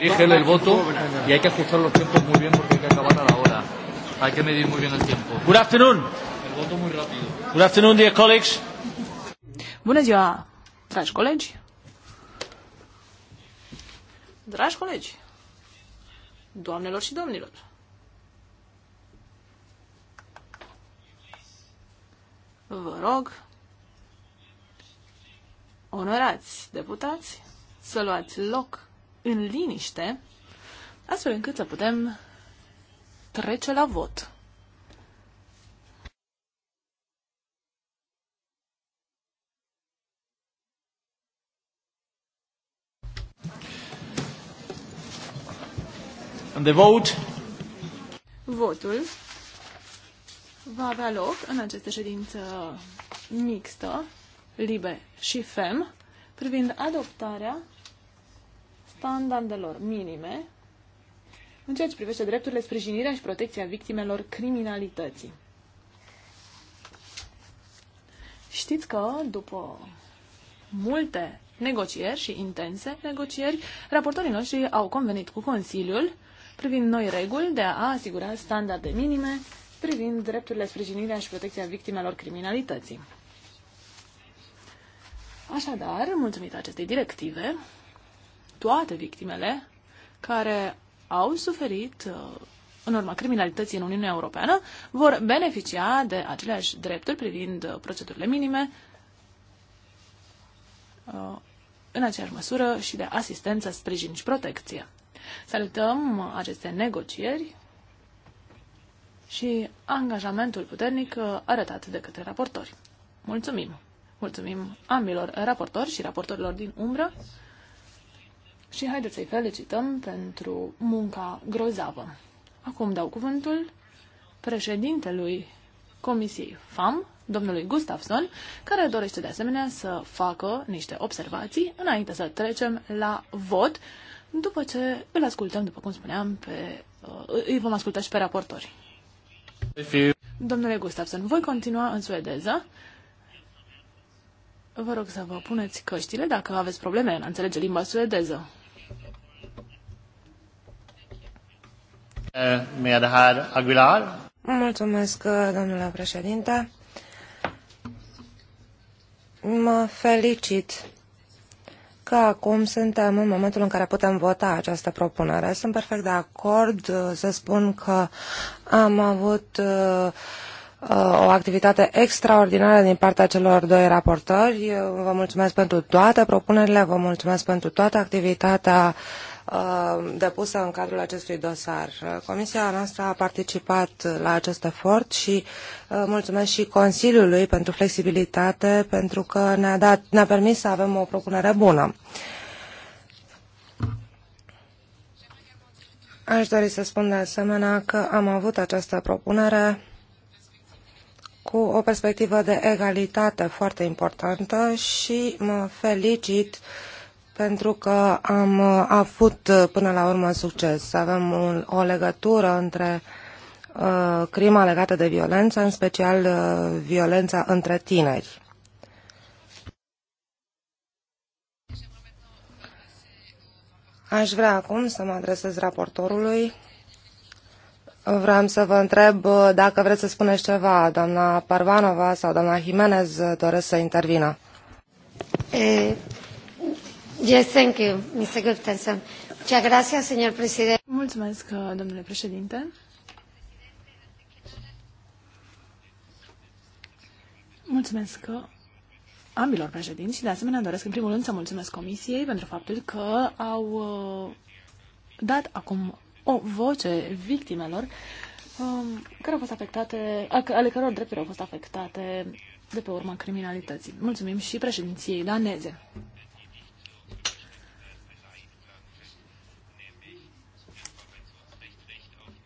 rigen el voto y hay que ajustar los tiempos muy bien porque hay que acabar a la hora. Hay que medir muy bien el tiempo. Good afternoon. El voto muy rápido. Good afternoon, dear colleagues. Bună ziua, dragi colegi. Dragi colegi. Doamnelor și domnilor. Vă rog, onorați deputați, să luați loc în liniște, astfel încât să putem trece la vot. And the vote. Votul va avea loc în această ședință mixtă, libe și fem, privind adoptarea standardelor minime în ceea ce privește drepturile, sprijinirea și protecția victimelor criminalității. Știți că după multe negocieri și intense negocieri, raportorii noștri au convenit cu Consiliul privind noi reguli de a asigura standarde minime privind drepturile, sprijinirea și protecția victimelor criminalității. Așadar, mulțumită acestei directive, toate victimele care au suferit uh, în urma criminalității în Uniunea Europeană vor beneficia de aceleași drepturi privind uh, procedurile minime uh, în aceeași măsură și de asistență, sprijin și protecție. Salutăm aceste negocieri și angajamentul puternic arătat de către raportori. Mulțumim! Mulțumim ambilor raportori și raportorilor din umbră și haideți să-i felicităm pentru munca grozavă. Acum dau cuvântul președintelui Comisiei FAM, domnului Gustafson, care dorește de asemenea să facă niște observații înainte să trecem la vot, după ce îl ascultăm, după cum spuneam, pe, uh, îi vom asculta și pe raportori. Domnule Gustafson, voi continua în suedeză. Vă rog să vă puneți căștile dacă aveți probleme în a înțelege limba suedeză. Eh, Aguilar. Mulțumesc, eh, domnule președinte. Mă felicit că acum suntem în momentul în care putem vota această propunere. Sunt perfect de acord eh, să spun că am avut o activitate extraordinară din partea celor doi raportori. Vă mulțumesc pentru toate propunerile, vă mulțumesc pentru toată activitatea uh, Uh, depusă în cadrul acestui dosar. Uh, comisia noastră a participat la acest efort și uh, mulțumesc și Consiliului pentru flexibilitate, pentru că ne-a, dat, ne-a permis să avem o propunere bună. Aș dori să spun de asemenea că am avut această propunere cu o perspectivă de egalitate foarte importantă și mă felicit uh, pentru că am uh, avut uh, până la urmă succes. Avem un, o legătură între uh, crima legată de violență, în special uh, violența între tineri. Aș vrea acum să mă adresez raportorului. Vreau să vă întreb uh, dacă vreți să spuneți ceva. Doamna Parvanova sau doamna Jimenez doresc să intervină. E... Eh, Yes, thank you, Mr. Gustafsson. Muchas gracias, señor presidente. Mulțumesc, domnule președinte. Mulțumesc ambilor președinți și de asemenea doresc în primul rând să mulțumesc Comisiei pentru faptul că au uh, dat acum o voce victimelor um, care au fost afectate, ale căror drepturi au fost afectate de pe urma criminalității. Mulțumim și președinției daneze.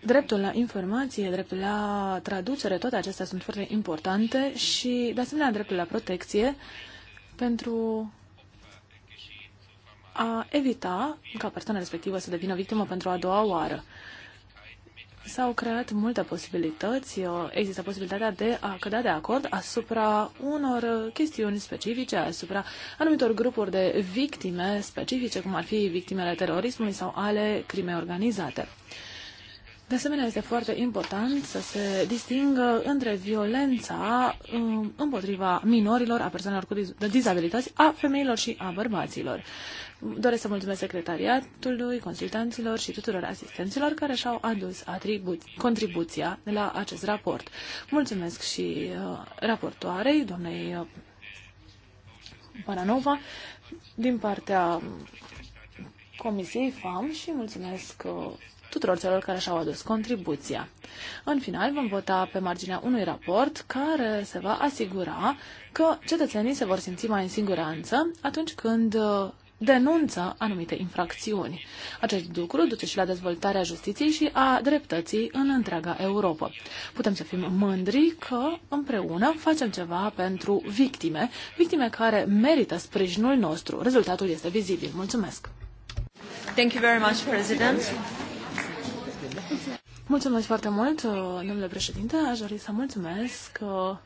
Dreptul la informație, dreptul la traducere, toate acestea sunt foarte importante și, de asemenea, dreptul la protecție pentru a evita ca persoana respectivă să devină victimă pentru a doua oară. S-au creat multe posibilități, există posibilitatea de a cădea de acord asupra unor chestiuni specifice, asupra anumitor grupuri de victime specifice, cum ar fi victimele terorismului sau ale crimei organizate. De asemenea, este foarte important să se distingă între violența um, împotriva minorilor, a persoanelor cu dizabilități, a femeilor și a bărbaților. Doresc să mulțumesc secretariatului, consultanților și tuturor asistenților care și-au adus contribuția la acest raport. Mulțumesc și uh, raportoarei, doamnei uh, Paranova, din partea um, Comisiei FAM și mulțumesc uh, tuturor celor care și-au adus contribuția. În final, vom vota pe marginea unui raport care se va asigura că cetățenii se vor simți mai în siguranță atunci când uh, denunță anumite infracțiuni. Acest lucru duce și la dezvoltarea justiției și a dreptății în întreaga Europa. Putem să fim mândri că împreună facem ceva pentru victime, victime care merită sprijinul nostru. Rezultatul este vizibil. Mulțumesc! Thank you very much, President. Mulțumesc foarte mult, uh, domnule președinte. Aș dori să mulțumesc uh,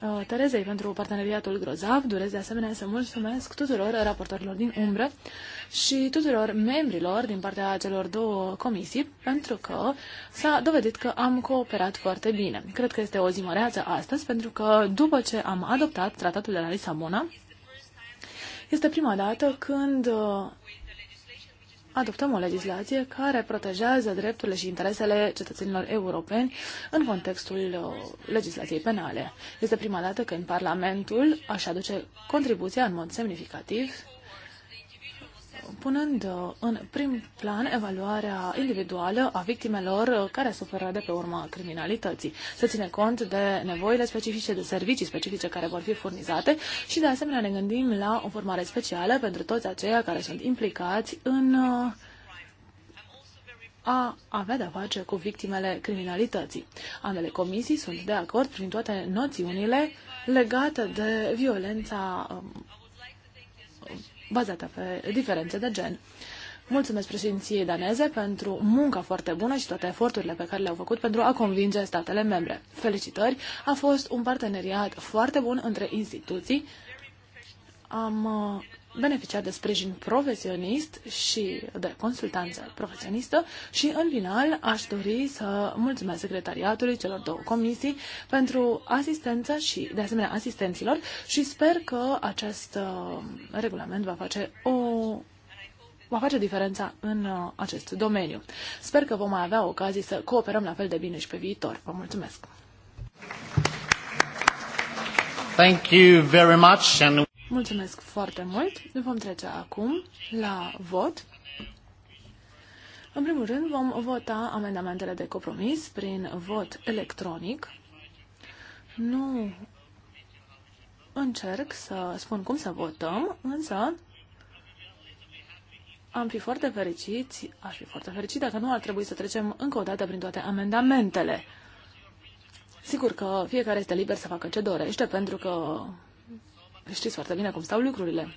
uh, Terezei pentru parteneriatul grozav. Doresc de asemenea să mulțumesc tuturor raportorilor din umbră și tuturor membrilor din partea celor două comisii, pentru că s-a dovedit că am cooperat foarte bine. Cred că este o zi măreață astăzi, pentru că după ce am adoptat tratatul de la Lisabona, este prima dată când adoptăm o legislație care protejează drepturile și interesele cetățenilor europeni în contextul uh, legislației penale. Este prima dată când Parlamentul aș aduce contribuția în mod semnificativ punând uh, în prim plan evaluarea individuală a victimelor uh, care suferă de pe urma criminalității. Se ține cont de nevoile specifice, de servicii specifice care vor fi furnizate și de asemenea ne gândim la o formare specială pentru toți aceia care sunt implicați în uh, a avea de-a face cu victimele criminalității. Ambele comisii sunt de acord prin toate noțiunile legate de violența um, bazată pe diferențe de gen. Mulțumesc președinției daneze pentru munca foarte bună și toate eforturile pe care le-au făcut pentru a convinge statele membre. Felicitări! A fost un parteneriat foarte bun între instituții. Am uh, beneficia de sprijin profesionist și de consultanță profesionistă și în final aș dori să mulțumesc secretariatului celor două comisii pentru asistență și de asemenea asistenților și sper că acest uh, regulament va face o va face diferența în uh, acest domeniu. Sper că vom mai avea ocazii să cooperăm la fel de bine și pe viitor. Vă mulțumesc! Thank you very much and Mulțumesc foarte mult. Vom trece acum la vot. În primul rând vom vota amendamentele de compromis prin vot electronic. Nu încerc să spun cum să votăm, însă am fi foarte fericiți, aș fi foarte fericit dacă nu ar trebui să trecem încă o dată prin toate amendamentele. Sigur că fiecare este liber să facă ce dorește, pentru că Știți foarte bine cum stau lucrurile.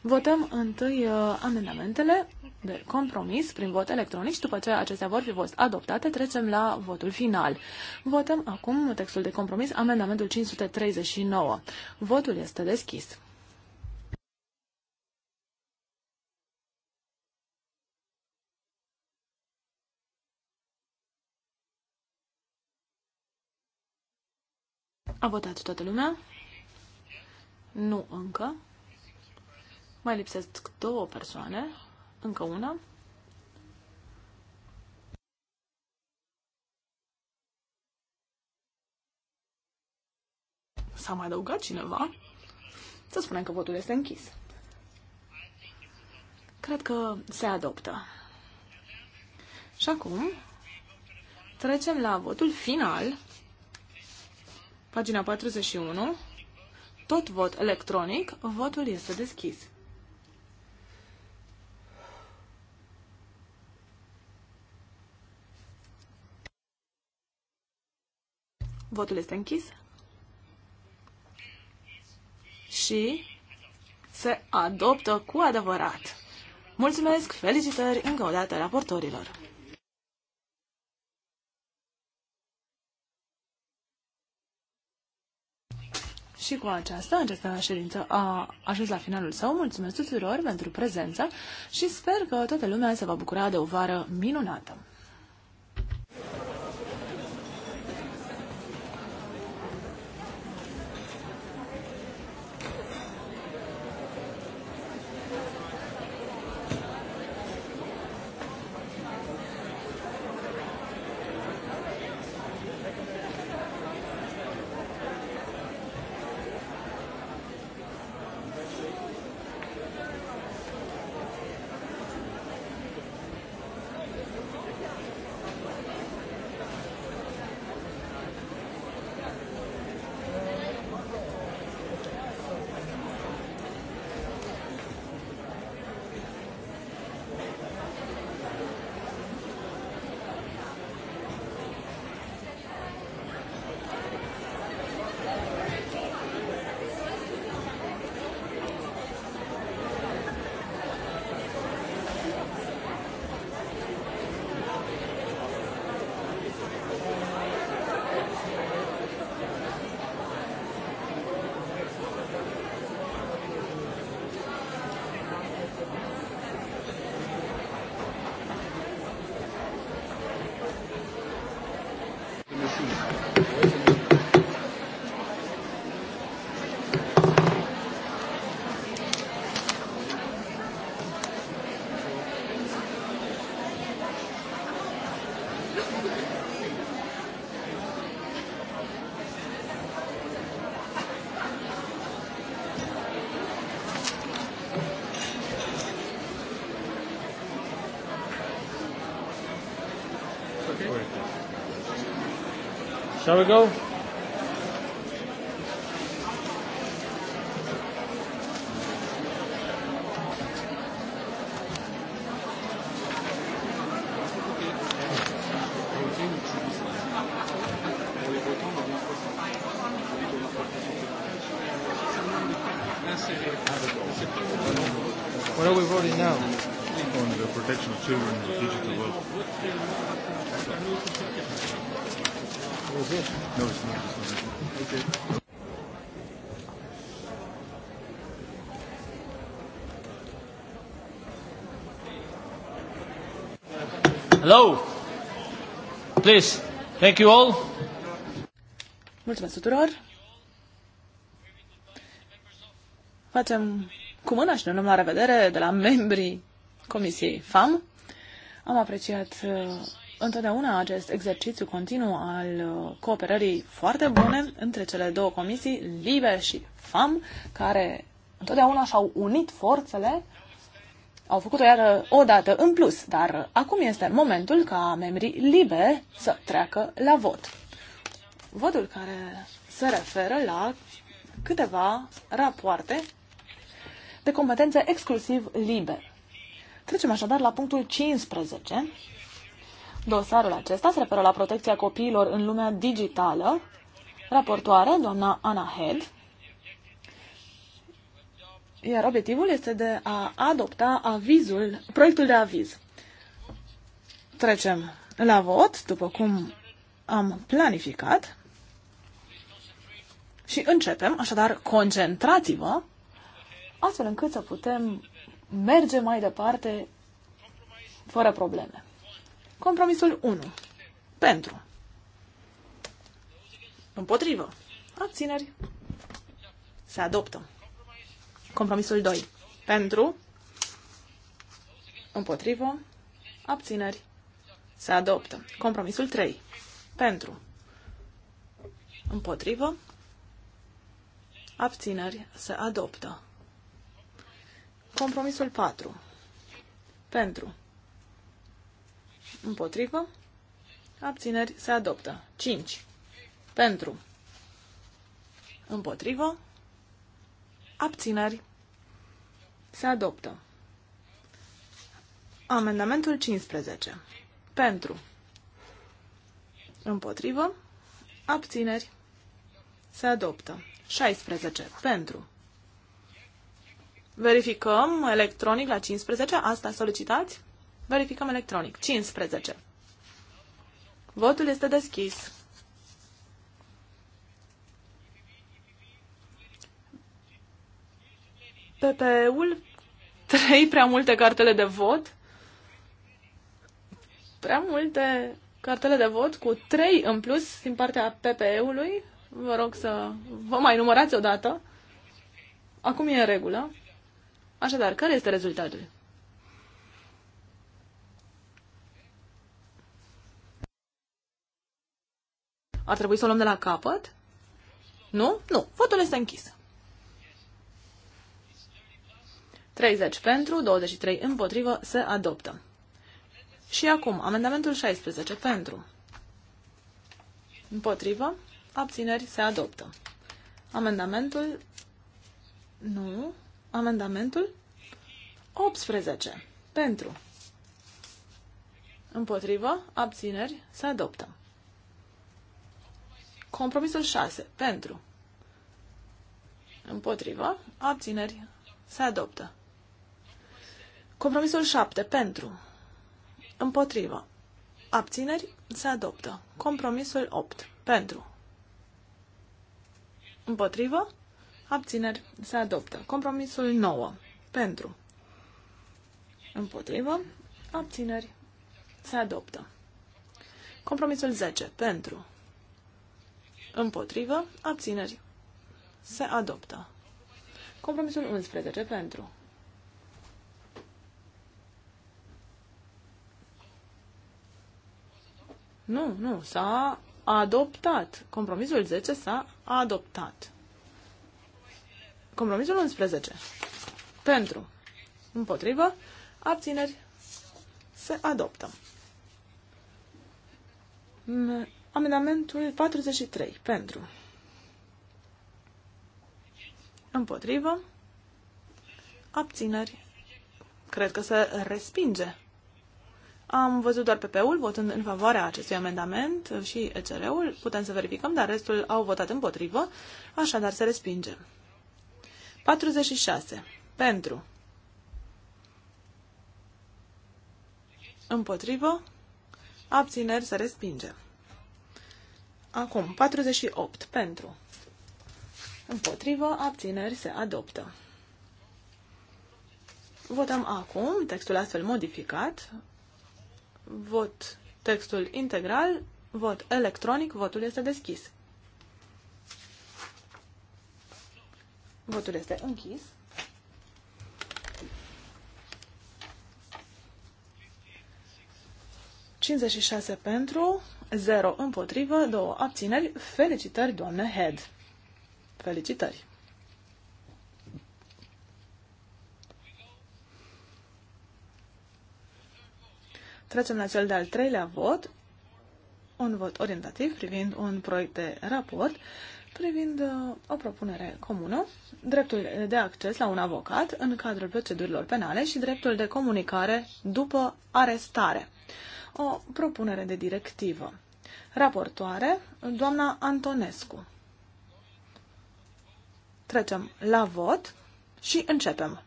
Votăm întâi uh, amendamentele de compromis prin vot electronic și după ce acestea vor fi fost adoptate, trecem la votul final. Votăm acum textul de compromis, amendamentul 539. Votul este deschis. A votat toată lumea? Nu încă. Mai lipsesc două persoane. Încă una. S-a mai adăugat cineva? Să spunem că votul este închis. Cred că se adoptă. Și acum trecem la votul final. Pagina 41 tot vot electronic, votul este deschis. Votul este închis și se adoptă cu adevărat. Mulțumesc, felicitări încă o dată raportorilor! Și cu aceasta, această ședință a ajuns la finalul său. Mulțumesc tuturor pentru prezență și sper că toată lumea se va bucura de o vară minunată. Shall we go? What are we voting now? On the protection of children. No, it's not. Okay. Hello. Please. Thank you all. Mulțumesc tuturor. Facem cu mâna și ne luăm la revedere de la membrii Comisiei FAM. Am apreciat uh, întotdeauna acest exercițiu continuu al uh, cooperării foarte bune între cele două comisii, LIBE și FAM, care întotdeauna și-au unit forțele, au făcut-o iară o dată în plus, dar acum este momentul ca membrii LIBE să treacă la vot. Votul care se referă la câteva rapoarte de competențe exclusiv LIBE. Trecem așadar la punctul 15, Dosarul acesta se referă la protecția copiilor în lumea digitală. Raportoare, doamna Ana Head. Iar obiectivul este de a adopta avizul, proiectul de aviz. Trecem la vot, după cum am planificat. Și începem, așadar, concentrați-vă, astfel încât să putem merge mai departe fără probleme. Compromisul 1. Pentru. Împotrivă. Abțineri. Se adoptă. Compromisul 2. Pentru. Împotrivă. Abțineri. Se adoptă. Compromisul 3. Pentru. Împotrivă. Abțineri. Se adoptă. Compromisul 4. Pentru. Împotrivă. Abțineri se adoptă. 5. Pentru. Împotrivă. Abțineri se adoptă. Amendamentul 15. Pentru. Împotrivă. Abțineri. Se adoptă. 16. Pentru. Verificăm electronic la 15. Asta solicitați? Verificăm electronic. 15. Votul este deschis. PP-ul, trei prea multe cartele de vot, prea multe cartele de vot cu trei în plus din partea PPE-ului. Vă rog să vă mai numărați odată. Acum e în regulă. Așadar, care este rezultatul? Ar trebui să o luăm de la capăt? Nu? Nu. Votul este închis. 30 pentru, 23 împotrivă, se adoptă. Și acum, amendamentul 16 pentru. Împotrivă, abțineri, se adoptă. Amendamentul... Nu. Amendamentul 18 pentru. Împotrivă, abțineri, se adoptă. Compromisul 6. Pentru. Împotrivă. Abțineri. Se adoptă. Compromisul 7. Pentru. Împotrivă. Abțineri. Se adoptă. Compromisul 8. Pentru. Împotrivă. Abțineri. Se adoptă. Compromisul 9. Pentru. Împotrivă. Abțineri. Se adoptă. Compromisul 10. Pentru. Împotrivă. Abțineri. Se adoptă. Compromisul 11 pentru. Nu, nu, s-a adoptat. Compromisul 10 s-a adoptat. Compromisul 11. Pentru. Împotrivă. Abțineri. Se adoptă. Amendamentul 43. Pentru. Împotrivă. Abțineri. Cred că se respinge. Am văzut doar PP-ul votând în favoarea acestui amendament și ECR-ul. Putem să verificăm, dar restul au votat împotrivă, așadar se respinge. 46. Pentru. Împotrivă. Abțineri se respinge. Acum, 48 pentru. Împotrivă, abțineri se adoptă. Votăm acum textul astfel modificat. Vot textul integral, vot electronic, votul este deschis. Votul este închis. 56 pentru, 0 împotrivă, 2 abțineri. Felicitări, doamnă Head! Felicitări! Trecem la cel de-al treilea vot, un vot orientativ privind un proiect de raport, privind uh, o propunere comună, dreptul de acces la un avocat în cadrul procedurilor penale și dreptul de comunicare după arestare. Uh, o propunere de directivă. Raportoare, doamna Antonescu. Trecem la vot și începem.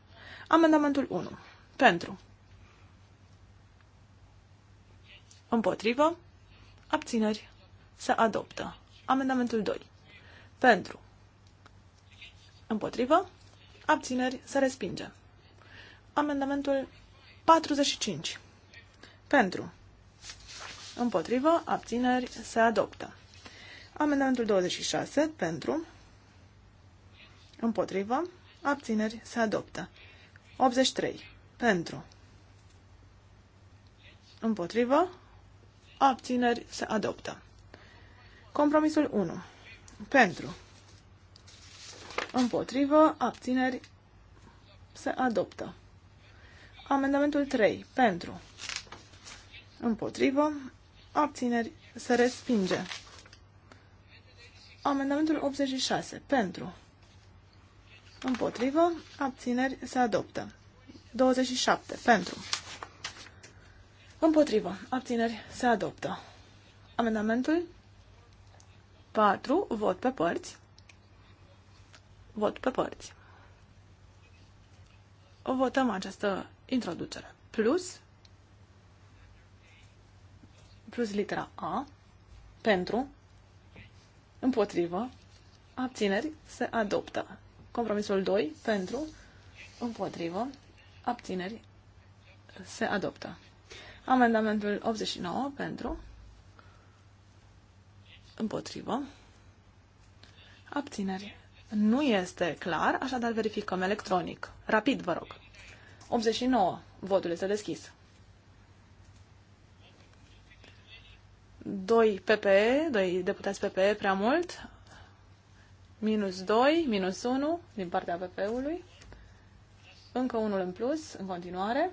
Amendamentul 1. Pentru. Împotrivă. Abțineri. Se adoptă. Amendamentul 2. Pentru. Împotrivă. Abțineri. Se respinge. Amendamentul 45. Pentru. Împotrivă, abțineri, se adoptă. Amendamentul 26 pentru. Împotrivă, abțineri, se adoptă. 83 pentru. Împotrivă, abțineri, se adoptă. Compromisul 1 pentru. Împotrivă, abțineri, se adoptă. Amendamentul 3. Pentru. Împotrivă abțineri, se respinge. Amendamentul 86. Pentru. Împotrivă. Abțineri. Se adoptă. 27. Pentru. Împotrivă. Abțineri. Se adoptă. Amendamentul 4. Vot pe părți. Vot pe părți. Votăm această introducere. Plus plus litera A pentru, împotrivă, abțineri se adoptă. Compromisul 2 pentru, împotrivă, abțineri se adoptă. Amendamentul 89 pentru, împotrivă, abțineri. Nu este clar, așadar verificăm electronic. Rapid, vă rog. 89. Votul este deschis. 2 PPE, 2 deputați PPE prea mult, minus 2, minus 1 din partea PPE-ului, încă unul în plus, în continuare.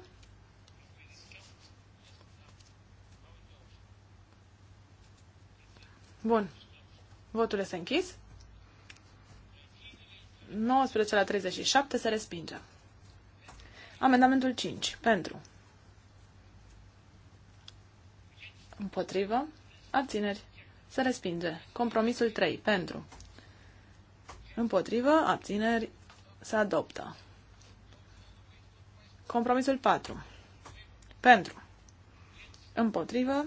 Bun. Votul este închis. 19 la 37 se respinge. Amendamentul 5. Pentru. Împotrivă. Abțineri. Se respinge. Compromisul 3. Pentru. Împotrivă. Abțineri. Se adoptă. Compromisul 4. Pentru. Împotrivă.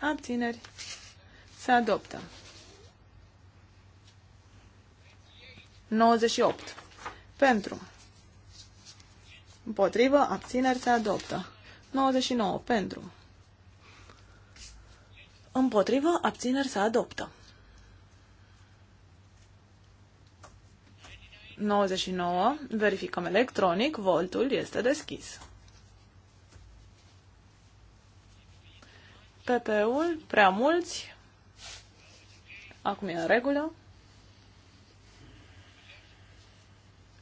Abțineri. Se adoptă. 98. Pentru. Împotrivă. Abțineri. Se adoptă. 99. Pentru. Împotrivă, abțineri se adoptă. 99. Verificăm electronic. Voltul este deschis. PP-ul, prea mulți. Acum e în regulă.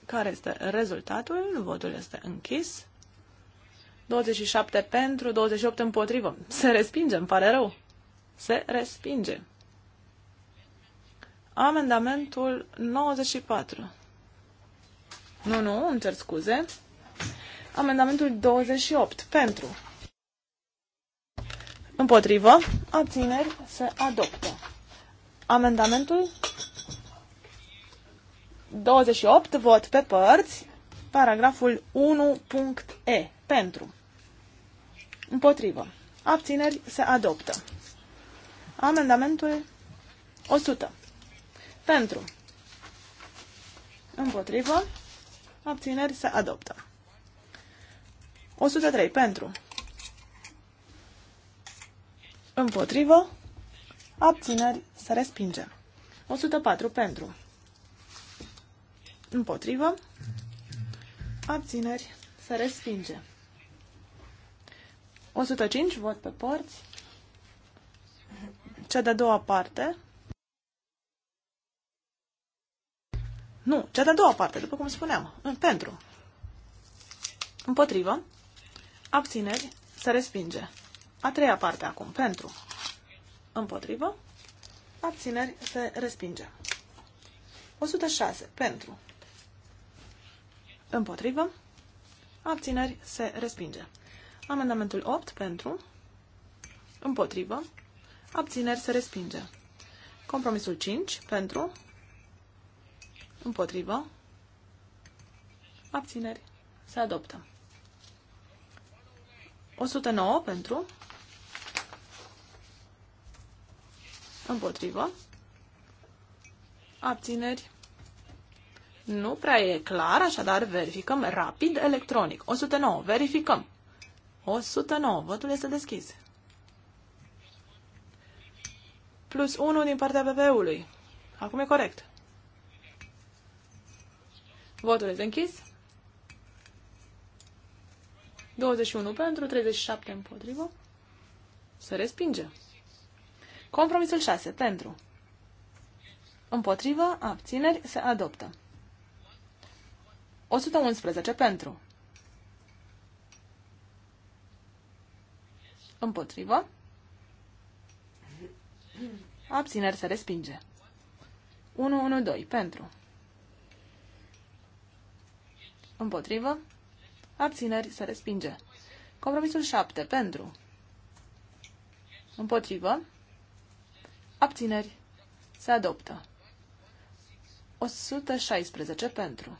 Care este rezultatul? Votul este închis. 27 pentru, 28 împotrivă. Se respinge, îmi pare rău. Se respinge. Amendamentul 94. Nu, nu, îmi cer scuze. Amendamentul 28. Pentru. Împotrivă. Abțineri. Se adoptă. Amendamentul 28. Vot pe părți. Paragraful 1.e. Pentru. Împotrivă. Abțineri. Se adoptă. Amendamentul 100. Pentru. Împotrivă. Abțineri se adoptă. 103. Pentru. Împotrivă. Abțineri se respinge. 104. Pentru. Împotrivă. Abțineri se respinge. 105. Vot pe porți. Cea de-a doua parte. Nu, cea de-a doua parte, după cum spuneam. Pentru. Împotrivă. Abțineri. Se respinge. A treia parte acum. Pentru. Împotrivă. Abțineri. Se respinge. 106. Pentru. Împotrivă. Abțineri. Se respinge. Amendamentul 8. Pentru. Împotrivă. Abțineri se respinge. Compromisul 5 pentru. Împotrivă. Abțineri se adoptă. 109 pentru. Împotrivă. Abțineri. Nu prea e clar, așadar verificăm rapid electronic. 109. Verificăm. 109. Votul este deschis plus 1 din partea PP-ului. Acum e corect. Votul este închis. 21 pentru, 37 împotrivă. Se respinge. Compromisul 6 pentru. Împotrivă, abțineri, se adoptă. 111 pentru. Împotrivă. Abțineri se respinge. 112 pentru. Împotrivă. Abțineri se respinge. Compromisul 7 pentru. Împotrivă. Abțineri se adoptă. 116 pentru.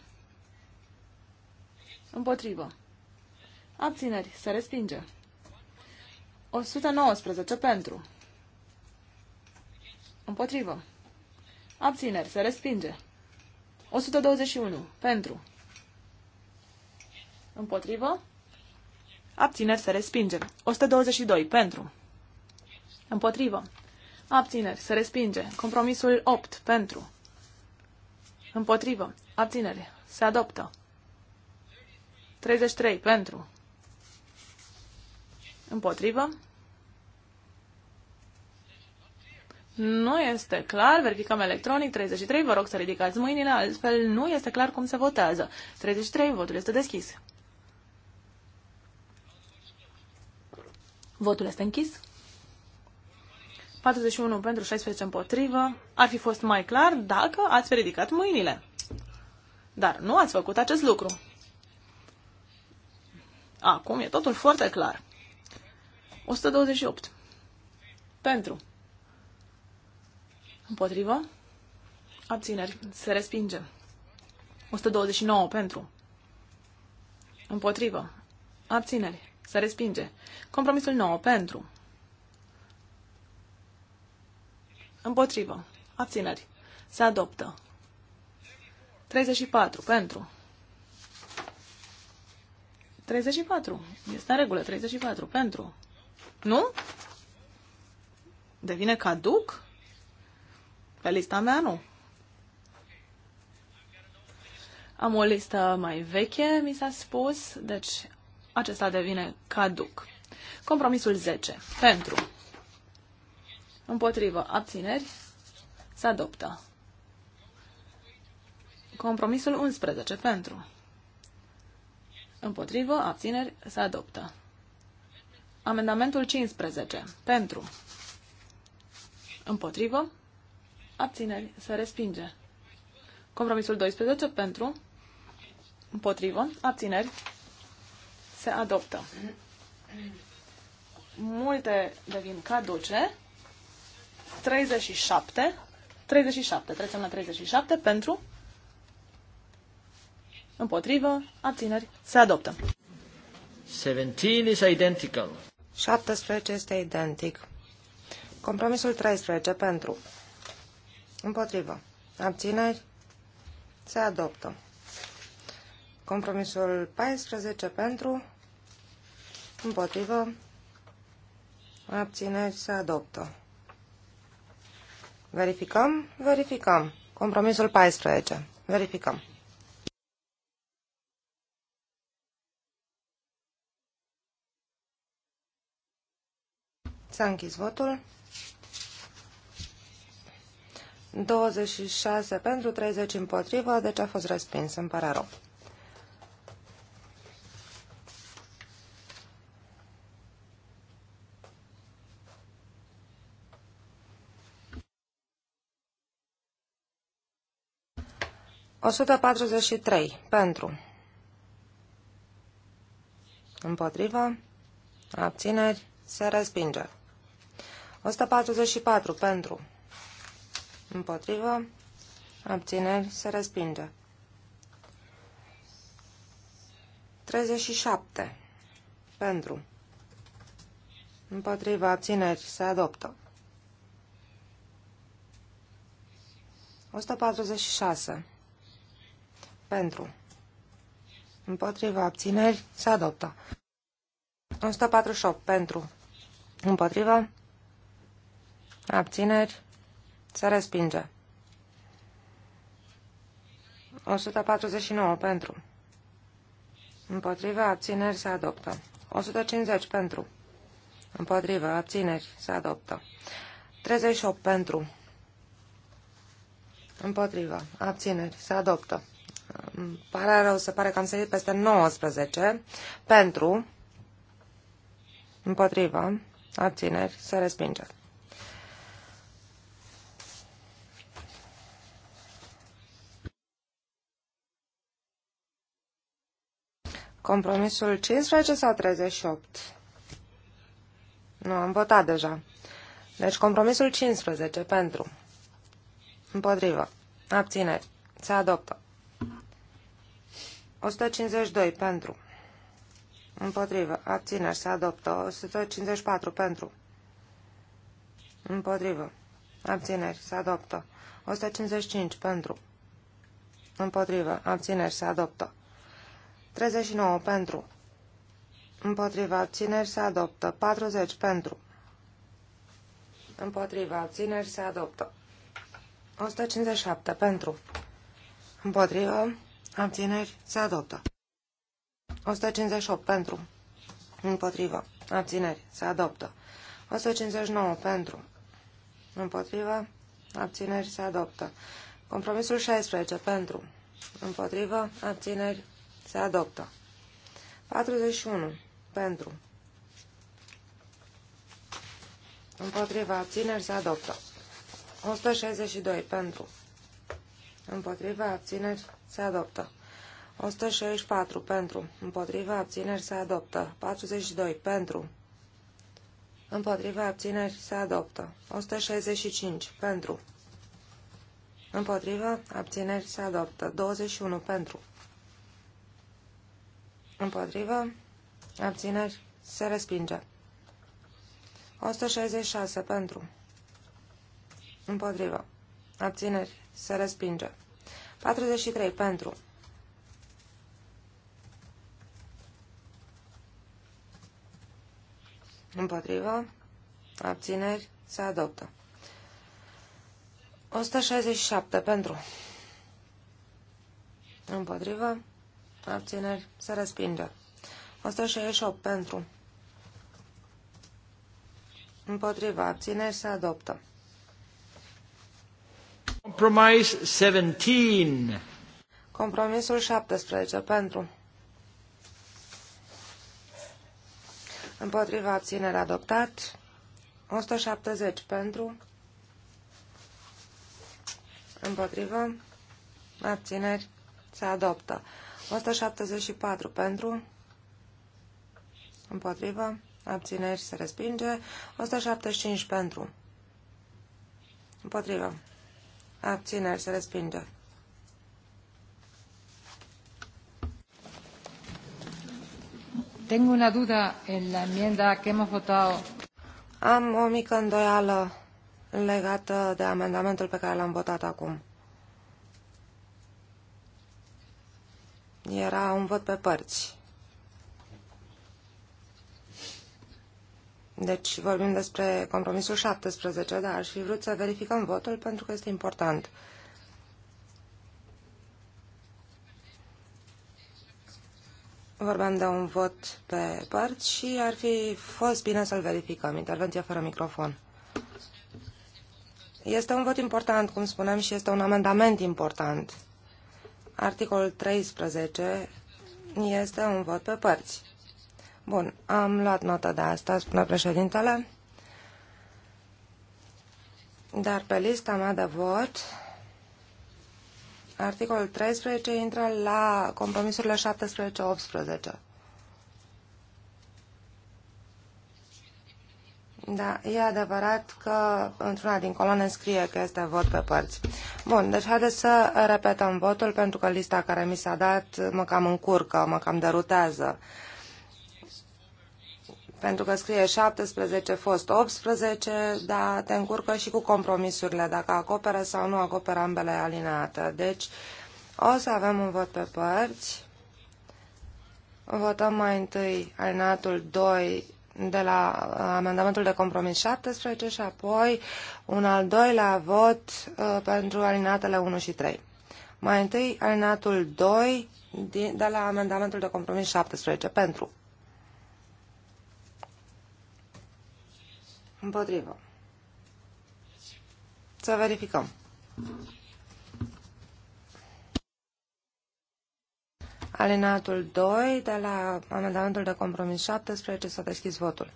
Împotrivă. Abțineri se respinge. 119 pentru. Împotrivă. Abțineri. Se respinge. 121. Pentru. Împotrivă. Abțineri. Se respinge. 122. Pentru. Împotrivă. Abțineri. Se respinge. Compromisul 8. Pentru. Împotrivă. Abțineri. Se adoptă. 33. Pentru. Împotrivă. Nu este clar, verificăm electronic, 33, vă rog să ridicați mâinile, altfel nu este clar cum se votează. 33, votul este deschis. Votul este închis. 41 pentru 16 împotrivă. Ar fi fost mai clar dacă ați ridicat mâinile. Dar nu ați făcut acest lucru. Acum e totul foarte clar. 128. Pentru. Împotrivă. Abțineri. Se respinge. 129 pentru. Împotrivă. Abțineri. Se respinge. Compromisul 9 pentru. Împotrivă. Abțineri. Se adoptă. 34 pentru. 34. Este în regulă. 34 pentru. Nu? Devine caduc? Pe lista mea nu. Am o listă mai veche, mi s-a spus, deci acesta devine caduc. Compromisul 10. Pentru. Împotrivă. Abțineri. Se adoptă. Compromisul 11. Pentru. Împotrivă. Abțineri. Se adoptă. Amendamentul 15. Pentru. Împotrivă. Abțineri. Se respinge. Compromisul 12 pentru. Împotrivă. Abțineri. Se adoptă. Multe devin caduce. 37. 37. Trecem la 37 pentru. Împotrivă. Abțineri. Se adoptă. 17 is identical. 17 este identic. Compromisul 13 pentru. Împotrivă. Abțineri. Se adoptă. Compromisul 14 pentru. Împotrivă. Abțineri. Se adoptă. Verificăm? Verificăm. Compromisul 14. Verificăm. S-a închis votul. 26 pentru 30 împotrivă, deci a fost respins, îmi pare rău. O sută patruzeci și trei pentru împotrivă, abțineri, se respinge. patruzeci și patru pentru Împotrivă. Abțineri. Se respinge. 37. Pentru. Împotriva abțineri se adoptă. 146. Pentru. Împotriva abțineri se adoptă. 148. Pentru. Împotriva. Abțineri. Se respinge. 149 pentru. Împotrivă, abțineri, se adoptă. 150 pentru. Împotrivă, abțineri, se adoptă. 38 pentru. Împotrivă, abțineri, se adoptă. Îmi pare rău, se pare că am sărit peste 19. Pentru. Împotrivă, abțineri, se respinge. Compromisul 15 sau 38? Nu, am votat deja. Deci compromisul 15 pentru. Împotrivă. Abțineri. Se adoptă. 152 pentru. Împotrivă. Abțineri. Se adoptă. 154 pentru. Împotrivă. Abțineri. Se adoptă. 155 pentru. Împotrivă. Abțineri. Se adoptă. 39 pentru. Împotriva abțineri se adoptă. 40 pentru. Împotriva abțineri se adoptă. 157 pentru. Împotriva abțineri se adoptă. 158 pentru. Împotriva abțineri se adoptă. 159 pentru. Împotriva abțineri se adoptă. Compromisul 16 pentru. Împotriva abțineri, se adoptă. 41. Pentru. Împotriva abțineri se adoptă. 162. Pentru. Împotriva abțineri se adoptă. 164. Pentru. Împotriva abțineri se adoptă. 42. Pentru. Împotriva abțineri se adoptă. 165. Pentru. Împotriva abțineri se adoptă. 21. Pentru. Împotrivă. Abțineri. Se respinge. 166 pentru. Împotrivă. Abțineri. Se respinge. 43 pentru. Împotrivă. Abțineri. Se adoptă. 167 pentru. Împotrivă abțineri, se respinge. 168 pentru, împotriva, abțineri, se adoptă. Compromise 17. Compromisul 17 pentru. Împotriva abținere adoptat. 170 pentru. Împotriva Abțineri. Se adoptă. 174 pentru, împotrivă, abțineri se respinge, 175 pentru, împotrivă, abțineri se respinge. Tengo una duda en la enmienda que hemos votado. Am o mică îndoială legată de amendamentul pe care l-am votat acum. Era un vot pe părți. Deci vorbim despre compromisul 17, dar aș fi vrut să verificăm votul pentru că este important. Vorbeam de un vot pe părți și ar fi fost bine să-l verificăm. Intervenția fără microfon. Este un vot important, cum spuneam, și este un amendament important articolul 13 este un vot pe părți. Bun, am luat notă de asta, spune președintele. Dar pe lista mea de vot, articolul 13 intră la compromisurile 17-18. Da, e adevărat că într-una din coloane scrie că este vot pe părți. Bun, deci haideți să repetăm votul pentru că lista care mi s-a dat mă cam încurcă, mă cam derutează. Pentru că scrie 17, fost 18, dar te încurcă și cu compromisurile, dacă acoperă sau nu acoperă ambele alineate. Deci o să avem un vot pe părți. Votăm mai întâi alinatul 2 de la uh, amendamentul de compromis 17 și apoi un al doilea vot uh, pentru alinatele 1 și 3. Mai întâi, alinatul 2 de la amendamentul de compromis 17 pentru. Împotrivă. Să verificăm. Mm-hmm. Alinatul 2 de la amendamentul de compromis 17 s-a deschis votul.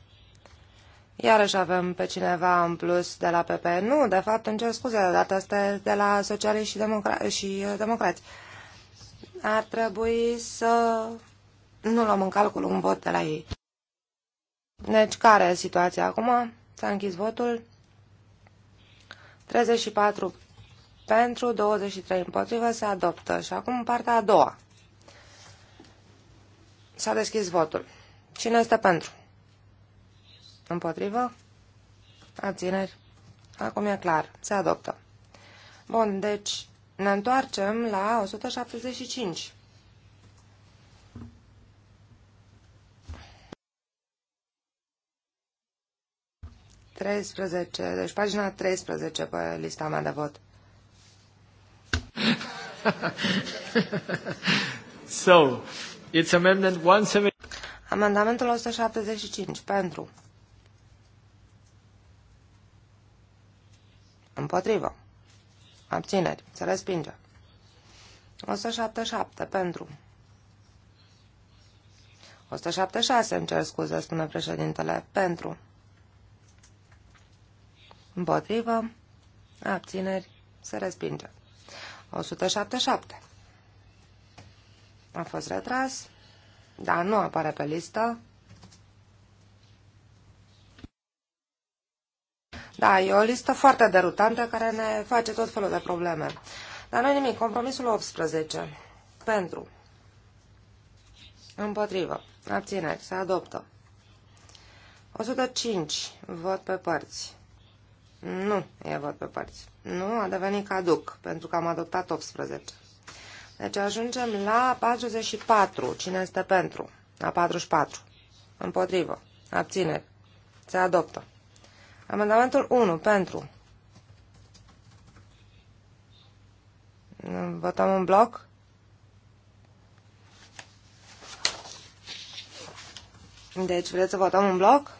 Iarăși avem pe cineva în plus de la PP. Nu, de fapt, în ce scuze, de data asta de la socialiști și, democra- și uh, democrați. Ar trebui să nu luăm în calcul un vot de la ei. Deci, care e situația acum? S-a închis votul. 34 pentru, 23 împotrivă, se adoptă. Și acum partea a doua. S-a deschis votul. Cine este pentru? Împotrivă? Abțineri? Acum e clar. Se adoptă. Bun, deci ne întoarcem la 175. deci pagina 13 pe lista mea de vot. so, It's amendment 175. Amendamentul 175 pentru. Împotrivă. Abțineri. Se respinge. 177 pentru. 176, îmi cer scuze, spune președintele, pentru. Împotrivă. Abțineri. Se respinge. 177. A fost retras. Da, nu apare pe listă. Da, e o listă foarte derutantă care ne face tot felul de probleme. Dar nu nimic, compromisul 18. Pentru. Împotrivă. Abțineri. Se adoptă. 105. Vot pe părți. Nu e vot pe părți. Nu, a devenit caduc, pentru că am adoptat 18. Deci ajungem la 44. Cine este pentru? La 44. Împotrivă. Abțineri. Se adoptă. Amendamentul 1. Pentru. Votăm un bloc. Deci vreți să votăm un bloc?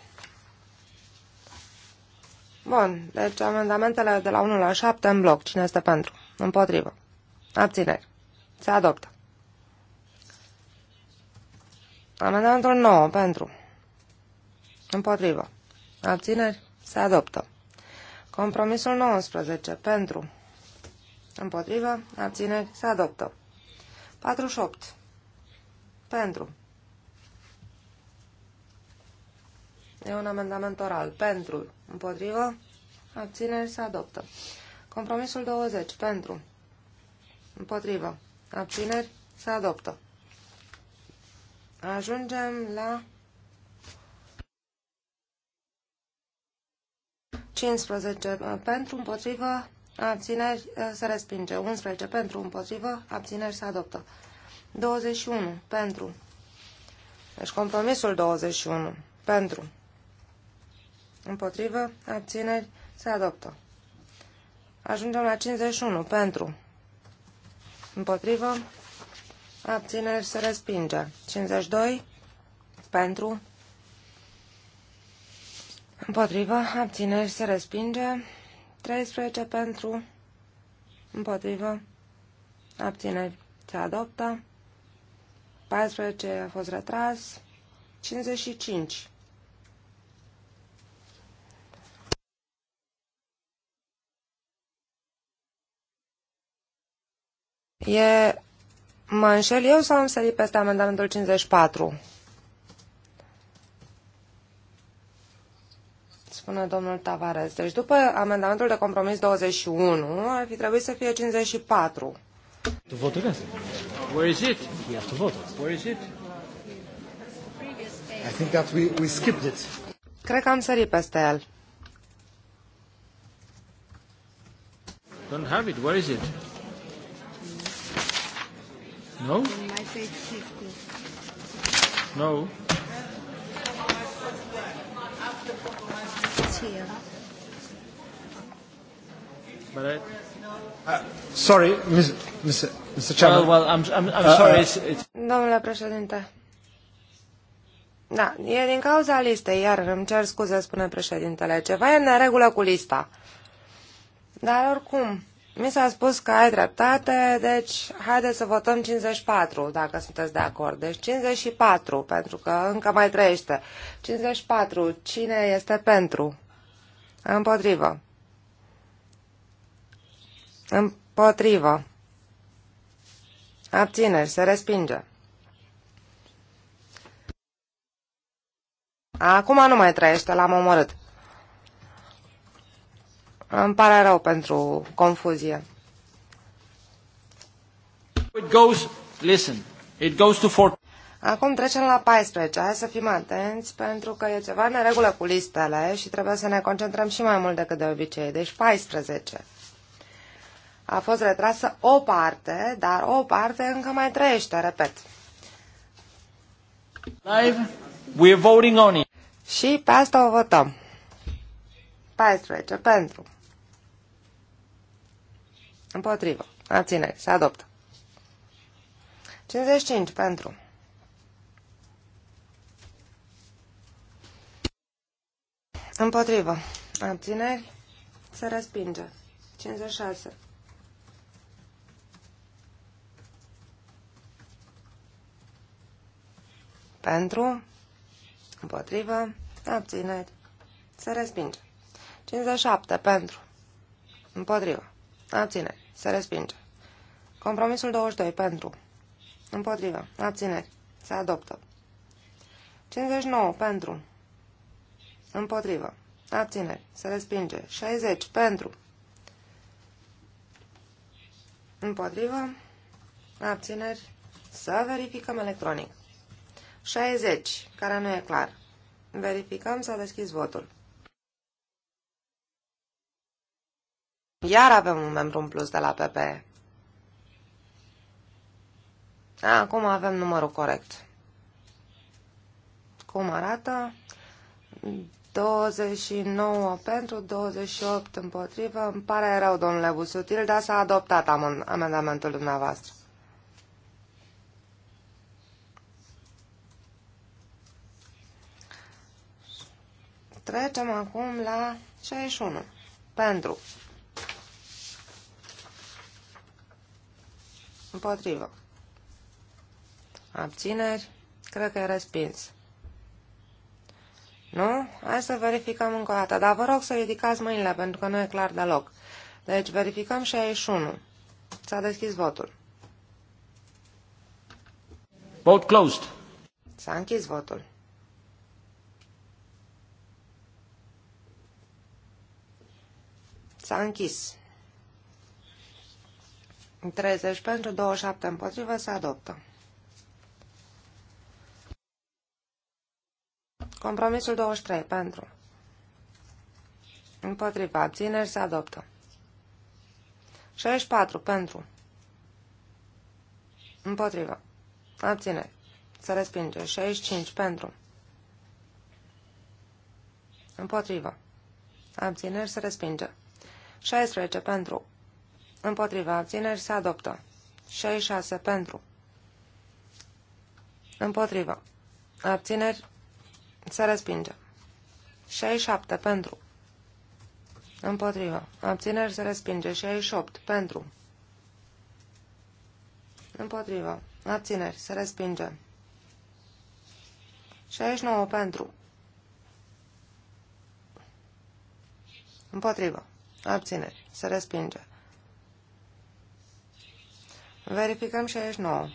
Bun, deci amendamentele de la 1 la 7 în bloc. Cine este pentru? Împotrivă. Abțineri. Se adoptă. Amendamentul 9 pentru. Împotrivă. Abțineri. Se adoptă. Compromisul 19 pentru. Împotrivă. Abțineri. Se adoptă. 48. Pentru. E un amendament oral. Pentru. Împotrivă. Abțineri. Se adoptă. Compromisul 20. Pentru. Împotrivă abțineri, se adoptă. Ajungem la 15 pentru, împotrivă, abțineri, eh, se respinge. 11 pentru, împotrivă, abțineri, se adoptă. 21 pentru. Deci compromisul 21 pentru. Împotrivă, abțineri, se adoptă. Ajungem la 51 pentru. Împotrivă. Abțineri se respinge. 52. Pentru. Împotrivă. Abțineri se respinge. 13 pentru. Împotrivă. Abțineri se adoptă. 14 a fost retras. 55 E... Mă înșel eu sau am sărit peste amendamentul 54? Spune domnul Tavares. Deci după amendamentul de compromis 21 ar fi trebuit să fie 54. Tu votează. Where is it? We have to vote. Where is it? I think that we, we skipped it. Cred că am sărit peste el. Don't have it. Where is it? No? No? But I... Uh, ah, sorry, Mr. Mr. Mr. Chairman. Well, well, I'm, I'm, I'm uh, sorry. Ah. It's, it's... Domnule președinte. Da, e din cauza listei, iar îmi cer scuze, spune președintele. Ceva e în regulă cu lista. Dar oricum, mi s-a spus că ai dreptate, deci haideți să votăm 54, dacă sunteți de acord. Deci 54, pentru că încă mai trăiește. 54, cine este pentru? Împotrivă. Împotrivă. Abțineri, se respinge. Acum nu mai trăiește, l-am omorât. Îmi pare rău pentru confuzie. It goes, listen, it goes to four... Acum trecem la 14. Hai să fim atenți pentru că e ceva în regulă cu listele și trebuie să ne concentrăm și mai mult decât de obicei. Deci 14. A fost retrasă o parte, dar o parte încă mai trăiește, repet. Live, we're voting on it. Și pe asta o votăm. 14 pentru. Împotrivă. Abțineri. Se adoptă. 55 pentru. Împotrivă. Abțineri. Se respinge. 56. Pentru. Împotrivă. Abțineri. Se respinge. 57 pentru. Împotrivă. Abțineri. Se respinge. Compromisul 22. Pentru. Împotrivă. Abțineri. Se adoptă. 59. Pentru. Împotrivă. Abțineri. Se respinge. 60. Pentru. Împotrivă. Abțineri. Să verificăm electronic. 60. Care nu e clar. Verificăm. S-a deschis votul. Iar avem un membru în plus de la PPE. Acum avem numărul corect. Cum arată? 29 pentru, 28 împotrivă. Îmi pare rău, domnule Busutil, dar s-a adoptat am amendamentul dumneavoastră. Trecem acum la 61. Pentru. Împotrivă. Abțineri. Cred că e respins. Nu? Hai să verificăm încă o dată, dar vă rog să ridicați mâinile, pentru că nu e clar deloc. Deci verificăm 61. S-a deschis votul. Vote closed. S-a închis votul. S-a închis. 30 pentru, 27 împotrivă, se adoptă. Compromisul 23 pentru. Împotriva abțineri se adoptă. 64 pentru. Împotrivă. Abțineri. Se respinge. 65 pentru. Împotrivă. Abțineri se respinge. 16 pentru. Împotriva abțineri se adoptă. 66 pentru. Împotriva. Abțineri se respinge. 67 pentru. Împotriva. Abțineri se respinge. 68 pentru. Împotriva. Abțineri se respinge. 69 pentru. Împotriva. Abțineri. Se respinge. Verificăm 69.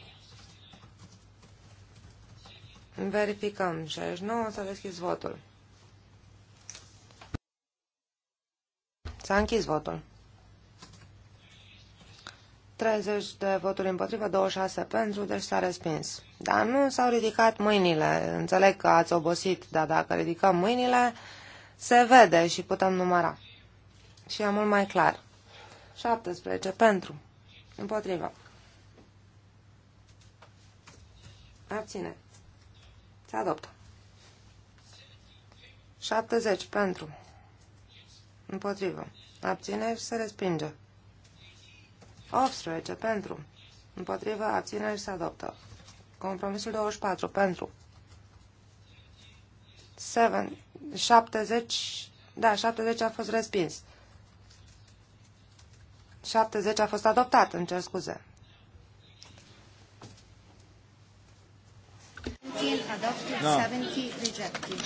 Verificăm 69, s-a deschis votul. S-a închis votul. 30 de voturi împotrivă, 26 pentru, deci s-a respins. Dar nu s-au ridicat mâinile. Înțeleg că ați obosit, dar dacă ridicăm mâinile, se vede și putem număra. Și e mult mai clar. 17 pentru, împotrivă. Abține. Se adoptă. 70 pentru. Împotrivă. și se respinge. 18 pentru. Împotrivă. și se adoptă. Compromisul 24 pentru. 7, 70. Da, 70 a fost respins. 70 a fost adoptat, îmi cer scuze. 16 adopted, no. 70 rejected.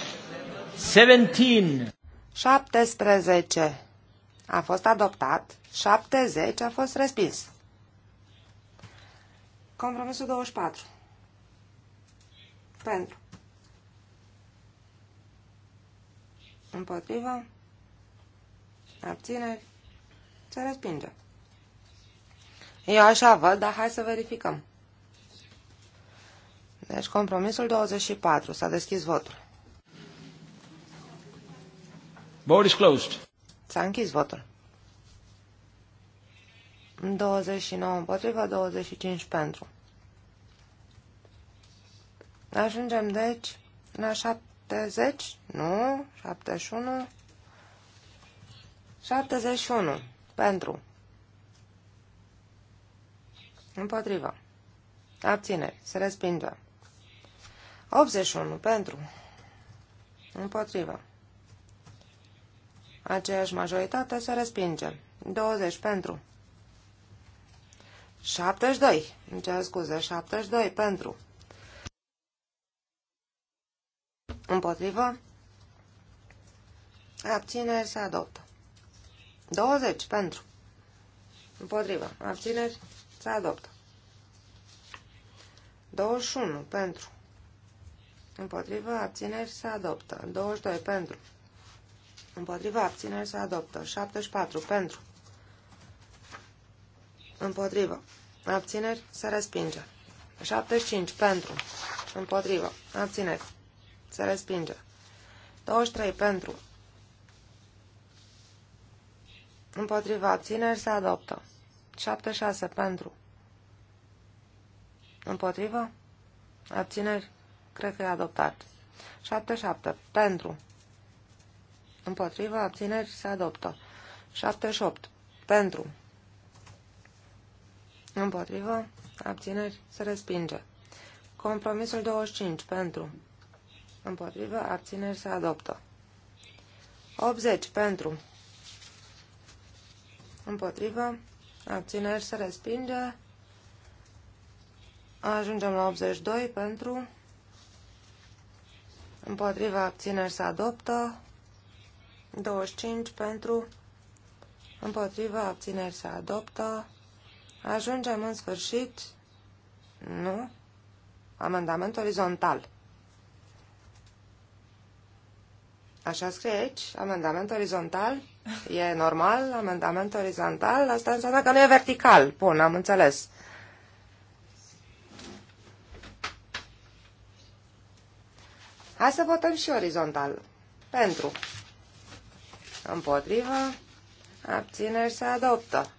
17. 17 a fost adoptat, 70 a fost respins. Compromisul 24. Pentru. Împotrivă. Abțineri. Se respinge. Eu așa văd, dar hai să verificăm. Deci compromisul 24. S-a deschis votul. Vote is closed. S-a închis votul. 29 împotriva, 25 pentru. Ajungem, deci, la 70, nu, 71, 71, pentru, împotriva, Abține. se respinge, 81 pentru. Împotrivă. Aceeași majoritate se respinge. 20 pentru. 72. Îmi cer scuze. 72 pentru. Împotrivă. Abțineri se adoptă. 20 pentru. Împotrivă. Abțineri se adoptă. 21 pentru. Împotrivă, abțineri, se adoptă. 22 pentru. Împotrivă, abțineri, se adoptă. 74 pentru. Împotrivă. Abțineri, se respinge. 75 pentru. Împotrivă. Abțineri. Se respinge. 23 pentru. Împotrivă, abțineri se adoptă. 76 pentru. Împotrivă, Abțineri Cred că e adoptat. 77. Pentru. Împotriva abțineri, se adoptă. 78. Pentru. Împotriva abțineri, se respinge. Compromisul 25. Pentru. Împotriva abțineri, se adoptă. 80. Pentru. Împotriva abțineri, se respinge. Ajungem la 82. Pentru împotriva abțineri se adoptă, 25 pentru, împotriva abțineri se adoptă, ajungem în sfârșit, nu, amendament orizontal. Așa scrie aici, amendament orizontal, e normal, amendament orizontal, asta înseamnă că nu e vertical, bun, am înțeles. Hai să votăm și orizontal. Pentru. Împotrivă. Abțineri se adoptă.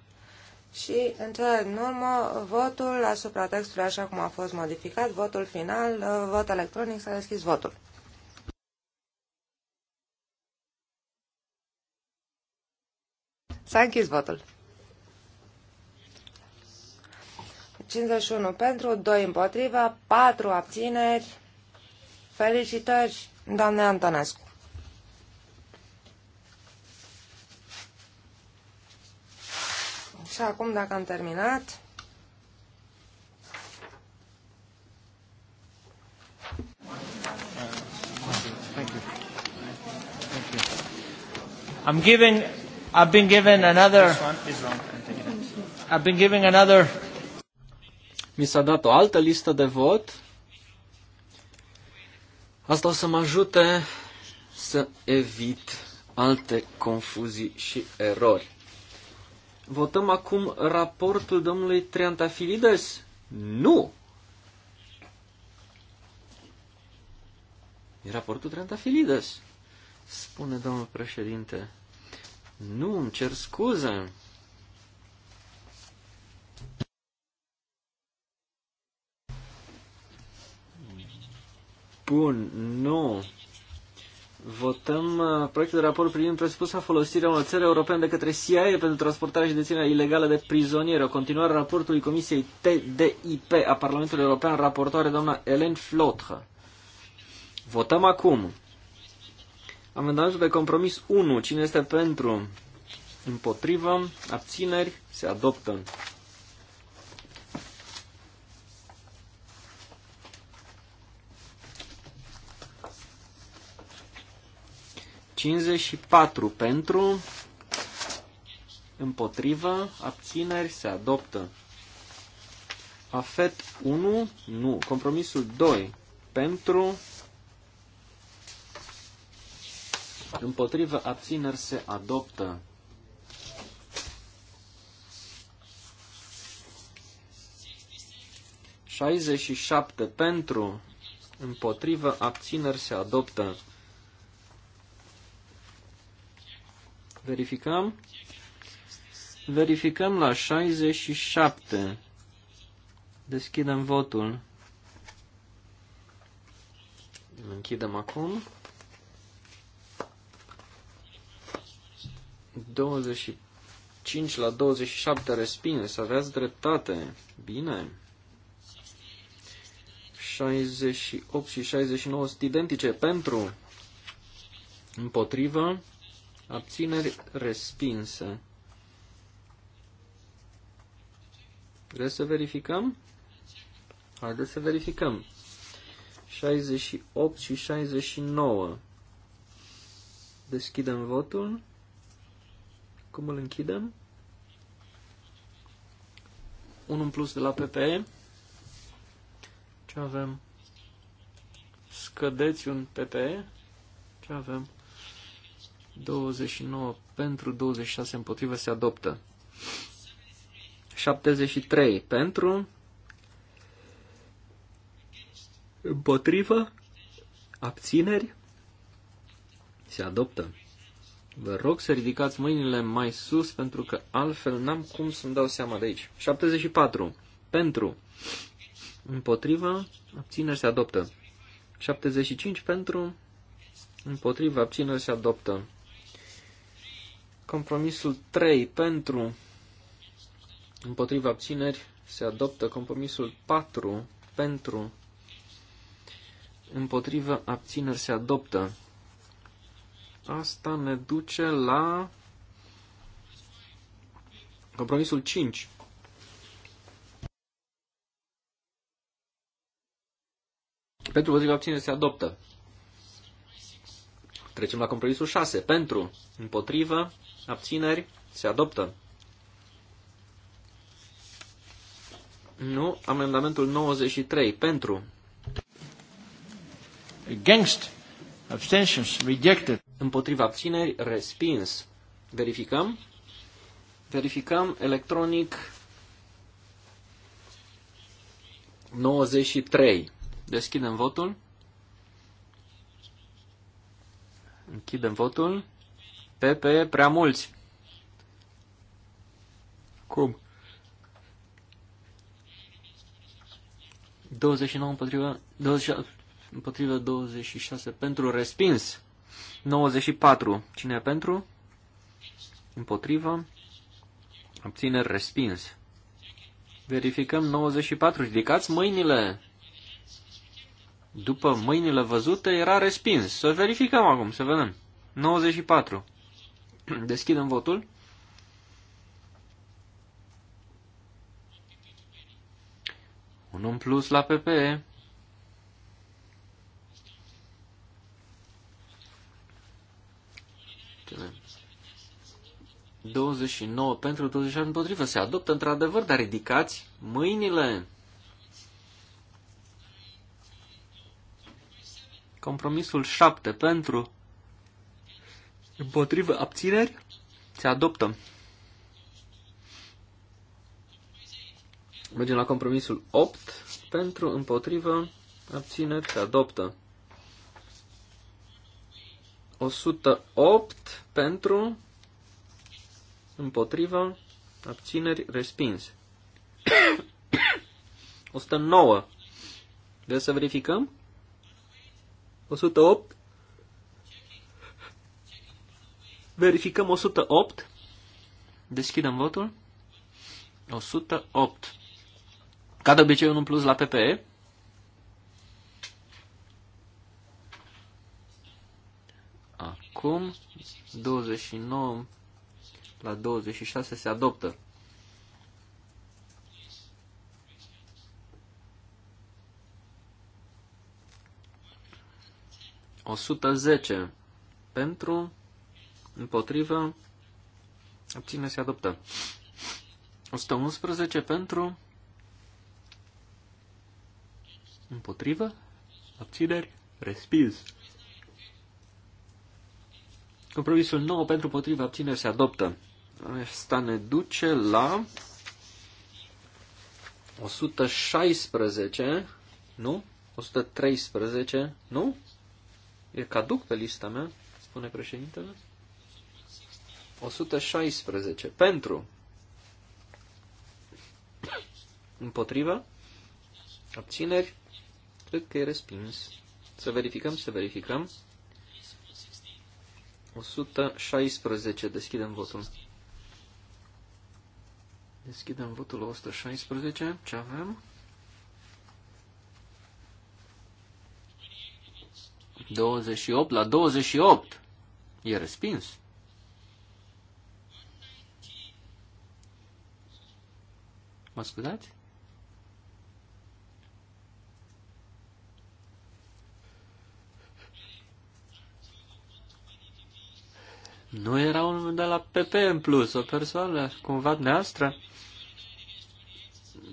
Și, în cele din urmă, votul asupra textului așa cum a fost modificat, votul final, uh, vot electronic, s-a deschis votul. S-a închis votul. 51 pentru, 2 împotriva, 4 abțineri. Felicitări, doamne Antonescu. Și acum, dacă am terminat... I'm giving, I've been given another, I've been giving another. Mi s-a dat o altă listă de vot. Asta o să mă ajute să evit alte confuzii și erori. Votăm acum raportul domnului Triantafilides? Nu! E raportul Triantafilides, spune domnul președinte. Nu, îmi cer scuze. Bun, nu. Votăm uh, proiectul de raport privind presupusa folosirea unor țări europene de către CIA pentru transportarea și deținerea ilegală de prizonieri. O continuare a raportului Comisiei TDIP a Parlamentului European, raportoare doamna Hélène Flotre. Votăm acum. Amendamentul de compromis 1. Cine este pentru? Împotrivă? Abțineri? Se adoptă. 54 pentru, împotrivă, abțineri, se adoptă. Afet 1, nu. Compromisul 2, pentru, împotrivă, abțineri, se adoptă. Șaizeci și șapte pentru, împotrivă, abțineri se adoptă. Verificăm. Verificăm la 67. Deschidem votul. Îl închidem acum. 25 la 27 respinge, să Aveați dreptate. Bine. 68 și 69 sunt identice pentru împotrivă abțineri, respinsă. Vreți să verificăm? Haideți să verificăm. 68 și 69. Deschidem votul. Cum îl închidem? 1 în plus de la PPE. Ce avem? Scădeți un PPE. Ce avem? 29 pentru, 26 împotrivă se adoptă. 73 pentru, împotrivă, abțineri, se adoptă. Vă rog să ridicați mâinile mai sus pentru că altfel n-am cum să-mi dau seama de aici. 74. Pentru. Împotrivă. Abțineri se adoptă. 75. Pentru. Împotrivă. Abțineri se adoptă. Compromisul 3 pentru împotriva abțineri se adoptă. Compromisul 4 pentru împotriva abțineri se adoptă. Asta ne duce la compromisul 5. Pentru împotriva abțineri se adoptă. Trecem la compromisul 6. Pentru, împotrivă, abțineri, se adoptă. Nu, amendamentul 93, pentru. Against, abstentions, rejected. Împotriva abțineri, respins. Verificăm. Verificăm electronic 93. Deschidem votul. Închidem votul. PP prea mulți. Cum? 29 împotriva, 26, împotriva 26 pentru respins. 94. Cine e pentru? împotriva Obține respins. Verificăm 94. Ridicați mâinile. După mâinile văzute era respins. Să verificăm acum, să vedem. 94. Deschidem votul. Un în plus la PP. Cine? 29 pentru 27 împotrivă. Se adoptă într-adevăr, dar ridicați mâinile. Compromisul 7 pentru Împotrivă abțineri se adoptă. Mergem la compromisul 8. Pentru, împotrivă, abțineri se adoptă. 108 pentru, împotrivă, abțineri respins. 109. Vreau să verificăm? 108 Verificăm 108. Deschidem votul. 108. Ca de obicei, un plus la PPE. Acum, 29 la 26 se adoptă. O sută zece pentru împotrivă, abține, se adoptă. 111 pentru, împotrivă, abțineri, respins. Compromisul 9 pentru potriva abțineri se adoptă. Asta ne duce la 116, nu? 113, nu? E caduc pe lista mea, spune președintele. 116. Pentru. Împotriva. Abțineri. Cred că e respins. Să verificăm, să verificăm. 116. Deschidem votul. Deschidem votul 116. Ce avem? opt la opt. E respins. Mă scuzați? Nu era unul de la PP în plus, o persoană, cumva neastră?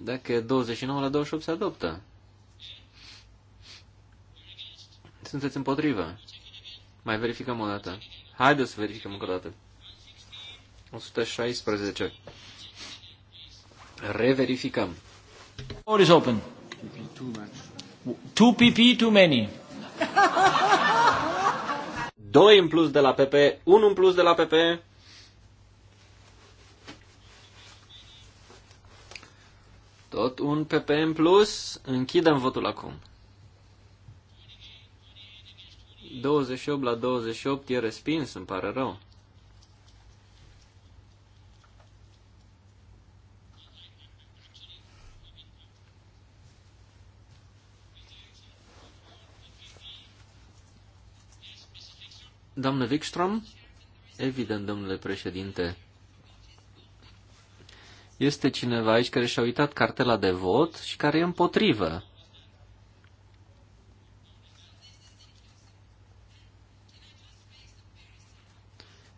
Dacă e 29 la 28 se adoptă. Sunteți împotrivă. Mai verificăm o dată. Haideți să verificăm încă o dată. 116. Reverificăm. Vote is open. Two PP too many. Doi în plus de la PP, un în plus de la PP. Tot un PP în plus. Închidem votul acum. 28 la 28 e respins, îmi pare rău. Doamne Wikström, evident, domnule președinte, este cineva aici care și-a uitat cartela de vot și care e împotrivă.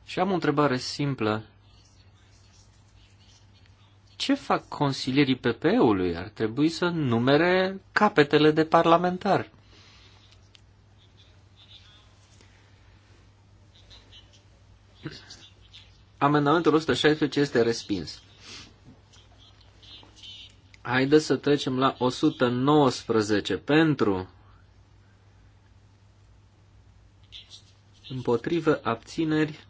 Și am o întrebare simplă. Ce fac consilierii PP-ului? Ar trebui să numere capetele de parlamentar. Amendamentul 116 este respins. Haideți să trecem la 119 pentru împotrivă abțineri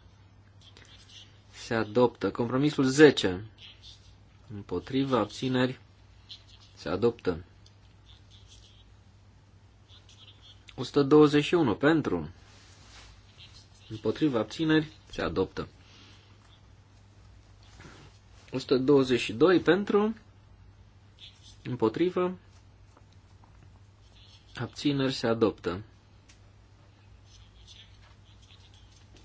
se adoptă. Compromisul 10 împotrivă abțineri se adoptă. 121 pentru împotrivă abțineri se adoptă. 122 pentru, împotrivă, abțineri se adoptă.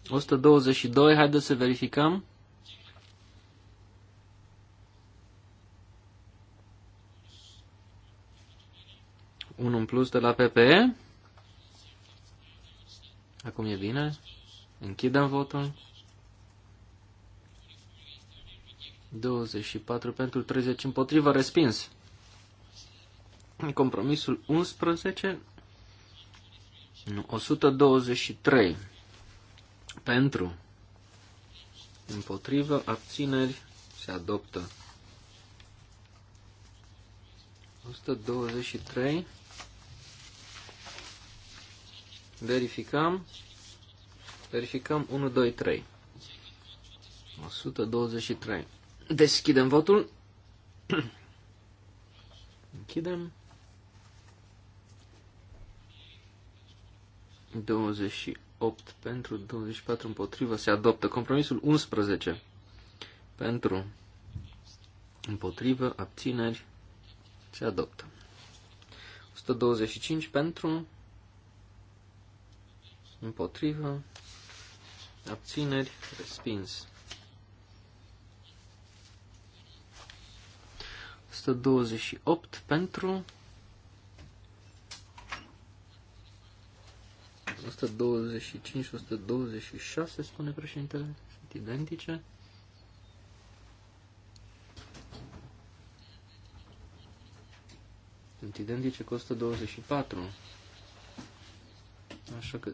122, haideți să verificăm. Unul în plus de la PPE. Acum e bine. Închidem votul. 24 pentru 30 împotriva, respins. Compromisul 11, nu, 123 pentru, împotrivă, abțineri, se adoptă. 123. Verificăm. Verificăm 1, 2, 3. 123. Deschidem votul. Închidem. 28 pentru, 24 împotrivă. Se adoptă compromisul 11 pentru, împotrivă, abțineri. Se adoptă. 125 pentru, împotrivă, abțineri, respins. 128 pentru 125 126, spune președintele, sunt identice. Sunt identice cu 124. Așa că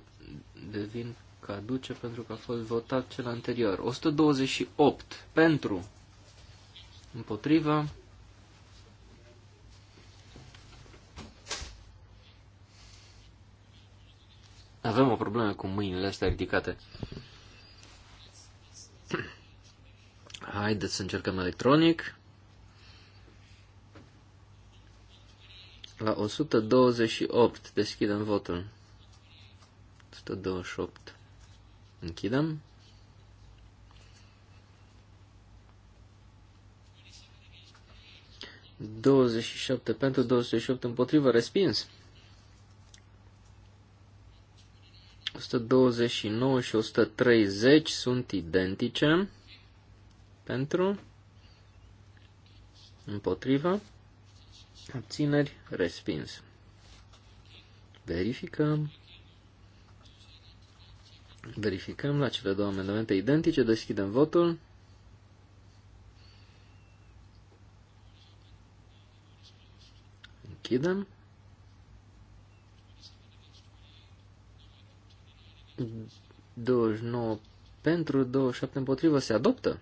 devin caduce pentru că a fost votat cel anterior. 128 pentru împotriva Avem o problemă cu mâinile astea ridicate. Haideți să încercăm electronic. La 128 deschidem votul. 128. Închidem. Douăzeci și șapte pentru, douăzeci și opt împotrivă, respins. 129 și 130 sunt identice pentru, împotriva, abțineri, respins. Verificăm. Verificăm la cele două amendamente identice, deschidem votul. Închidem. 29 pentru, 27 împotrivă, se adoptă.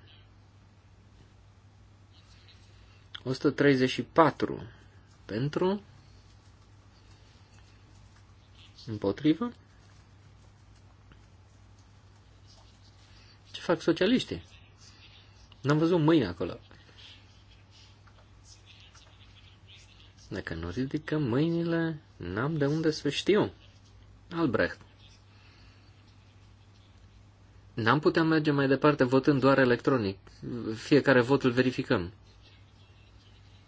134 pentru, împotrivă. Ce fac socialiștii? N-am văzut mâini acolo. Dacă nu ridicăm mâinile, n-am de unde să știu. Albrecht. N-am putea merge mai departe votând doar electronic. Fiecare vot îl verificăm.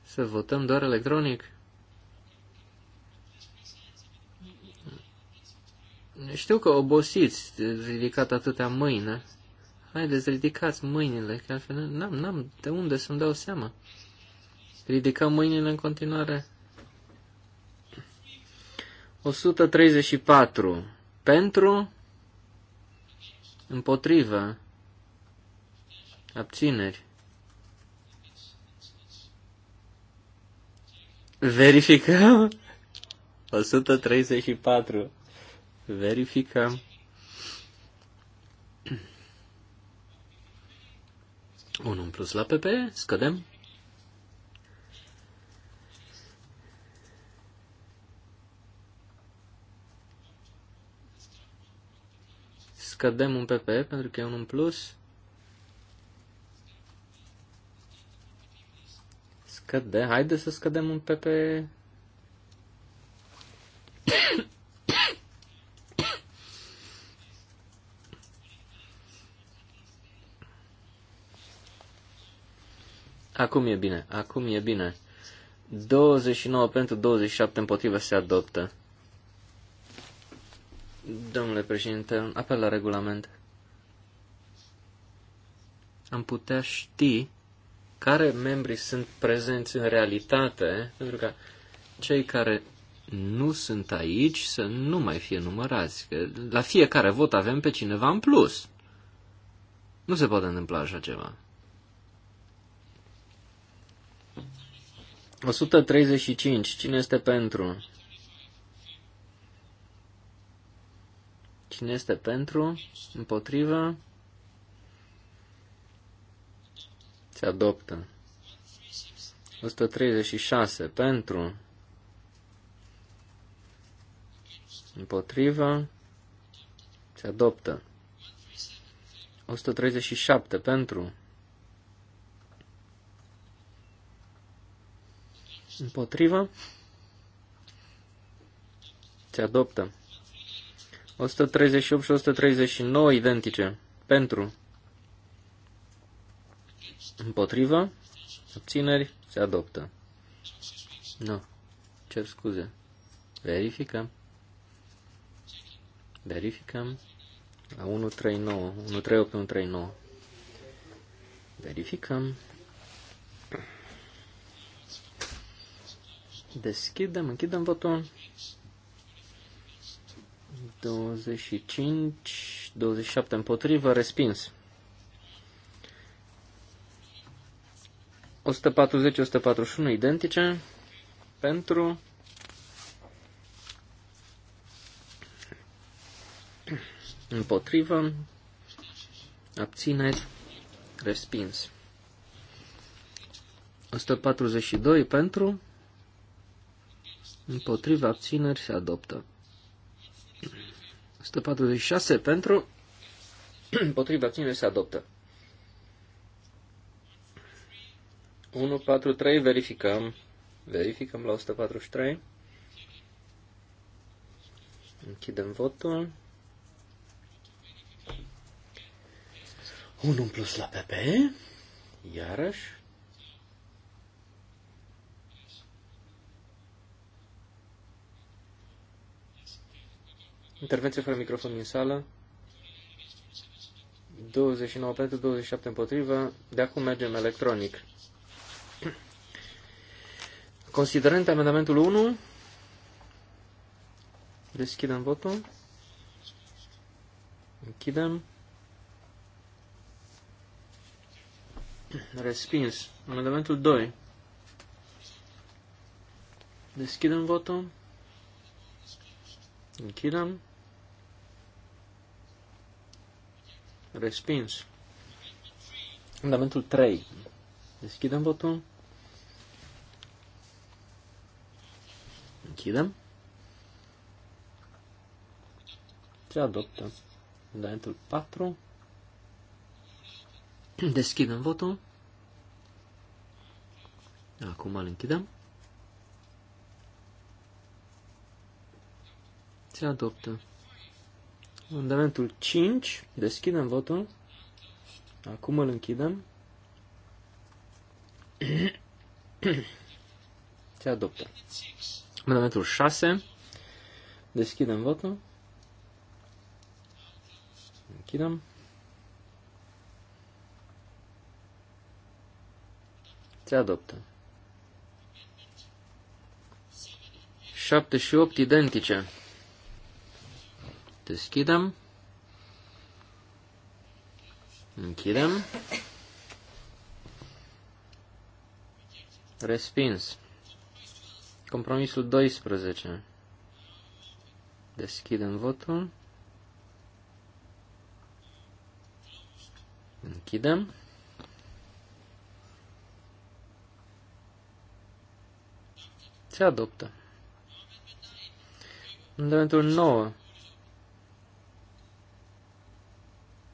Să votăm doar electronic? Știu că obosiți, ridicat atâtea mâine. Haideți, ridicați mâinile, că altfel n-am, n-am de unde să-mi dau seama. Ridicăm mâinile în continuare. 134. Pentru Împotrivă. Abțineri. Verificăm. 134. Verificăm. Unul în plus la PP, scădem. scădem un PP, pentru că e un în plus. Scăde, haide să scădem un PP. Acum e bine, acum e bine. 29 pentru 27 împotrivă se adoptă. Domnule președinte, apel la regulament. Am putea ști care membrii sunt prezenți în realitate, pentru că cei care nu sunt aici să nu mai fie numărați, că la fiecare vot avem pe cineva în plus. Nu se poate întâmpla așa ceva. 135. Cine este pentru? Cine este pentru? Împotrivă? Se adoptă. 136. Pentru? Împotrivă? Se adoptă. 137. Pentru? Împotrivă? Se adoptă. 138 și 139 identice. Pentru. Împotrivă. Obțineri. Se adoptă. Nu. Cer scuze. Verificăm. Verificăm. La 139. 138, 139. Verificăm. Deschidem, închidem votul. 25, 27 împotrivă, respins. 140-141 identice pentru împotrivă, abțineri, respins. 142 pentru, împotriva abțineri se adoptă. 146 pentru, împotriva cine se adoptă. 143 verificăm. Verificăm la 143. Închidem votul. 1 plus la PP. Iarăși. Intervenție fără microfon din sală. 29 pentru, 27 împotrivă. De acum mergem electronic. Considerând amendamentul 1, deschidem votul. Închidem. Respins. Amendamentul 2. Deschidem votul. Închidem. Respins. fundamentul 3. Deschidem votul. Închidem. Se adoptă. fundamentul 4. Deschidem votul. Acum îl închidem. Se adoptă. Amendamentul 5. Deschidem votul. Acum îl închidem. Se adoptă. Amendamentul 6. Deschidem votul. Închidem. Se adoptă. 7 și 8 identice. Deschidem. Închidem. Respins. Compromisul 12. Deschidem votul. Închidem. Se adoptă. Amendamentul 9.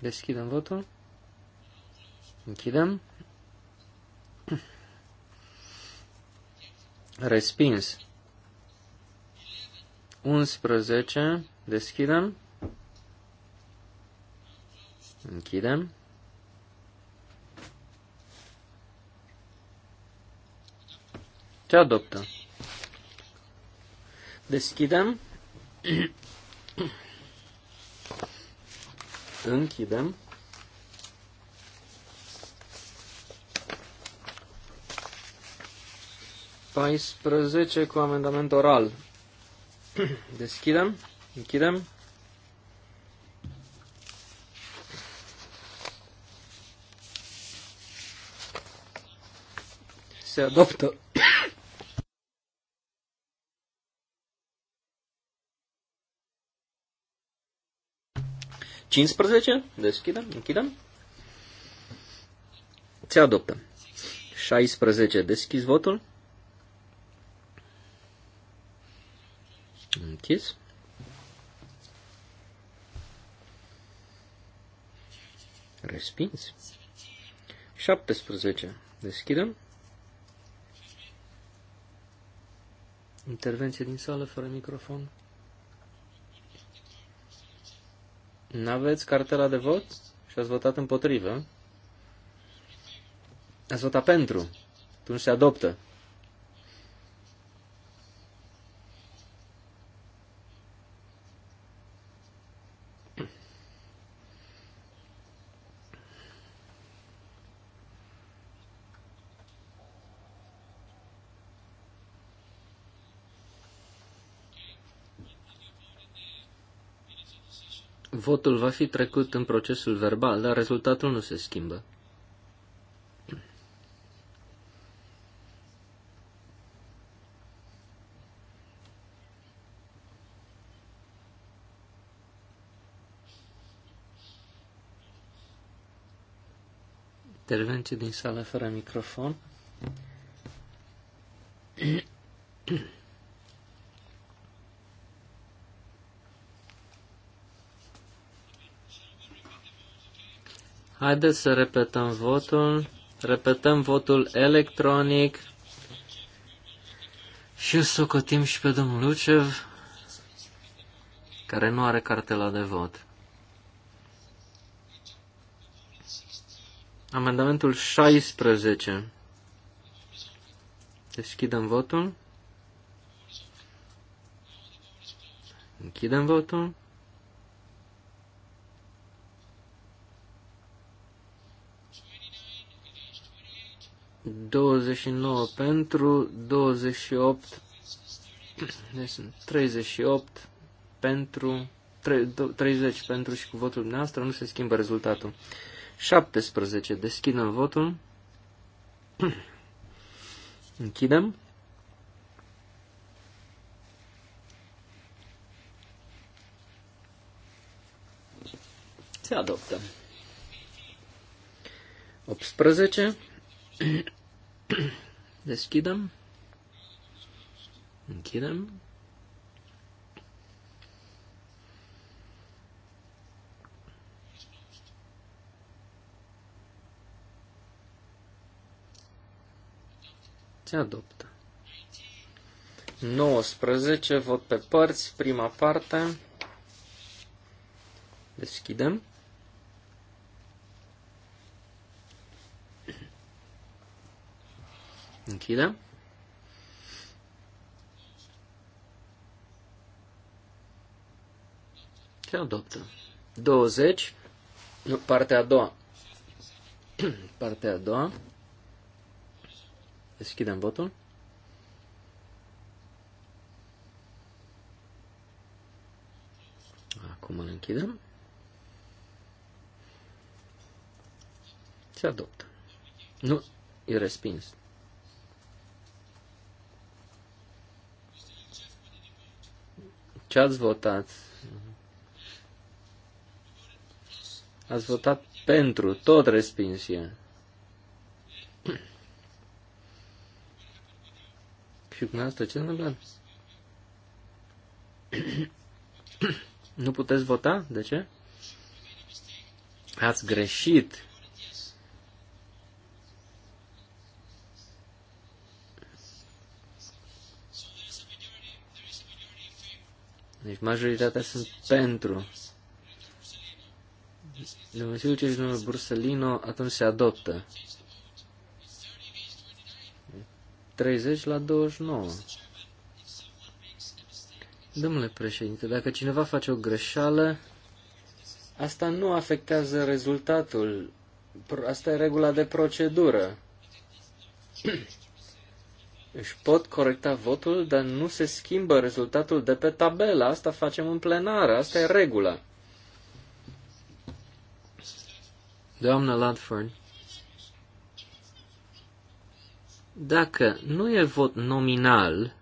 Deschidem votul. Închidem. Respins. 11. Deschidem. Închidem. Ce adoptă. Deschidem. Închidem. Paisprezece cu amendament oral. Deschidem. Închidem. Se adoptă. 15, deschidem, închidem. Ți adoptă. 16, deschizi votul. Închis. Respins. 17. Deschidem. Intervenție din sală fără microfon. N-aveți cartela de vot și ați votat împotrivă? Ați votat pentru. Atunci se adoptă. votul va fi trecut în procesul verbal, dar rezultatul nu se schimbă. Intervenție din sală fără microfon. Haideți să repetăm votul. Repetăm votul electronic. Și o socotim și pe domnul Lucev, care nu are cartela de vot. Amendamentul 16. Deschidem votul. Închidem votul. 29 pentru, 28, deci 38 pentru, 30 pentru și cu votul dumneavoastră nu se schimbă rezultatul. 17. Deschidem votul. Închidem. Se adoptă. 18. Deschidem. Închidem. Se adoptă. 19, vot pe părți, prima parte. Deschidem. Închidem. Se adoptă. 20. Nu, partea a doua. partea a doua. Deschidem votul. Acum îl închidem. Se adoptă. Nu, e respins. Ce ați votat? Ați votat pentru, tot respins e. Și cu asta ce întâmplă? nu puteți vota? De ce? Ați greșit. Deci majoritatea sunt pentru. ce și domnul Bursalino atunci se adoptă. 30 la 29. Domnule președinte, dacă cineva face o greșeală, asta nu afectează rezultatul. Asta e regula de procedură. își pot corecta votul, dar nu se schimbă rezultatul de pe tabelă. Asta facem în plenară, asta e regula. Doamna Ladford, dacă nu e vot nominal,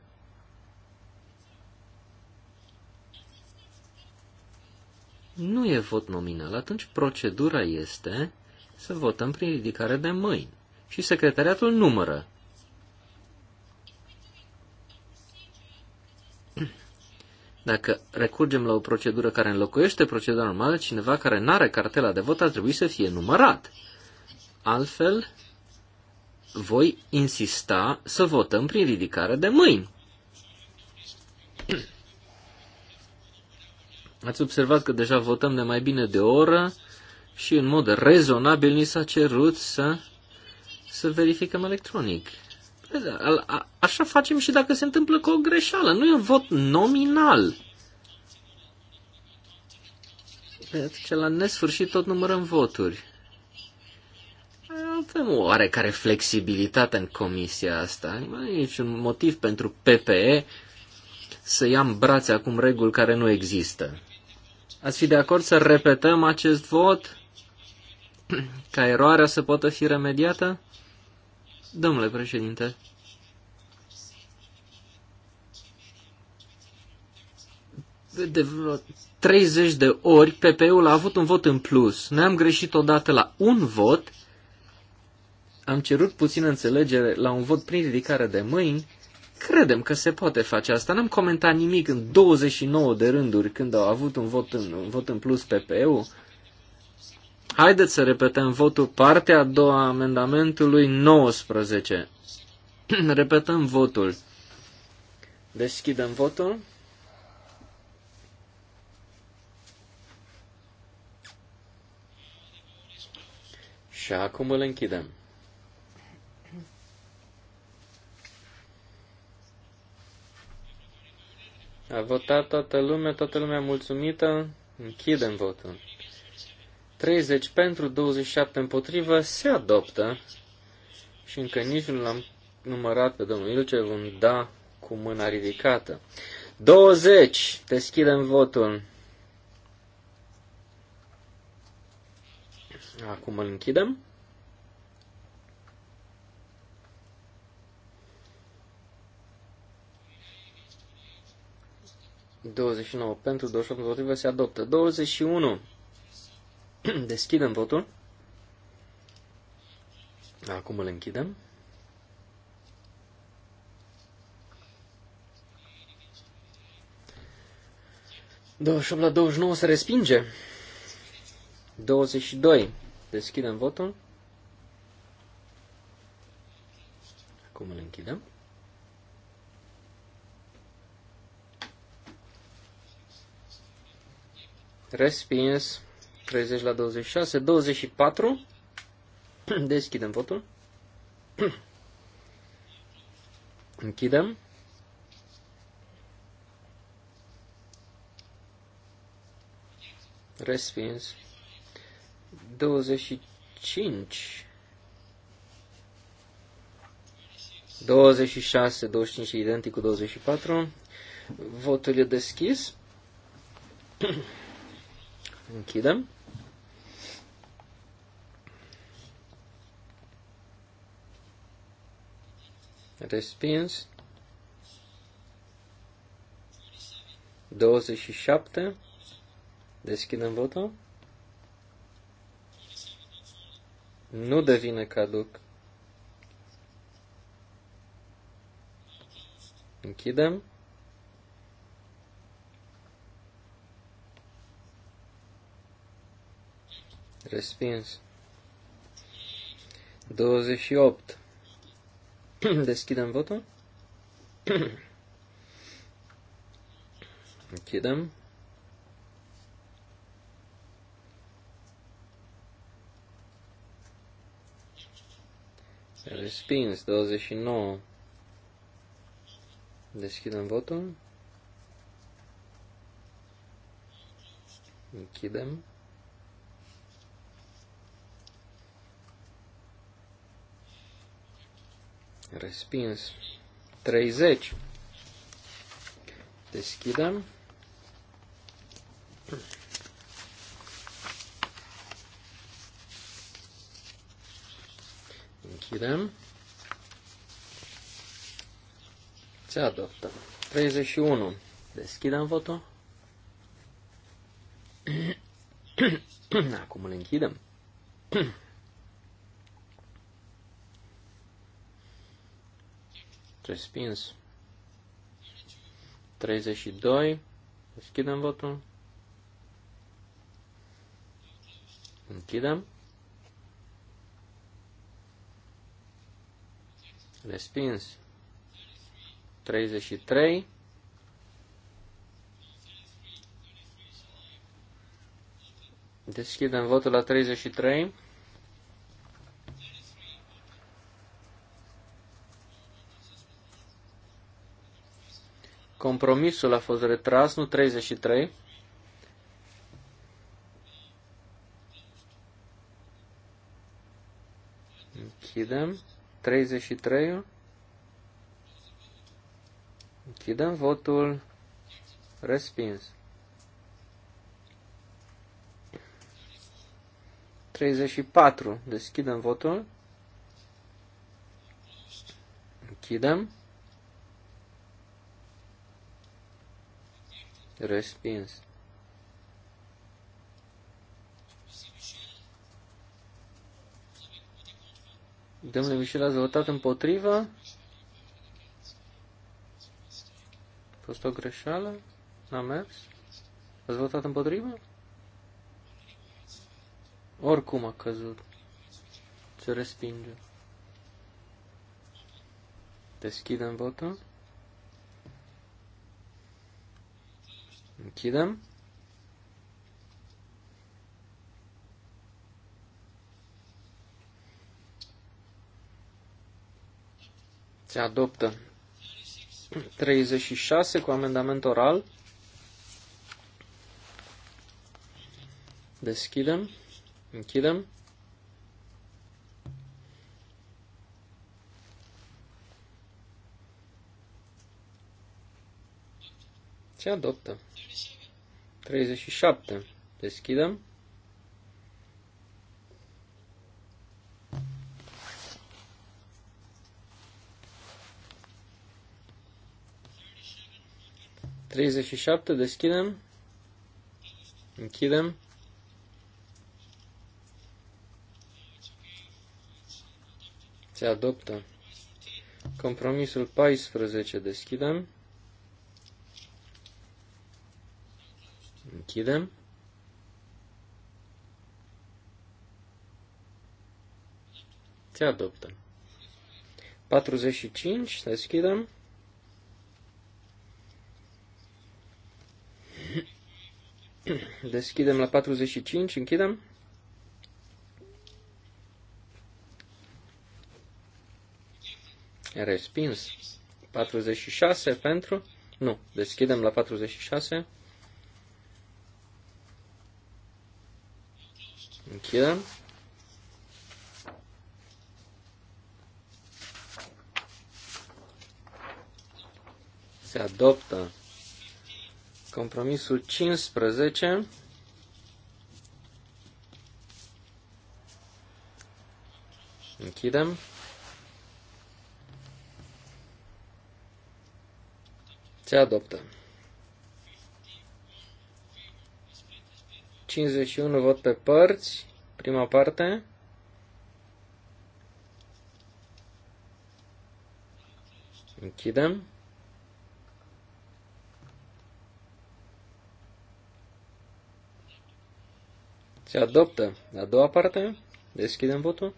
nu e vot nominal, atunci procedura este să votăm prin ridicare de mâini. Și secretariatul numără Dacă recurgem la o procedură care înlocuiește procedura normală, cineva care nu are cartela de vot ar trebui să fie numărat. Altfel, voi insista să votăm prin ridicare de mâini. Ați observat că deja votăm de mai bine de o oră și în mod rezonabil ni s-a cerut să, să verificăm electronic. Așa facem și dacă se întâmplă cu o greșeală. Nu e un vot nominal. Ce că la nesfârșit tot numărăm voturi. Avem o oarecare flexibilitate în comisia asta. Nu e niciun motiv pentru PPE să ia în brațe acum reguli care nu există. Ați fi de acord să repetăm acest vot ca eroarea să poată fi remediată? Domnule președinte, de vreo 30 de ori PP-ul a avut un vot în plus. ne am greșit odată la un vot, am cerut puțină înțelegere la un vot prin ridicare de mâini, credem că se poate face asta. N-am comentat nimic în 29 de rânduri când au avut un vot în, un vot în plus PP-ul. Haideți să repetăm votul partea a doua a amendamentului 19. repetăm votul. Deschidem votul. Și acum îl închidem. A votat toată lumea, toată lumea mulțumită. Închidem votul. 30 pentru, 27 împotrivă, se adoptă. Și încă nici nu l-am numărat pe domnul Ilcev, un da cu mâna ridicată. 20. Deschidem votul. Acum îl închidem. ...29 pentru, 28 împotrivă, se adoptă. 21 Deschidem votul. Acum îl închidem. Douăzeci la 29 se respinge. 22. Deschidem votul. Acum îl închidem. Respins. 30 la 26, 24. Deschidem votul. Închidem. Respins. 25. 26, 25 e identic cu 24. Votul e deschis. Închidem. respins. 27, deschidem votul. Nu devine caduc. Închidem. Respins. 28. Deschidem votul. Închidem. Respins, 29. Deschidem votul. Închidem. Respins. 30. Deschidem. Închidem. Se adoptă. 31. Deschidem votul. Acum îl închidem. Respins. 32. Deschidem votul. Închidem. Respins. 33. Deschidem votul la 33. Compromisul a fost retras, nu 33. Închidem. 33. Închidem votul. Respins. 34. Deschidem votul. Închidem. Respins. Domnule Mișel, ați votat împotriva? A fost o greșeală? N-a mers? Ați votat împotriva? Oricum a căzut. Se respinge. Deschidem votul. Închidem. Se adoptă 36 cu amendament oral. Deschidem, închidem. Se adoptă. 37. Deschidem. Treizeci și șapte, deschidem, închidem. Se adoptă. Compromisul 14, deschidem. Închidem. Se adoptă. 45, deschidem. Deschidem la 45, închidem. Respins. 46 pentru. Nu, deschidem la 46. Închidem. Se adoptă compromisul 15. Închidem. Se adoptă. 51 vot pe părți, prima parte. Închidem. Se adoptă a doua parte. Deschidem votul.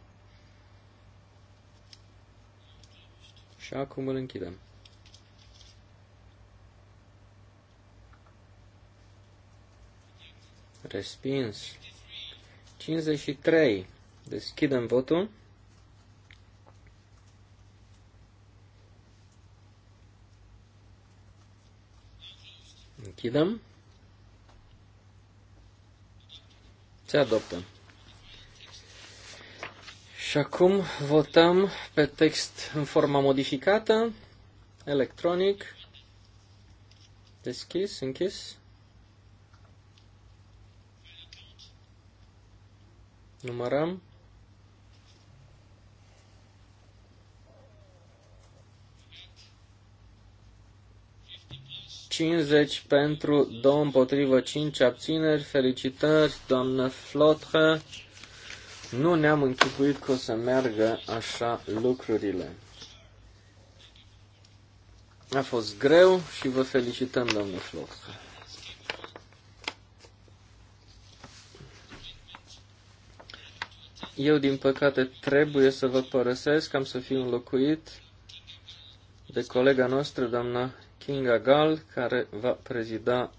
Și acum îl închidem. Respins. 53. Deschidem votul. Închidem. Se adoptă. Și acum votăm pe text în forma modificată, electronic, deschis, închis. Numărăm. Cincizeci pentru, două împotrivă, cinci abțineri. Felicitări, doamnă Flotră. Nu ne-am închipuit că o să meargă așa lucrurile. A fost greu și vă felicităm, doamnă Flotră. Eu, din păcate, trebuie să vă părăsesc, am să fiu înlocuit de colega noastră, doamna Kinga Gal, care va prezida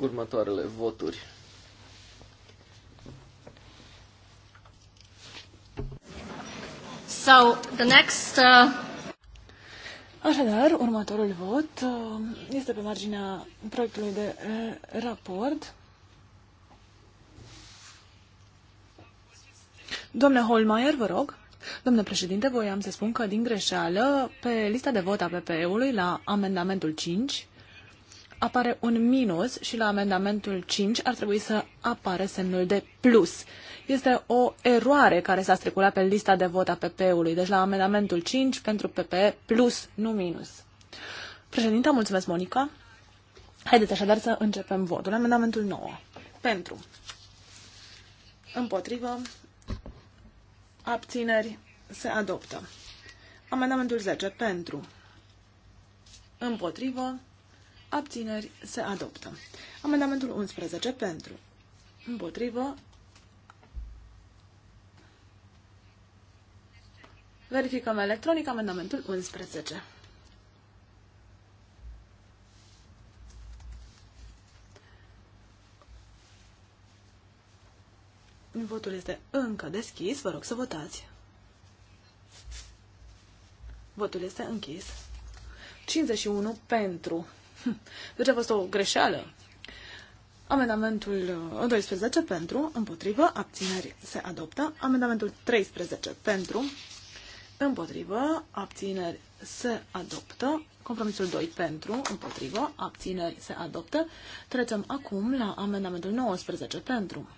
următoarele voturi. So, the next, uh... Așadar, următorul vot uh, este pe marginea proiectului de uh, raport Domnule Holmeier, vă rog. Domnule președinte, voiam să spun că din greșeală, pe lista de vot a PPE-ului la amendamentul 5 apare un minus și la amendamentul 5 ar trebui să apare semnul de plus. Este o eroare care s-a strecurat pe lista de vot a PP-ului, deci la amendamentul 5 pentru PP plus, nu minus. Președinte, mulțumesc, Monica. Haideți așadar să începem votul. Amendamentul 9. Pentru. Împotrivă abțineri, se adoptă. Amendamentul 10 pentru, împotrivă, abțineri, se adoptă. Amendamentul 11 pentru, împotrivă, verificăm electronic amendamentul 11. Votul este încă deschis. Vă rog să votați. Votul este închis. 51 pentru. Deci a fost o greșeală. Amendamentul 12 uh, pentru, împotrivă, abțineri se adoptă. Amendamentul 13 pentru, împotrivă, abțineri se adoptă. Compromisul 2 pentru, împotrivă, abțineri se adoptă. Trecem acum la amendamentul 19 pentru,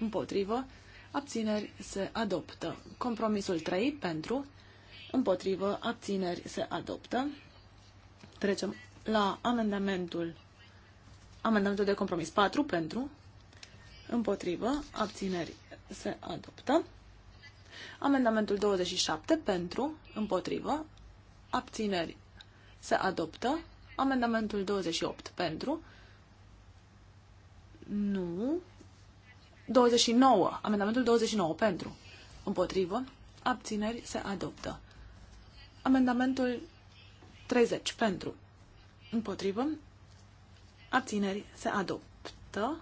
împotrivă, abțineri se adoptă. Compromisul 3 pentru, împotrivă, abțineri se adoptă. Trecem la amendamentul, amendamentul de compromis 4 pentru, împotrivă, abțineri se adoptă. Amendamentul 27 pentru, împotrivă, abțineri se adoptă. Amendamentul 28 pentru, nu, 29. Amendamentul 29 pentru. Împotrivă. Abțineri se adoptă. Amendamentul 30 pentru. Împotrivă. Abțineri se adoptă.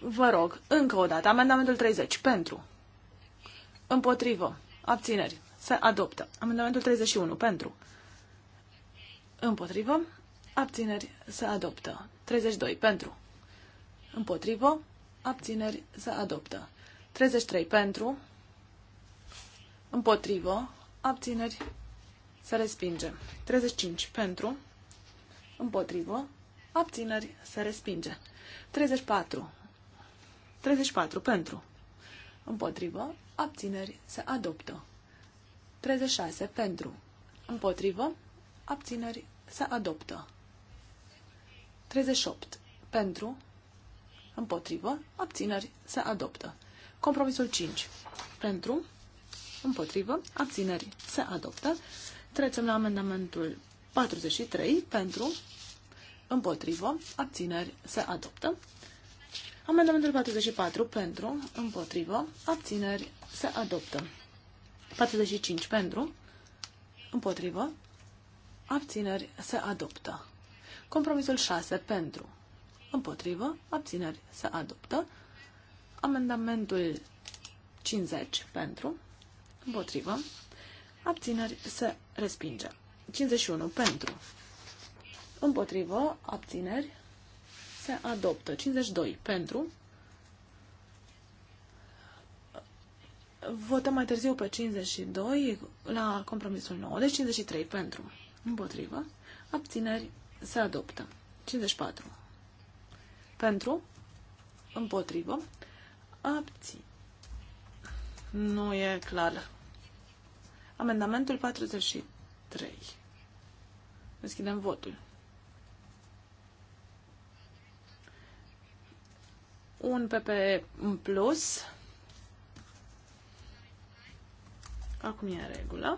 Vă rog, încă o dată, amendamentul 30 pentru. Împotrivă. Abțineri se adoptă. Amendamentul 31 pentru. Împotrivă. Abțineri se adoptă. 32 pentru. Împotrivă abțineri, se adoptă. 33 pentru, împotrivă, abțineri, se respinge. 35 pentru, împotrivă, abțineri, se respinge. 34, 34 pentru, împotrivă, abțineri, se adoptă. 36 pentru, împotrivă, abțineri, se adoptă. 38 pentru, Împotrivă. Abțineri. Se adoptă. Compromisul 5. Pentru. Împotrivă. Abțineri. Se adoptă. Trecem la amendamentul 43. Pentru. Împotrivă. Abțineri. Se adoptă. Amendamentul 44. Pentru. Împotrivă. Abțineri. Se adoptă. 45. Pentru. Împotrivă. Abțineri. Se adoptă. Compromisul 6. Pentru împotrivă, abțineri se adoptă. Amendamentul 50 pentru, împotrivă, abțineri se respinge. 51 pentru, împotrivă, abțineri se adoptă. 52 pentru, Votăm mai târziu pe 52 la compromisul 9, deci 53 pentru, împotrivă, abțineri se adoptă. 54 pentru, împotrivă, abții. Nu e clar. Amendamentul 43. Deschidem votul. Un PP în plus. Acum e în regulă.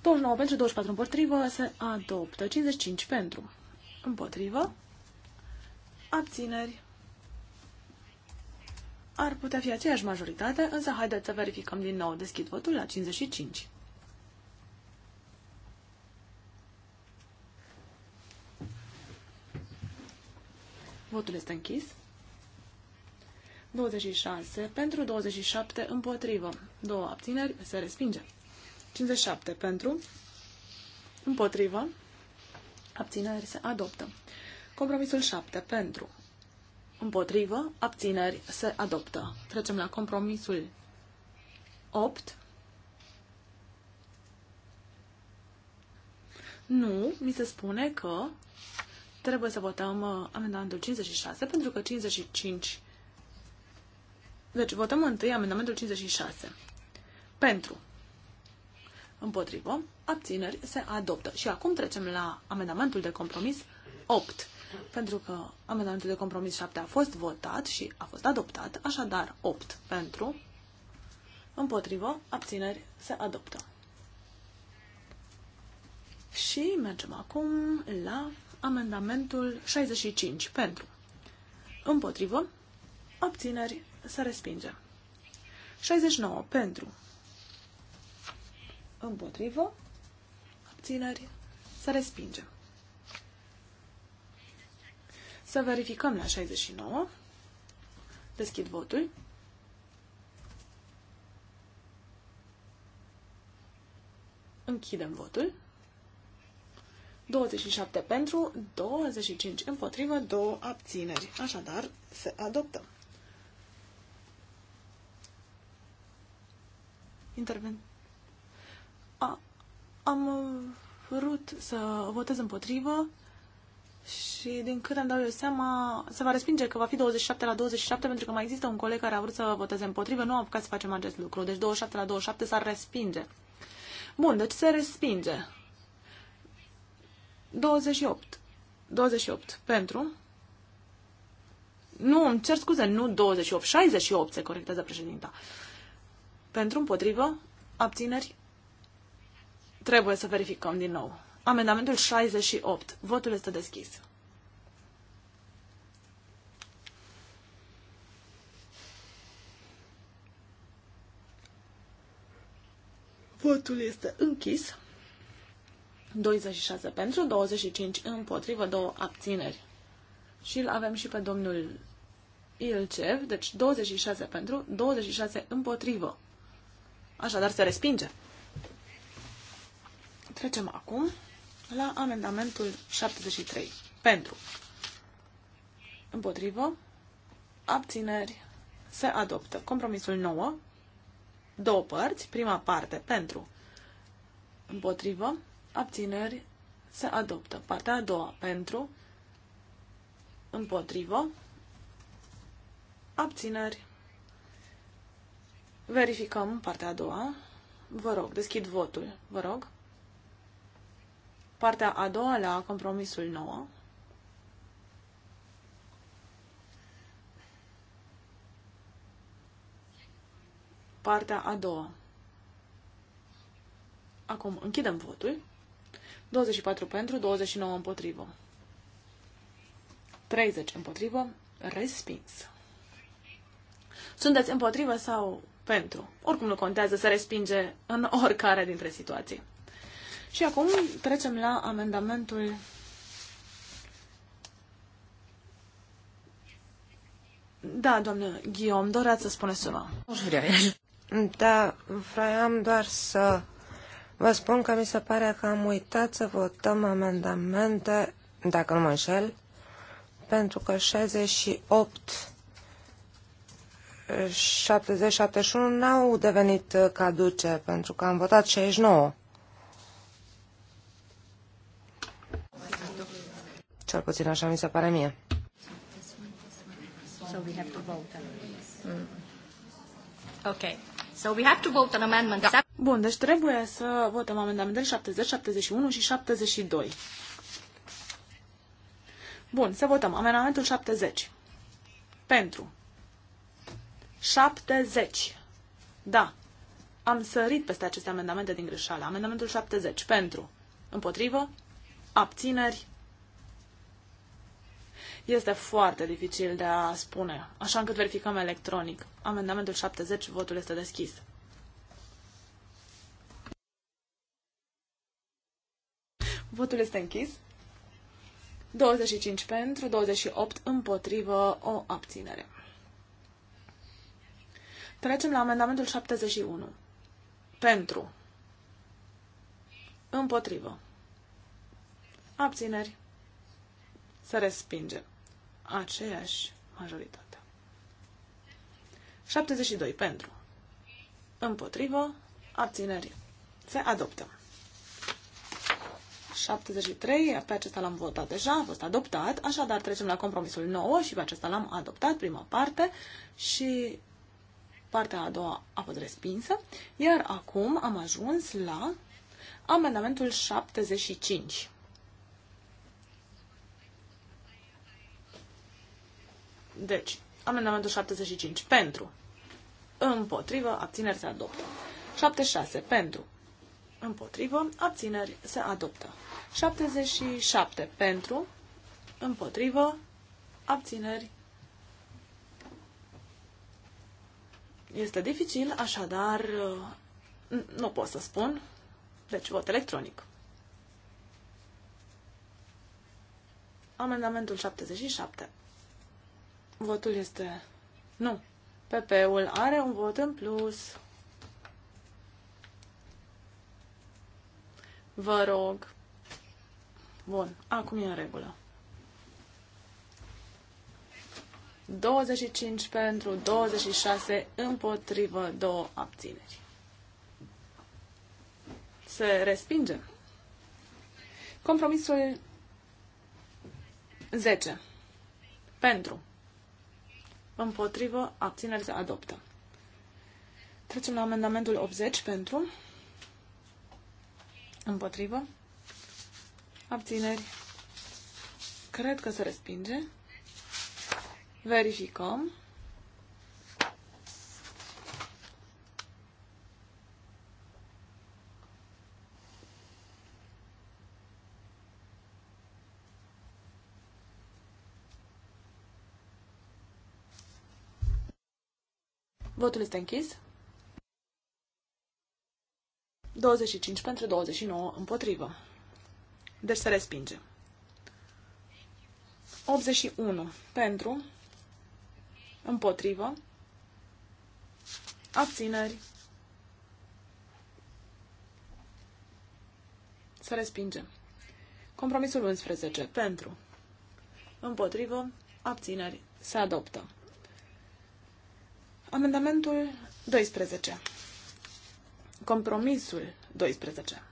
29 pentru, 24 împotrivă, se adoptă. 55 pentru. Împotrivă. Abțineri. Ar putea fi aceeași majoritate, însă haideți să verificăm din nou. Deschid votul la 55. Votul este închis. 26 pentru, 27 împotrivă. Două abțineri se respinge. 57 pentru, împotrivă, Abțineri se adoptă. Compromisul 7. Pentru. Împotrivă. Abțineri se adoptă. Trecem la compromisul 8. Nu, mi se spune că trebuie să votăm uh, amendamentul 56, pentru că 55... Deci votăm întâi amendamentul 56. Pentru. Împotrivă. Abțineri. Se adoptă. Și acum trecem la amendamentul de compromis 8. Pentru că amendamentul de compromis 7 a fost votat și a fost adoptat, așadar 8 pentru, împotrivă, abțineri, se adoptă. Și mergem acum la amendamentul 65 pentru, împotrivă, abțineri, se respinge. 69 pentru, Împotrivă. Abțineri. Să respingem. Să verificăm la 69. Deschid votul. Închidem votul. 27 pentru, 25 împotrivă, 2 abțineri. Așadar, se adoptă. Interven a, am vrut să votez împotrivă și din câte îmi dau eu seama, se va respinge că va fi 27 la 27 pentru că mai există un coleg care a vrut să voteze împotrivă, nu am apucat să facem acest lucru. Deci 27 la 27 s-ar respinge. Bun, deci se respinge. 28. 28 pentru. Nu, îmi cer scuze, nu 28, 68 se corectează președinta. Pentru împotrivă, abțineri, Trebuie să verificăm din nou. Amendamentul 68. Votul este deschis. Votul este închis. 26 pentru, 25 împotrivă, 2 abțineri. Și îl avem și pe domnul Ilcev, deci 26 pentru, 26 împotrivă. Așadar se respinge. Trecem acum la amendamentul 73. Pentru. Împotrivă. Abțineri. Se adoptă. Compromisul 9. Două părți. Prima parte. Pentru. Împotrivă. Abțineri. Se adoptă. Partea a doua. Pentru. Împotrivă. Abțineri. Verificăm partea a doua. Vă rog, deschid votul. Vă rog partea a doua la compromisul 9. Partea a doua. Acum închidem votul. 24 pentru, 29 împotrivă. 30 împotrivă, respins. Sunteți împotrivă sau pentru? Oricum nu contează să respinge în oricare dintre situații. Și acum trecem la amendamentul Da, doamnă Guillaume, doreați să spuneți ceva. Da, vreau doar să vă spun că mi se pare că am uitat să votăm amendamente, dacă nu mă înșel, pentru că 68 70-71 n-au devenit caduce, pentru că am votat 69. Cel puțin așa mi se pare mie. So we have to vote mm. Okay. So we have to vote on amendment da. Bun, deci trebuie să votăm amendamentele 70, 71 și 72. Bun, să votăm amendamentul 70. Pentru. 70. Da. Am sărit peste aceste amendamente din greșeală. Amendamentul 70. Pentru. Împotrivă. Abțineri este foarte dificil de a spune, așa încât verificăm electronic. Amendamentul 70, votul este deschis. Votul este închis. 25 pentru, 28 împotrivă, o abținere. Trecem la amendamentul 71. Pentru. Împotrivă. Abțineri. Se respinge aceeași majoritate. 72 pentru. Împotrivă, abțineri. Se adoptă. 73, pe acesta l-am votat deja, a fost adoptat, așadar trecem la compromisul 9 și pe acesta l-am adoptat, prima parte, și partea a doua a fost respinsă, iar acum am ajuns la amendamentul 75. Deci, amendamentul 75 pentru, împotrivă, abțineri se adoptă. 76 pentru, împotrivă, abțineri se adoptă. 77 pentru, împotrivă, abțineri. Este dificil, așadar uh, nu pot să spun. Deci vot electronic. Amendamentul 77. Votul este... Nu. PP-ul are un vot în plus. Vă rog. Bun. Acum e în regulă. 25 pentru, 26 împotrivă, două abțineri. Se respinge. Compromisul 10. Pentru. Împotrivă. Abțineri se adoptă. Trecem la amendamentul 80 pentru. Împotrivă. Abțineri. Cred că se respinge. Verificăm. Votul este închis. 25 pentru 29 împotrivă. Deci se respinge. 81 pentru împotrivă abțineri se respinge. Compromisul 11 pentru împotrivă abțineri se adoptă. Amendamentul 12. Compromisul 12.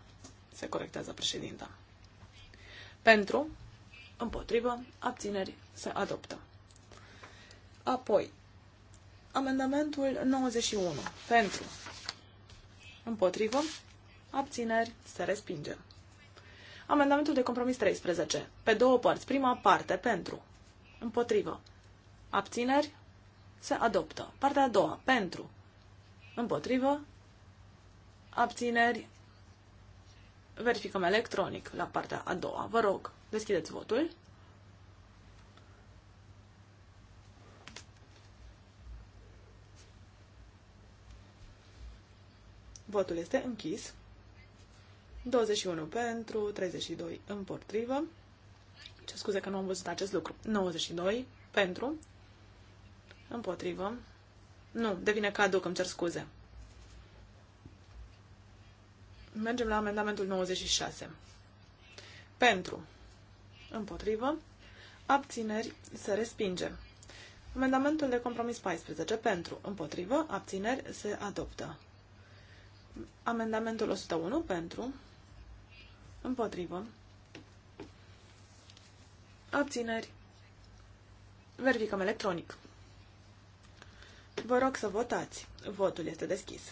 Se corectează președinta. Pentru, împotrivă, abțineri se adoptă. Apoi, amendamentul 91. Pentru, împotrivă, abțineri se respinge. Amendamentul de compromis 13. Pe două părți. Prima parte, pentru, împotrivă, abțineri se adoptă. Partea a doua, pentru, împotrivă, abțineri, verificăm electronic la partea a doua. Vă rog, deschideți votul. Votul este închis. 21 pentru, 32 împotrivă. Ce scuze că nu am văzut acest lucru. 92 pentru, Împotrivă. Nu, devine că îmi cer scuze. Mergem la amendamentul 96. Pentru. Împotrivă. Abțineri. Se respinge. Amendamentul de compromis 14. Pentru. Împotrivă. Abțineri. Se adoptă. Amendamentul 101. Pentru. Împotrivă. Abțineri. Verificăm electronic. Vă rog să votați. Votul este deschis.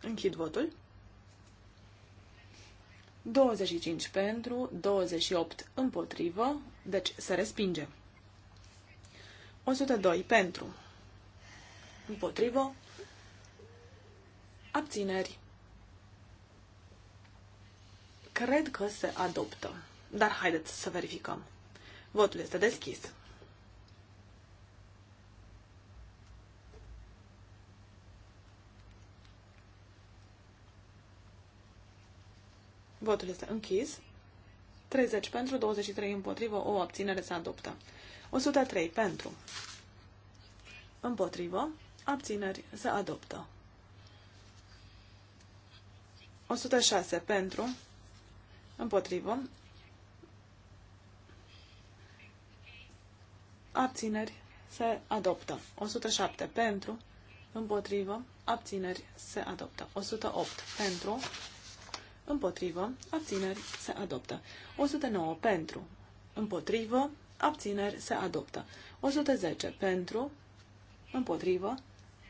Închid votul. 25 pentru, 28 împotrivă, deci se respinge. 102 pentru, împotrivă, abțineri. Cred că se adoptă. Dar haideți să verificăm. Votul este deschis. Votul este închis. 30 pentru, 23 împotrivă, o abținere se adoptă. 103 pentru, împotrivă, abțineri se adoptă. 106 pentru, împotrivă, abțineri, se adoptă. 107 pentru, împotrivă, abțineri, se adoptă. 108 pentru, împotrivă, abțineri, se adoptă. 109 pentru, împotrivă, abțineri, se adoptă. 110 pentru, împotrivă,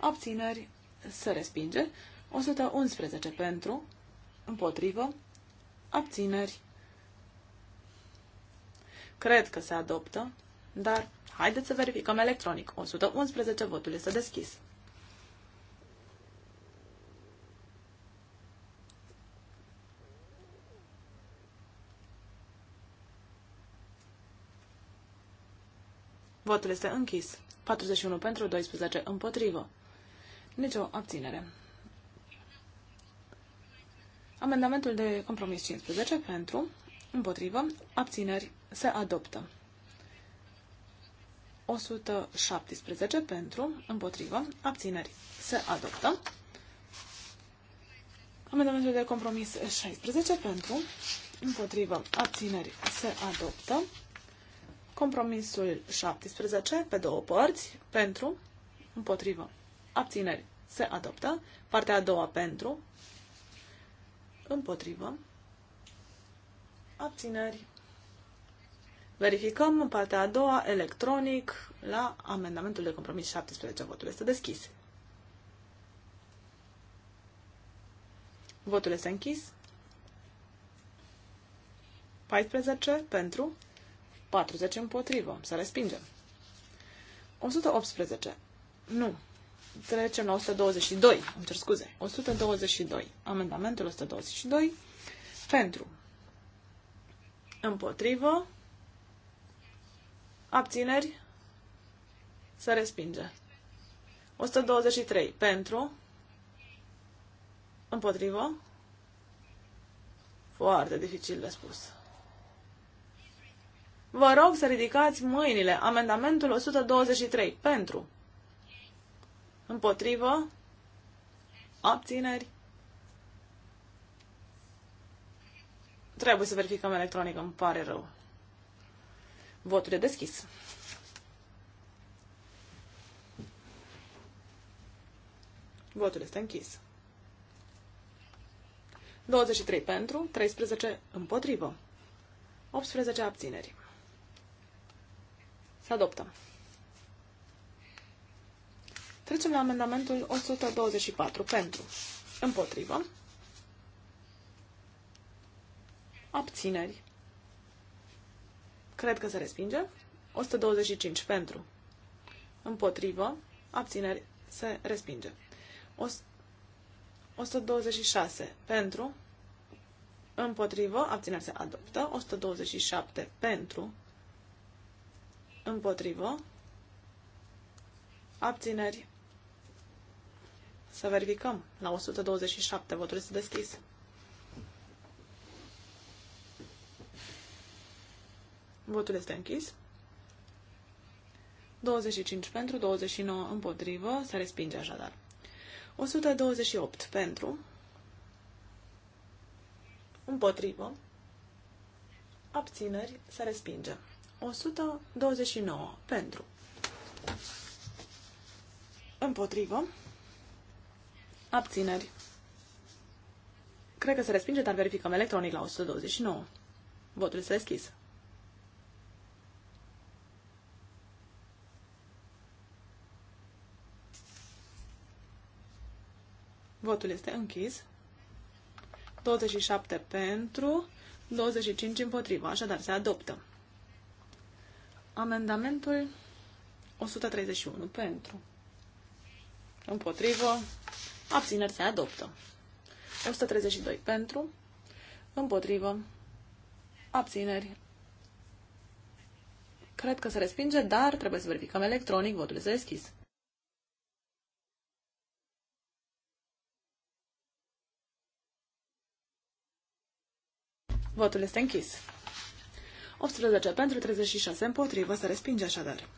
abțineri, se respinge. 111 pentru, împotrivă, abțineri. Cred că se adoptă, dar Haideți să verificăm electronic. 111, votul este deschis. Votul este închis. 41 pentru, 12 împotrivă. Nicio abținere. Amendamentul de compromis 15 pentru, împotrivă, abțineri, se adoptă. 117 pentru, împotrivă, abțineri se adoptă. Amendamentul de compromis 16 pentru, împotrivă, abțineri se adoptă. Compromisul 17 pe două părți, pentru, împotrivă, abțineri se adoptă. Partea a doua pentru, împotrivă, abțineri Verificăm partea a doua, electronic, la amendamentul de compromis 17. Votul este deschis. Votul este închis. 14 pentru, 40 împotrivă. Să respingem. 118. Nu. Trecem la 122. Îmi cer scuze. 122. Amendamentul 122. Pentru. Împotrivă. Abțineri. Se respinge. 123. Pentru. Împotrivă. Foarte dificil de spus. Vă rog să ridicați mâinile. Amendamentul 123. Pentru. Împotrivă. Abțineri. Trebuie să verificăm electronic, îmi pare rău. Votul e deschis. Votul este închis. 23 pentru, 13 împotrivă. 18 abțineri. Se adoptă. Trecem la amendamentul 124 pentru, împotrivă, abțineri. Cred că se respinge. 125 pentru. Împotrivă. Abțineri. Se respinge. 126 pentru. Împotrivă. Abțineri se adoptă. 127 pentru. Împotrivă. Abțineri. Să verificăm. La 127 voturi este deschis. Votul este închis. 25 pentru, 29 împotrivă, se respinge așadar. 128 pentru, împotrivă, abțineri, se respinge. 129 pentru, împotrivă, abțineri. Cred că se respinge, dar verificăm electronic la 129. Votul este deschis. Votul este închis. 27 pentru, 25 împotriva, așadar se adoptă. Amendamentul 131 pentru. Împotrivă. Abțineri se adoptă. 132 pentru. Împotrivă. Abțineri. Cred că se respinge, dar trebuie să verificăm electronic. Votul este deschis. Votul este închis. 18 pentru, 36 împotrivă, se respinge așadar.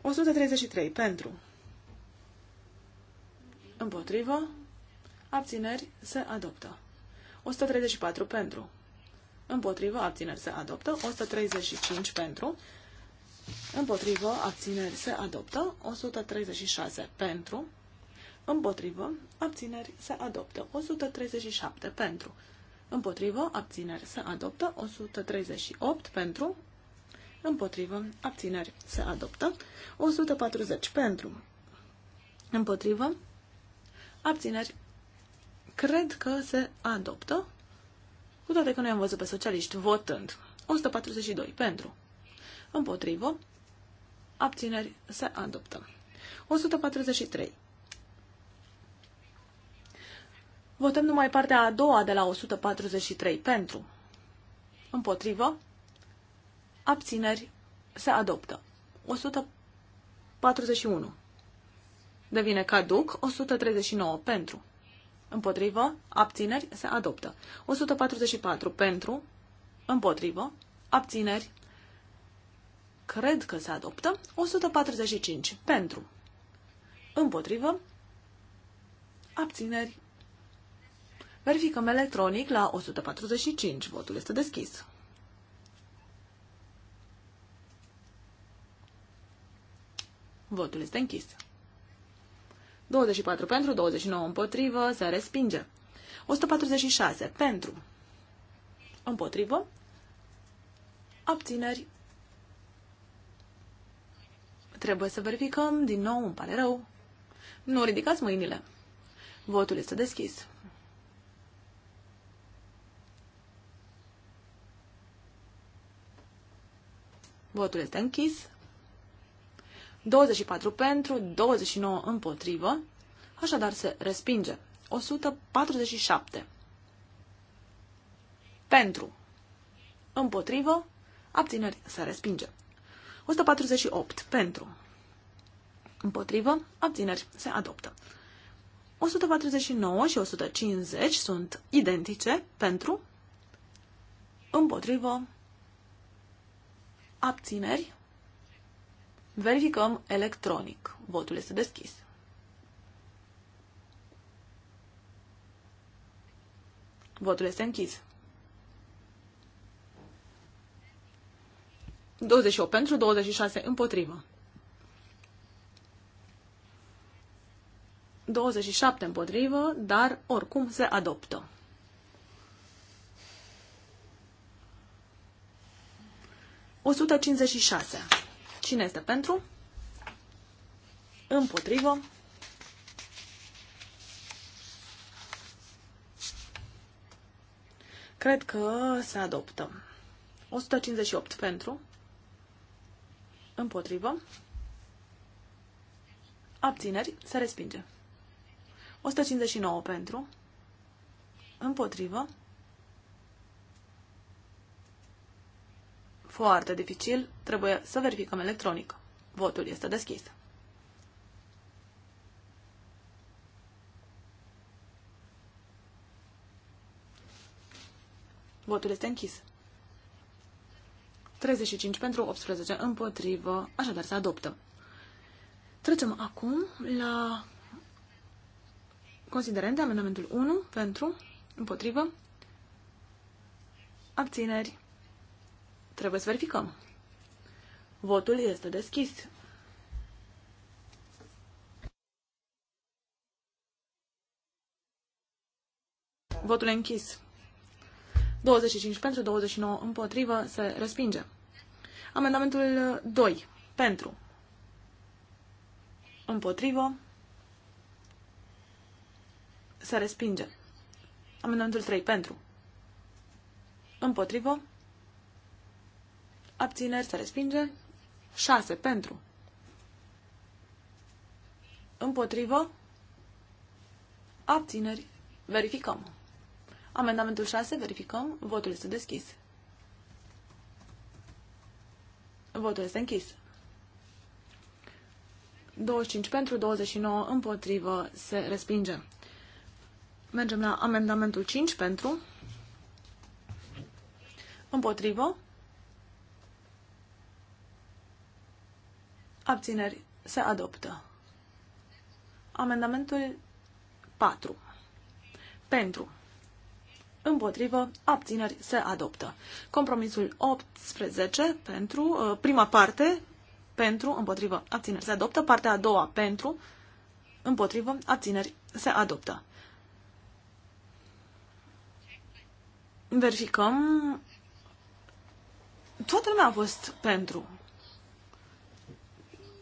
133 pentru, împotrivă, abțineri, se adoptă. 134 pentru, împotrivă, abțineri, se adoptă. 135 pentru, împotrivă, abțineri, se adoptă. 136 pentru, împotrivă, abțineri, se adoptă. 137 pentru, Împotrivă, abțineri, se adoptă. 138 pentru. Împotrivă, abțineri, se adoptă. 140 pentru. Împotrivă, abțineri, cred că se adoptă. Cu toate că noi am văzut pe socialiști votând. 142 pentru. Împotrivă, abțineri, se adoptă. 143 Votăm numai partea a doua de la 143 pentru. Împotrivă. Abțineri. Se adoptă. 141. Devine caduc. 139 pentru. Împotrivă. Abțineri. Se adoptă. 144 pentru. Împotrivă. Abțineri. Cred că se adoptă. 145 pentru. Împotrivă. Abțineri Verificăm electronic la 145. Votul este deschis. Votul este închis. 24 pentru, 29 împotrivă, se respinge. 146 pentru, împotrivă, abțineri. Trebuie să verificăm, din nou îmi pare rău. Nu ridicați mâinile. Votul este deschis. Votul este închis. 24 pentru, 29 împotrivă, așadar se respinge. 147 pentru, împotrivă, abțineri se respinge. 148 pentru, împotrivă, abțineri se adoptă. 149 și 150 sunt identice pentru, împotrivă, Abțineri. Verificăm electronic. Votul este deschis. Votul este închis. 28 pentru, 26 împotrivă. 27 împotrivă, dar oricum se adoptă. 156. Cine este pentru? Împotrivă. Cred că se adoptă. 158 pentru. Împotrivă. Abțineri. Se respinge. 159 pentru. Împotrivă. foarte dificil, trebuie să verificăm electronic. Votul este deschis. Votul este închis. 35 pentru 18 împotrivă, așadar se adoptă. Trecem acum la considerente, amendamentul 1 pentru, împotrivă, abțineri, Trebuie să verificăm. Votul este deschis. Votul e închis. 25 pentru, 29 împotrivă, se respinge. Amendamentul 2. Pentru. Împotrivă. Se respinge. Amendamentul 3. Pentru. Împotrivă abțineri, se respinge. 6 pentru, împotrivă, abțineri, verificăm. Amendamentul 6, verificăm, votul este deschis. Votul este închis. 25 pentru, 29 împotrivă, se respinge. Mergem la amendamentul 5 pentru, împotrivă, Abțineri. Se adoptă. Amendamentul 4. Pentru. Împotrivă. Abțineri. Se adoptă. Compromisul 18. Pentru. Uh, prima parte. Pentru. Împotrivă. Abțineri. Se adoptă. Partea a doua. Pentru. Împotrivă. Abțineri. Se adoptă. Verificăm. Toată lumea a fost pentru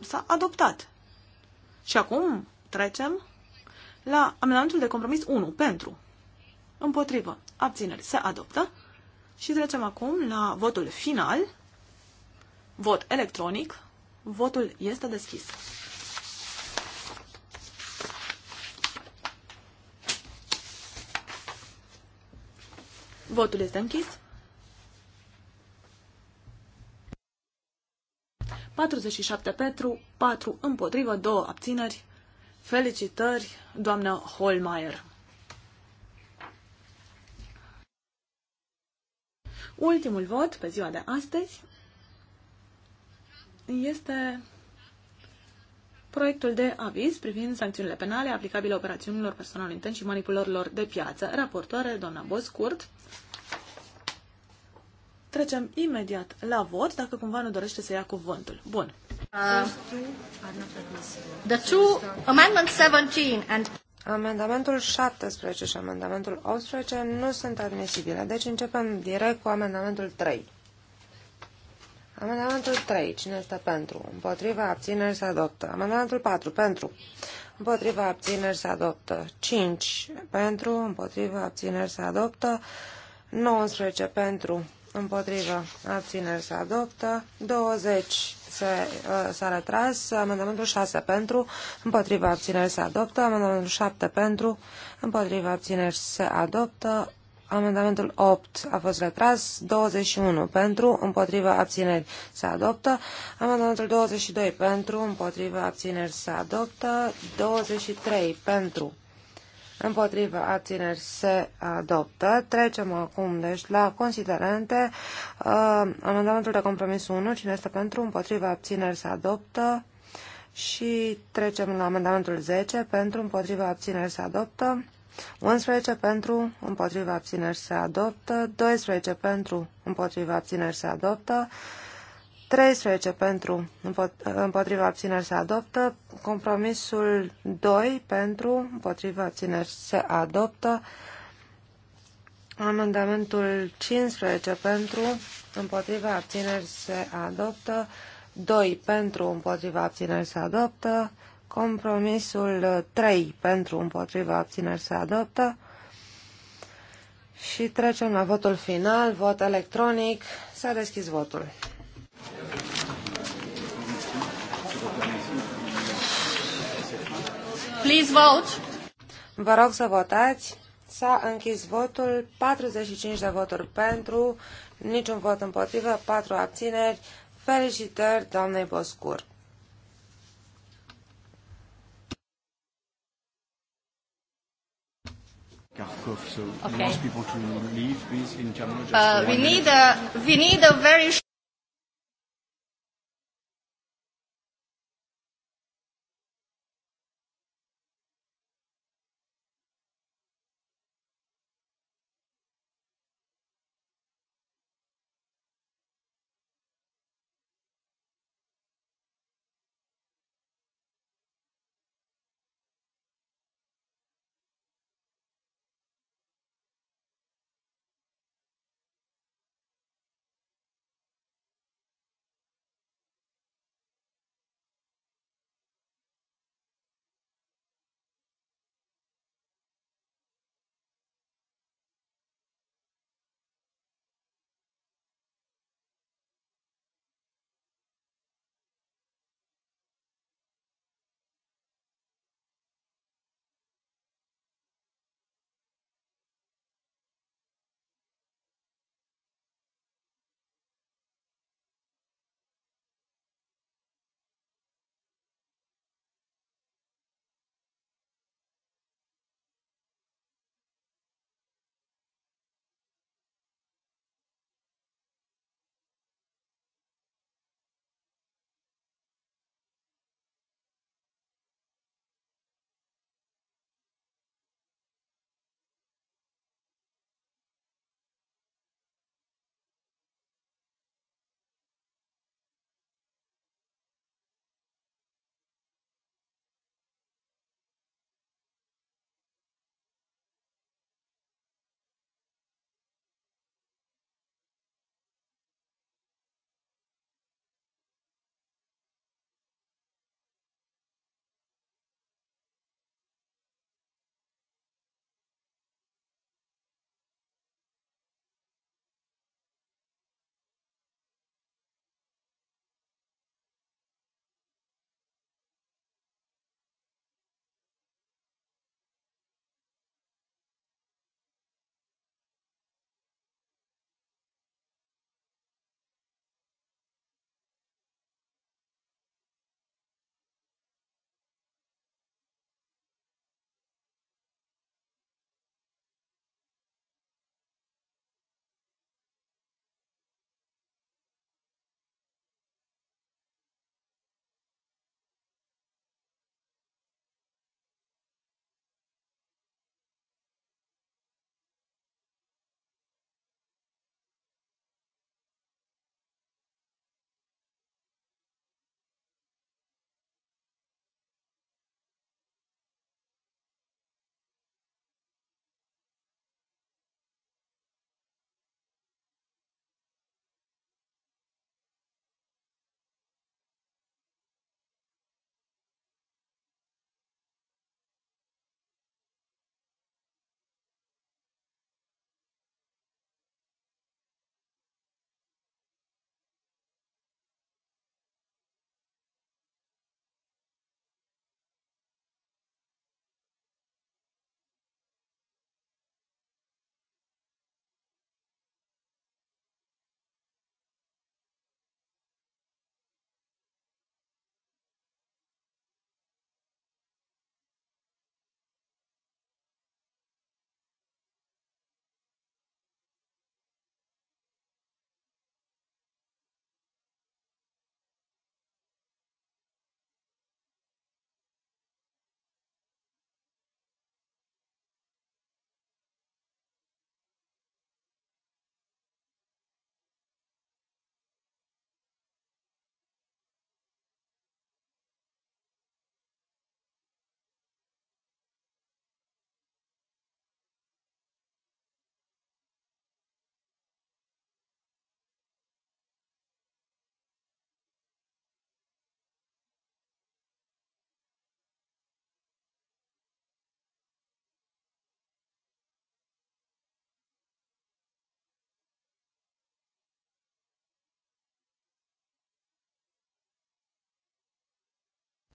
s-a adoptat. Și acum trecem la amendamentul de compromis 1 pentru. Împotrivă. Abțineri. Se adoptă. Și trecem acum la votul final. Vot electronic. Votul este deschis. Votul este închis. 47 pentru, 4 împotrivă, 2 abțineri. Felicitări, doamnă Holmeier! Ultimul vot pe ziua de astăzi este proiectul de aviz privind sancțiunile penale aplicabile operațiunilor personal intens și manipulărilor de piață. Raportoare, doamna Boscurt trecem imediat la vot, dacă cumva nu dorește să ia cuvântul. Bun. Uh, the two, amendment 17 and... Amendamentul 17 și amendamentul 18 nu sunt admisibile, deci începem direct cu amendamentul 3. Amendamentul 3. Cine este pentru? Împotriva abțineri se adoptă. Amendamentul 4. Pentru. Împotriva abțineri se adoptă. 5. Pentru. Împotriva abțineri se adoptă. 19. Pentru împotrivă, abțineri se adoptă, 20 uh, s-a retras, amendamentul 6 pentru, împotrivă, abțineri se adoptă, amendamentul 7 pentru, împotrivă, abțineri se adoptă, amendamentul 8 a fost retras, 21 pentru, împotrivă, abțineri se adoptă, amendamentul 22 pentru, împotrivă, abțineri se adoptă, 23 pentru, Împotrivă abțineri se adoptă. Trecem acum deci la considerente. Uh, amendamentul de compromis 1. Cine este pentru? Împotrivă abțineri se adoptă. Și trecem la amendamentul 10. Pentru? Împotrivă abțineri se adoptă. 11 pentru, împotriva abțineri se adoptă, 12 pentru, împotriva abțineri se adoptă, 13 pentru, împotriva abțineri se adoptă. Compromisul 2 pentru, împotriva abțineri se adoptă. Amendamentul 15 pentru, împotriva abțineri se adoptă. 2 pentru, împotriva abțineri se adoptă. Compromisul 3 pentru, împotriva abțineri se adoptă. Și trecem la votul final, vot electronic. S-a deschis votul. Please vote. Vă rog să votați. S-a închis votul, 45 de voturi pentru, niciun vot împotrivă, 4 abțineri. Felicitări doamnei Boscur. okay. Uh, we, need a, we need a very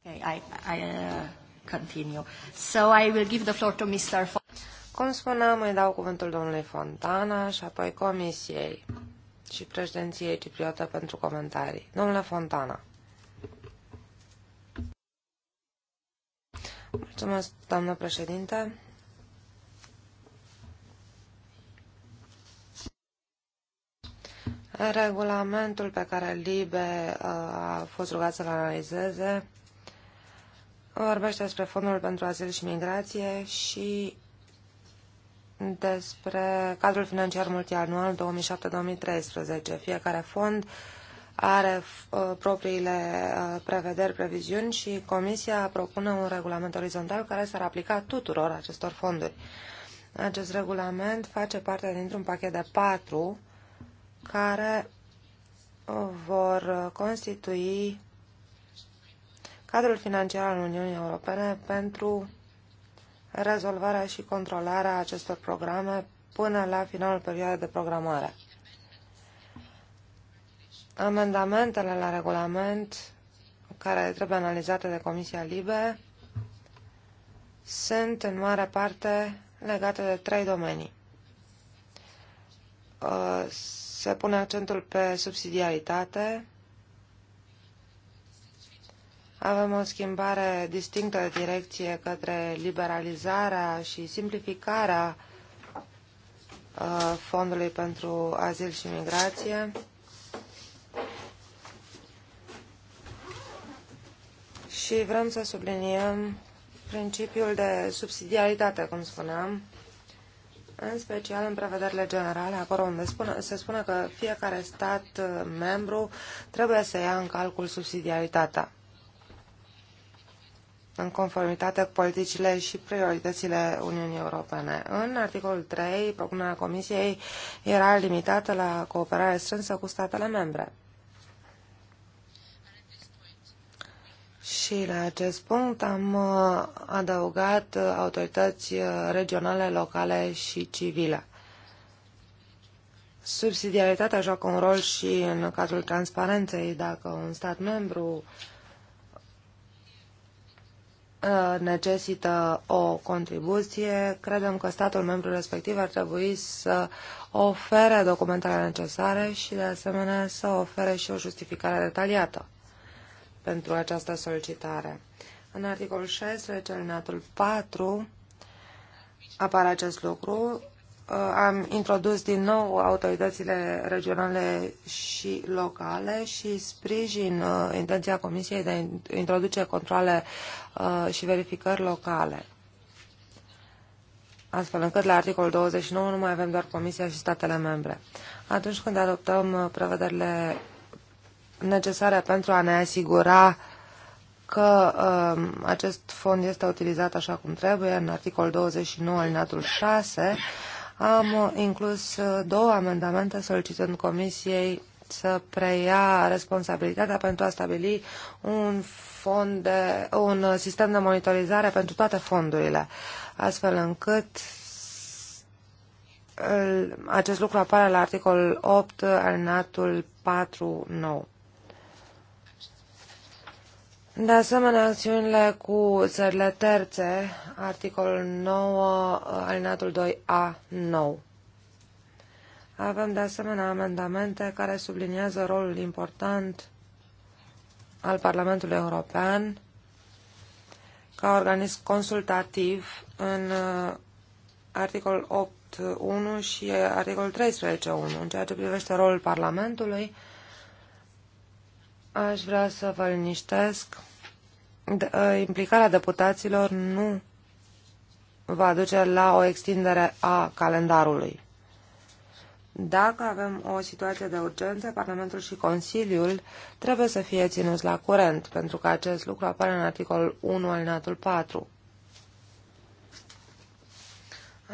Okay, I, I uh, continue. So I will give the floor to Mr. Cum spuneam, îi dau cuvântul domnului Fontana și apoi comisiei și președinției cipriotă pentru comentarii. Domnule Fontana. Mulțumesc, doamnă președinte. Regulamentul pe care LIBE uh, a fost rugat să-l analizeze vorbește despre Fondul pentru Azil și Migrație și despre cadrul financiar multianual 2007-2013. Fiecare fond are uh, propriile uh, prevederi, previziuni și Comisia propune un regulament orizontal care s-ar aplica tuturor acestor fonduri. Acest regulament face parte dintr-un pachet de patru care uh, vor constitui cadrul financiar al Uniunii Europene pentru rezolvarea și controlarea acestor programe până la finalul perioadei de programare. Amendamentele la regulament care trebuie analizate de Comisia Libe sunt în mare parte legate de trei domenii. Uh, se pune accentul pe subsidiaritate, avem o schimbare distinctă de direcție către liberalizarea și simplificarea uh, Fondului pentru Azil și Migrație. Și vrem să subliniem principiul de subsidiaritate, cum spuneam, în special în prevederile generale, acolo unde spune, se spune că fiecare stat uh, membru trebuie să ia în calcul subsidiaritatea în conformitate cu politicile și prioritățile Uniunii Europene. În articolul 3, propunerea Comisiei era limitată la cooperare strânsă cu statele membre. Și la acest punct am uh, adăugat uh, autorități uh, regionale, locale și civile. Subsidiaritatea joacă un rol și în cadrul transparenței. Dacă un stat membru uh, Uh, necesită o contribuție, credem că statul membru respectiv ar trebui să ofere documentele necesare și, de asemenea, să ofere și o justificare detaliată pentru această solicitare. În articolul 16, alineatul 4, apare acest lucru Uh, am introdus din nou autoritățile regionale și locale și sprijin uh, intenția Comisiei de a introduce controle uh, și verificări locale. Astfel încât la articolul 29 nu mai avem doar Comisia și statele membre. Atunci când adoptăm prevederile necesare pentru a ne asigura că acest fond este utilizat așa cum trebuie, în articolul 29 alineatul 6, am inclus uh, două amendamente solicitând Comisiei să preia responsabilitatea pentru a stabili un, fond de, un uh, sistem de monitorizare pentru toate fondurile, astfel încât acest lucru apare la articolul 8, alinatul 4.9. De asemenea, acțiunile cu țările terțe, articolul 9, alinatul 2a, 9. Avem de asemenea amendamente care subliniază rolul important al Parlamentului European ca organism consultativ în uh, articolul 8.1 și uh, articolul 13.1. În ceea ce privește rolul Parlamentului, aș vrea să vă liniștesc Ă, implicarea deputaților nu va duce la o extindere a calendarului. Dacă avem o situație de urgență, Parlamentul și Consiliul trebuie să fie ținuți la curent, pentru că acest lucru apare în articolul 1 alinatul 4.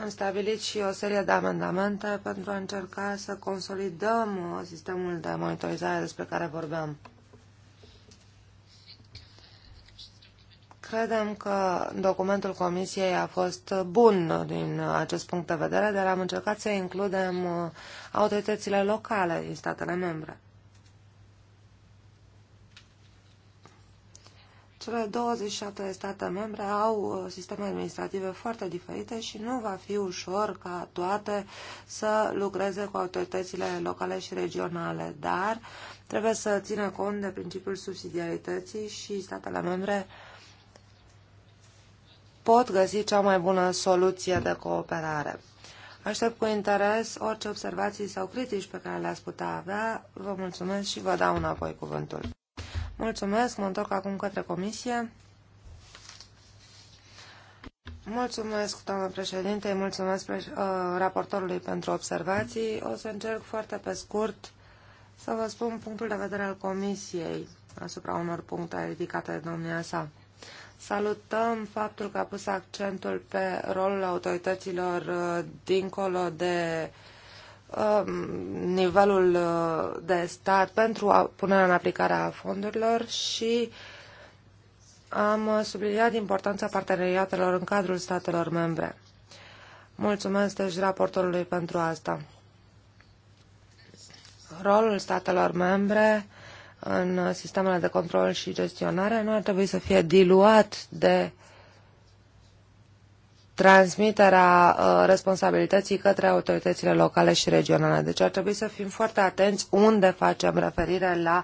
Am stabilit și o serie de amendamente pentru a încerca să consolidăm ă, sistemul de monitorizare despre care vorbeam. Credem că documentul Comisiei a fost bun din acest punct de vedere, dar am încercat să includem uh, autoritățile locale din statele membre. Cele 27 de state membre au uh, sisteme administrative foarte diferite și nu va fi ușor ca toate să lucreze cu autoritățile locale și regionale, dar trebuie să țină cont de principiul subsidiarității și statele membre uh, pot găsi cea mai bună soluție de cooperare. Aștept cu interes orice observații sau critici pe care le-ați putea avea. Vă mulțumesc și vă dau înapoi cuvântul. Mulțumesc, mă întorc acum către comisie. Mulțumesc, doamnă președinte, mulțumesc preș uh, raportorului pentru observații. O să încerc foarte pe scurt să vă spun punctul de vedere al comisiei asupra unor puncte ridicate de domnia sa. Salutăm faptul că a pus accentul pe rolul autorităților uh, dincolo de um, nivelul uh, de stat pentru punerea în aplicare a fondurilor și am subliniat importanța parteneriatelor în cadrul statelor membre. Mulțumesc deci raportorului pentru asta. Rolul statelor membre în sistemele de control și gestionare nu ar trebui să fie diluat de transmiterea uh, responsabilității către autoritățile locale și regionale. Deci ar trebui să fim foarte atenți unde facem referire la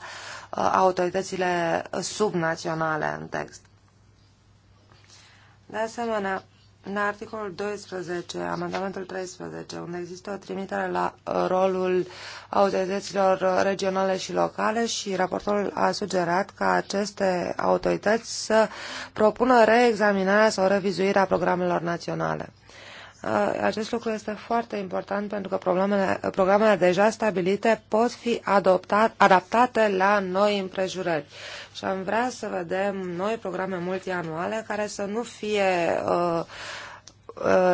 uh, autoritățile subnaționale în text. De asemenea, în articolul 12, amendamentul 13, unde există o trimitere la uh, rolul autorităților uh, regionale și locale și raportorul a sugerat ca aceste autorități să propună reexaminarea sau revizuirea programelor naționale. Acest lucru este foarte important pentru că programele, programele deja stabilite pot fi adoptat, adaptate la noi împrejurări. Și am vrea să vedem noi programe multianuale care să nu fie uh,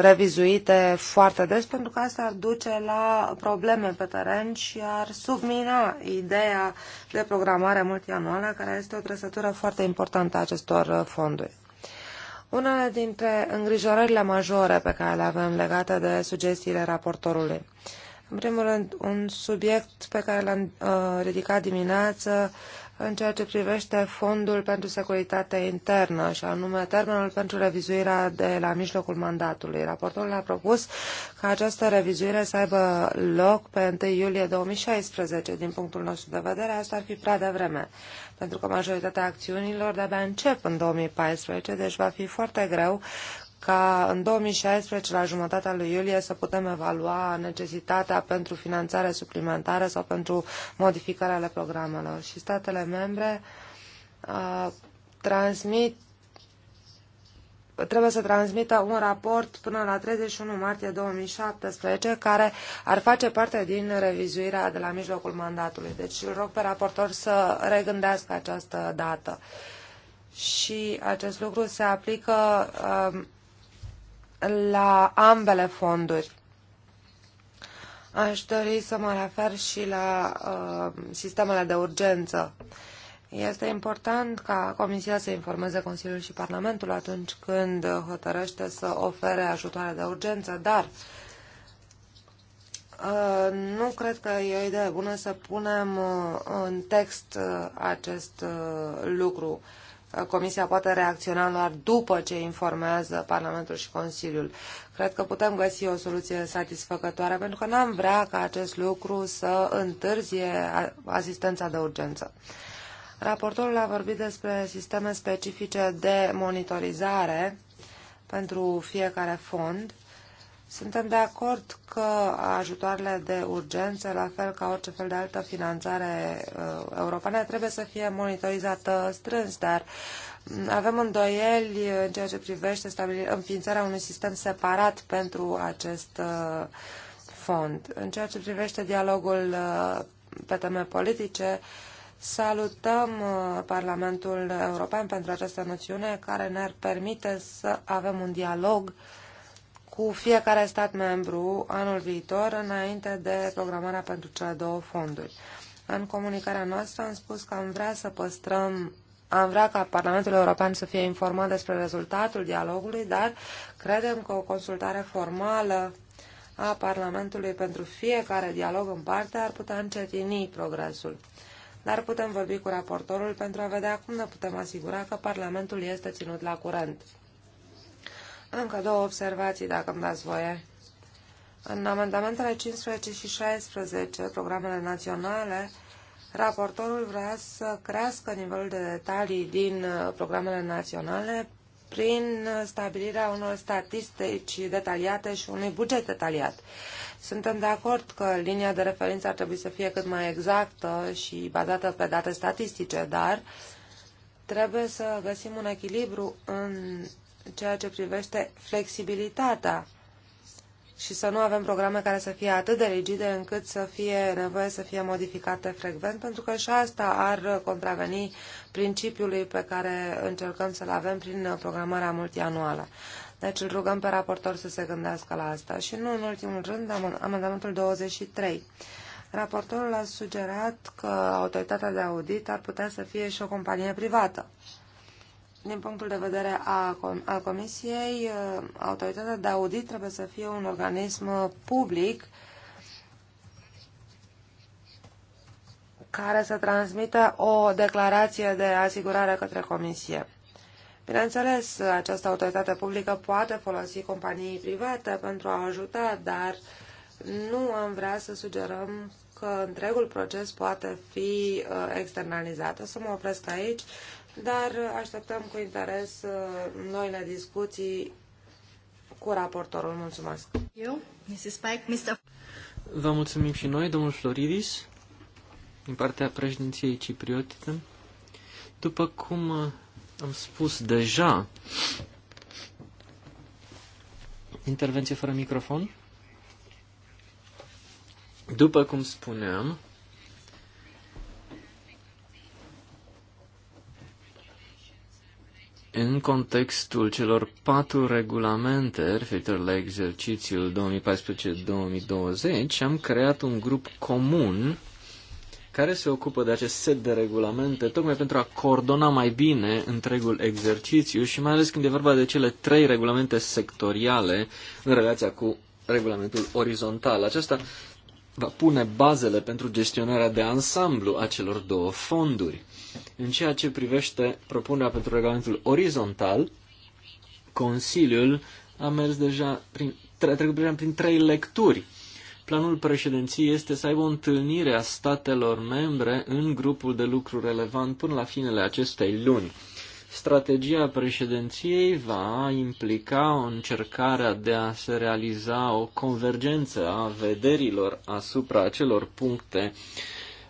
revizuite foarte des, pentru că asta ar duce la probleme pe teren și ar submina ideea de programare multianuală, care este o trăsătură foarte importantă a acestor fonduri. Una dintre îngrijorările majore pe care le avem legate de sugestiile raportorului. În primul rând, un subiect pe care l-am uh, ridicat dimineață în ceea ce privește Fondul pentru Securitate Internă și anume termenul pentru revizuirea de la mijlocul mandatului. Raportorul a propus ca această revizuire să aibă loc pe 1 iulie 2016. Din punctul nostru de vedere, asta ar fi prea devreme, pentru că majoritatea acțiunilor de-abia încep în 2014, deci va fi foarte greu ca în 2016, la jumătatea lui iulie, să putem evalua necesitatea pentru finanțare suplimentară sau pentru modificarea ale programelor. Și statele membre uh, transmit trebuie să transmită un raport până la 31 martie 2017, care ar face parte din revizuirea de la mijlocul mandatului. Deci îl rog pe raportor să regândească această dată. Și acest lucru se aplică um, la ambele fonduri. Aș dori să mă refer și la uh, sistemele de urgență. Este important ca Comisia să informeze Consiliul și Parlamentul atunci când hotărăște să ofere ajutoare de urgență, dar uh, nu cred că e o idee bună să punem uh, în text uh, acest uh, lucru. Uh, Comisia poate reacționa doar după ce informează Parlamentul și Consiliul. Cred că putem găsi o soluție satisfăcătoare, pentru că n-am vrea ca acest lucru să întârzie asistența de urgență. Raportorul a vorbit despre sisteme specifice de monitorizare pentru fiecare fond suntem de acord că ajutoarele de urgență, la fel ca orice fel de altă finanțare uh, europeană, trebuie să fie monitorizată strâns, dar mm, avem îndoieli în ceea ce privește înființarea unui sistem separat pentru acest uh, fond. În ceea ce privește dialogul uh, pe teme politice, salutăm uh, Parlamentul European pentru această noțiune care ne-ar permite să avem un dialog uh, cu fiecare stat membru anul viitor, înainte de programarea pentru cele două fonduri. În comunicarea noastră am spus că am vrea să păstrăm am vrea ca Parlamentul European să fie informat despre rezultatul dialogului, dar credem că o consultare formală a Parlamentului pentru fiecare dialog în parte ar putea încetini progresul. Dar putem vorbi cu raportorul pentru a vedea cum ne putem asigura că Parlamentul este ținut la curent. Încă două observații, dacă îmi dați voie. În amendamentele 15 și 16, programele naționale, raportorul vrea să crească nivelul de detalii din uh, programele naționale prin uh, stabilirea unor statistici detaliate și unui buget detaliat. Suntem de acord că linia de referință ar trebui să fie cât mai exactă și bazată pe date statistice, dar trebuie să găsim un echilibru în, ceea ce privește flexibilitatea și să nu avem programe care să fie atât de rigide încât să fie nevoie să fie modificate frecvent, pentru că și asta ar contraveni principiului pe care încercăm să-l avem prin programarea multianuală. Deci îl rugăm pe raportor să se gândească la asta. Și nu în ultimul rând, amendamentul 23. Raportorul a sugerat că autoritatea de audit ar putea să fie și o companie privată din punctul de vedere a, al Comisiei, uh, autoritatea de audit trebuie să fie un organism uh, public care să transmită o declarație de asigurare către Comisie. Bineînțeles, această autoritate publică poate folosi companii private pentru a ajuta, dar nu am vrea să sugerăm că întregul proces poate fi uh, externalizat. O să mă opresc aici dar așteptăm cu interes uh, noile discuții cu raportorul. Mulțumesc. Eu, Mrs. Spike, Mr. Vă mulțumim și noi, domnul Floridis, din partea președinției cipriotice. După cum uh, am spus deja, intervenție fără microfon. După cum spuneam, în contextul celor patru regulamente referitor la exercițiul 2014-2020, am creat un grup comun care se ocupă de acest set de regulamente, tocmai pentru a coordona mai bine întregul exercițiu și mai ales când e vorba de cele trei regulamente sectoriale în relația cu regulamentul orizontal. Aceasta va pune bazele pentru gestionarea de ansamblu a celor două fonduri. În ceea ce privește propunerea pentru regulamentul orizontal, Consiliul a mers deja prin, tre- trecut deja prin trei lecturi. Planul președinției este să aibă o întâlnire a statelor membre în grupul de lucru relevant până la finele acestei luni. Strategia președinției va implica o încercare de a se realiza o convergență a vederilor asupra acelor puncte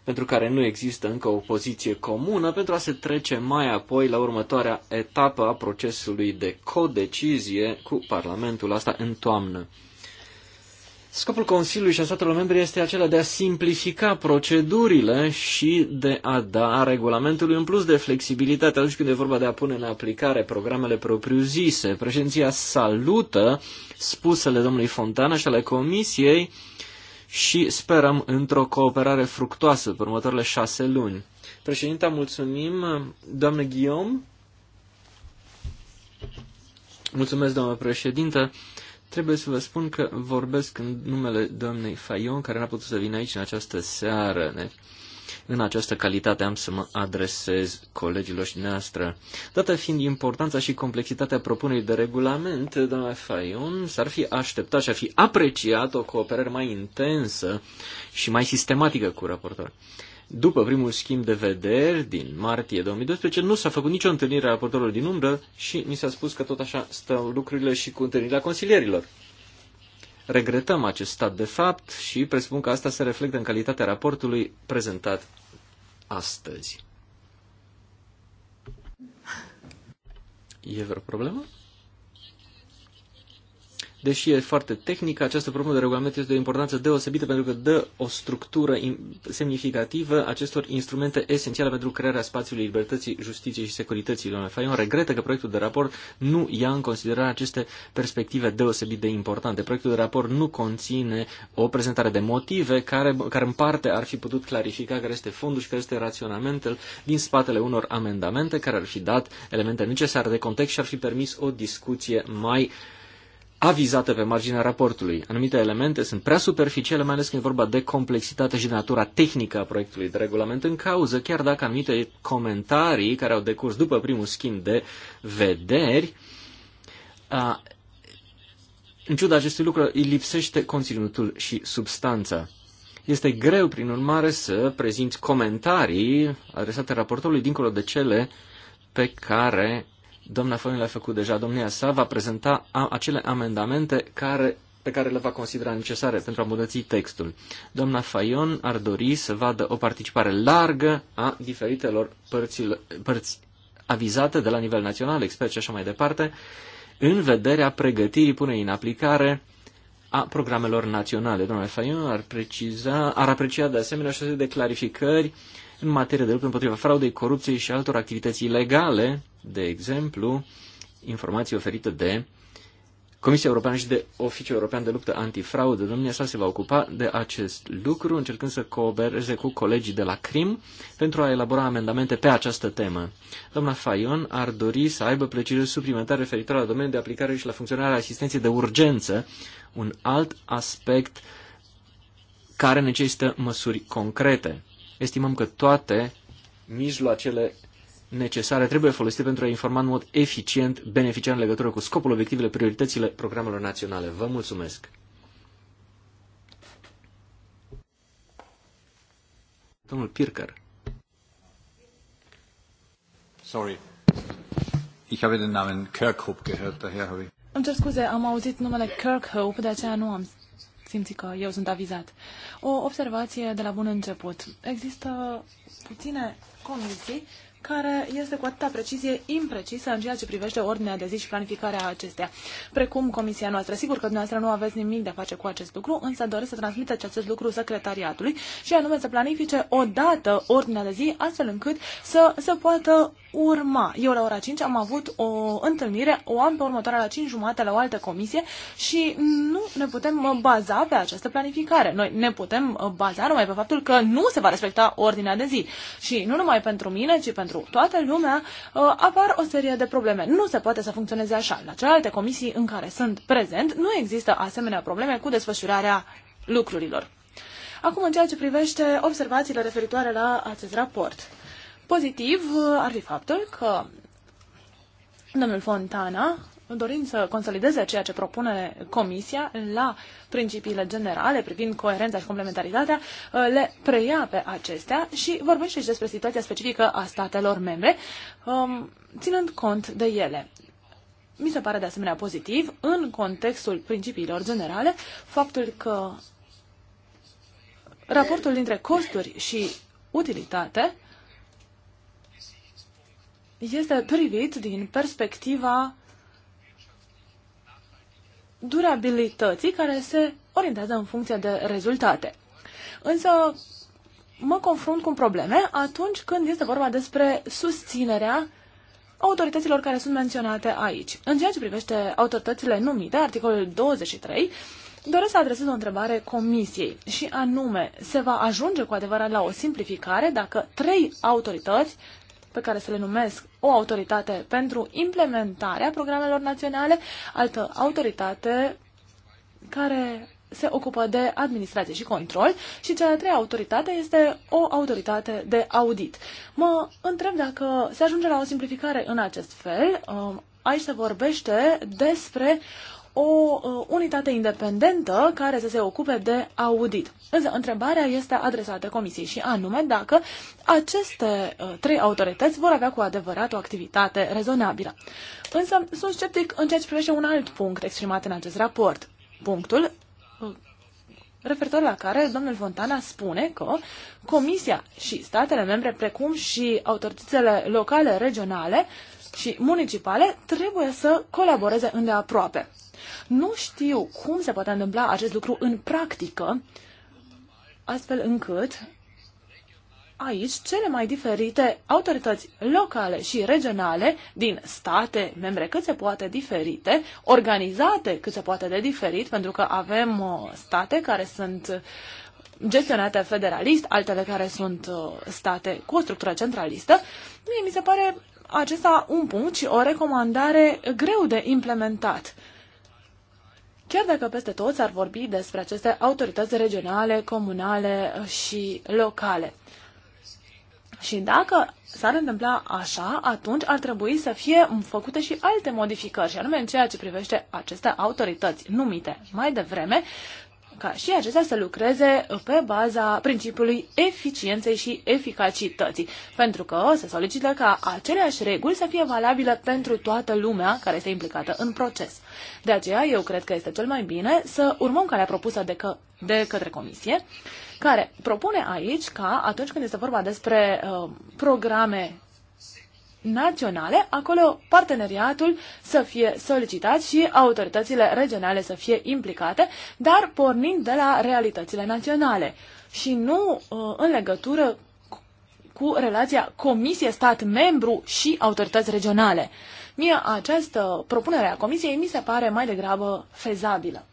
pentru care nu există încă o poziție comună, pentru a se trece mai apoi la următoarea etapă a procesului de codecizie cu Parlamentul, asta în toamnă. Scopul Consiliului și a statelor membre este acela de a simplifica procedurile și de a da regulamentului un plus de flexibilitate atunci când e vorba de a pune în aplicare programele propriu-zise. Președinția salută spusele domnului Fontana și ale Comisiei și sperăm într-o cooperare fructoasă pe următoarele șase luni. Președinta, mulțumim. Doamne Guillaume? Mulțumesc, doamnă președintă. Trebuie să vă spun că vorbesc în numele doamnei Fayon, care n-a putut să vină aici în această seară. Ne? În această calitate am să mă adresez colegilor și noastră. Dată fiind importanța și complexitatea propunerii de regulament, doamna Fayon s-ar fi așteptat și ar fi apreciat o cooperare mai intensă și mai sistematică cu raportorul. După primul schimb de vederi din martie 2012, nu s-a făcut nicio întâlnire a raportorilor din umbră și ni s-a spus că tot așa stau lucrurile și cu întâlnirea consilierilor. Regretăm acest stat de fapt și presupun că asta se reflectă în calitatea raportului prezentat astăzi. E vreo problemă? Deși e foarte tehnică, această propunere de regulament este de importanță deosebită pentru că dă o structură semnificativă acestor instrumente esențiale pentru crearea spațiului libertății, justiției și securității. Doamne Faion regretă că proiectul de raport nu ia în considerare aceste perspective deosebit de importante. Proiectul de raport nu conține o prezentare de motive care, care în parte ar fi putut clarifica care este fondul și care este raționamentul din spatele unor amendamente care ar fi dat elemente necesare de context și ar fi permis o discuție mai uh, avizate pe marginea raportului. Anumite elemente sunt prea superficiale, mai ales când e vorba de complexitate și de natura tehnică a proiectului de regulament în cauză, chiar dacă anumite comentarii care au decurs după primul schimb de vederi, a, în ciuda acestui lucru, îi lipsește conținutul și substanța. Este greu, prin urmare, să prezinți comentarii adresate raportului dincolo de cele pe care Doamna Foin le-a făcut deja. Domnia sa va prezenta acele amendamente care pe care le va considera necesare pentru a îmbunătăți textul. Doamna Fayon ar dori să vadă o participare largă a diferitelor părți, părți avizate de la nivel național, experți și așa mai departe, în vederea pregătirii punei în aplicare a programelor naționale. Doamna Fayon ar, preciza, ar aprecia de asemenea și o serie de clarificări în materie de luptă împotriva fraudei, corupției și altor activități ilegale, de exemplu, informații oferite de Comisia Europeană și de Oficiul European de Luptă Antifraudă. Domnia sa se va ocupa de acest lucru, încercând să coopereze cu colegii de la CRIM pentru a elabora amendamente pe această temă. Doamna Fayon ar dori să aibă precizări suplimentare referitoare la domeniul de aplicare și la funcționarea asistenței de urgență, un alt aspect care necesită măsuri concrete estimăm că toate mijloacele necesare trebuie folosite pentru a informa în mod eficient beneficiar în legătură cu scopul, obiectivele, prioritățile programelor naționale. Vă mulțumesc! Domnul Pirker. Sorry. Ich habe den Namen Kirkhope gehört, daher habe ich... Îmi cer scuze, am auzit numele Kirkhope, de aceea nu am simți că eu sunt avizat. O observație de la bun început. Există puține comisii care este cu atâta precizie imprecisă în ceea ce privește ordinea de zi și planificarea acestea, precum comisia noastră. Sigur că dumneavoastră nu aveți nimic de a face cu acest lucru, însă doresc să transmiteți acest lucru secretariatului și anume să planifice o dată ordinea de zi, astfel încât să se poată urma. Eu la ora 5 am avut o întâlnire, o am pe următoarea la 5 jumate la o altă comisie și nu ne putem baza pe această planificare. Noi ne putem baza numai pe faptul că nu se va respecta ordinea de zi. Și nu numai pentru mine, ci pentru pentru toată lumea, uh, apar o serie de probleme. Nu se poate să funcționeze așa. La celelalte comisii în care sunt prezent, nu există asemenea probleme cu desfășurarea lucrurilor. Acum, în ceea ce privește observațiile referitoare la acest raport. Pozitiv uh, ar fi faptul că domnul Fontana dorind să consolideze ceea ce propune Comisia la principiile generale privind coerența și complementaritatea, uh, le preia pe acestea și vorbește și despre situația specifică a statelor membre, um, ținând cont de ele. Mi se pare de asemenea pozitiv, în contextul principiilor generale, faptul că raportul dintre costuri și utilitate este privit din perspectiva durabilității care se orientează în funcție de rezultate. Însă mă confrunt cu probleme atunci când este vorba despre susținerea autorităților care sunt menționate aici. În ceea ce privește autoritățile numite, articolul 23, doresc să adresez o întrebare comisiei și anume, se va ajunge cu adevărat la o simplificare dacă trei autorități pe care să le numesc o autoritate pentru implementarea programelor naționale, altă autoritate care se ocupă de administrație și control și cea de-a treia autoritate este o autoritate de audit. Mă întreb dacă se ajunge la o simplificare în acest fel. Um, aici se vorbește despre o uh, unitate independentă care să se ocupe de audit. Însă întrebarea este adresată Comisiei și anume dacă aceste uh, trei autorități vor avea cu adevărat o activitate rezonabilă. Însă sunt sceptic în ceea ce privește un alt punct exprimat în acest raport. Punctul uh, referitor la care domnul Fontana spune că Comisia și statele membre, precum și autoritățile locale, regionale și municipale, trebuie să colaboreze îndeaproape. Nu știu cum se poate întâmpla acest lucru în practică, astfel încât aici cele mai diferite autorități locale și regionale din state membre cât se poate diferite, organizate cât se poate de diferit, pentru că avem uh, state care sunt uh, gestionate federalist, altele care sunt uh, state cu o structură centralistă, mie mi se pare acesta un punct și o recomandare greu de implementat. Chiar dacă peste tot s-ar vorbi despre aceste autorități regionale, comunale și locale. Și dacă s-ar întâmpla așa, atunci ar trebui să fie făcute și alte modificări, și anume în ceea ce privește aceste autorități numite mai devreme, ca și acestea să lucreze pe baza principiului eficienței și eficacității, pentru că se solicită ca aceleași reguli să fie valabile pentru toată lumea care este implicată în proces. De aceea, eu cred că este cel mai bine să urmăm calea propusă de, că, de către Comisie, care propune aici ca atunci când este vorba despre uh, programe naționale, acolo parteneriatul să fie solicitat și autoritățile regionale să fie implicate, dar pornind de la realitățile naționale și nu uh, în legătură cu relația comisie-stat membru și autorități regionale. Mie această propunere a comisiei mi se pare mai degrabă fezabilă.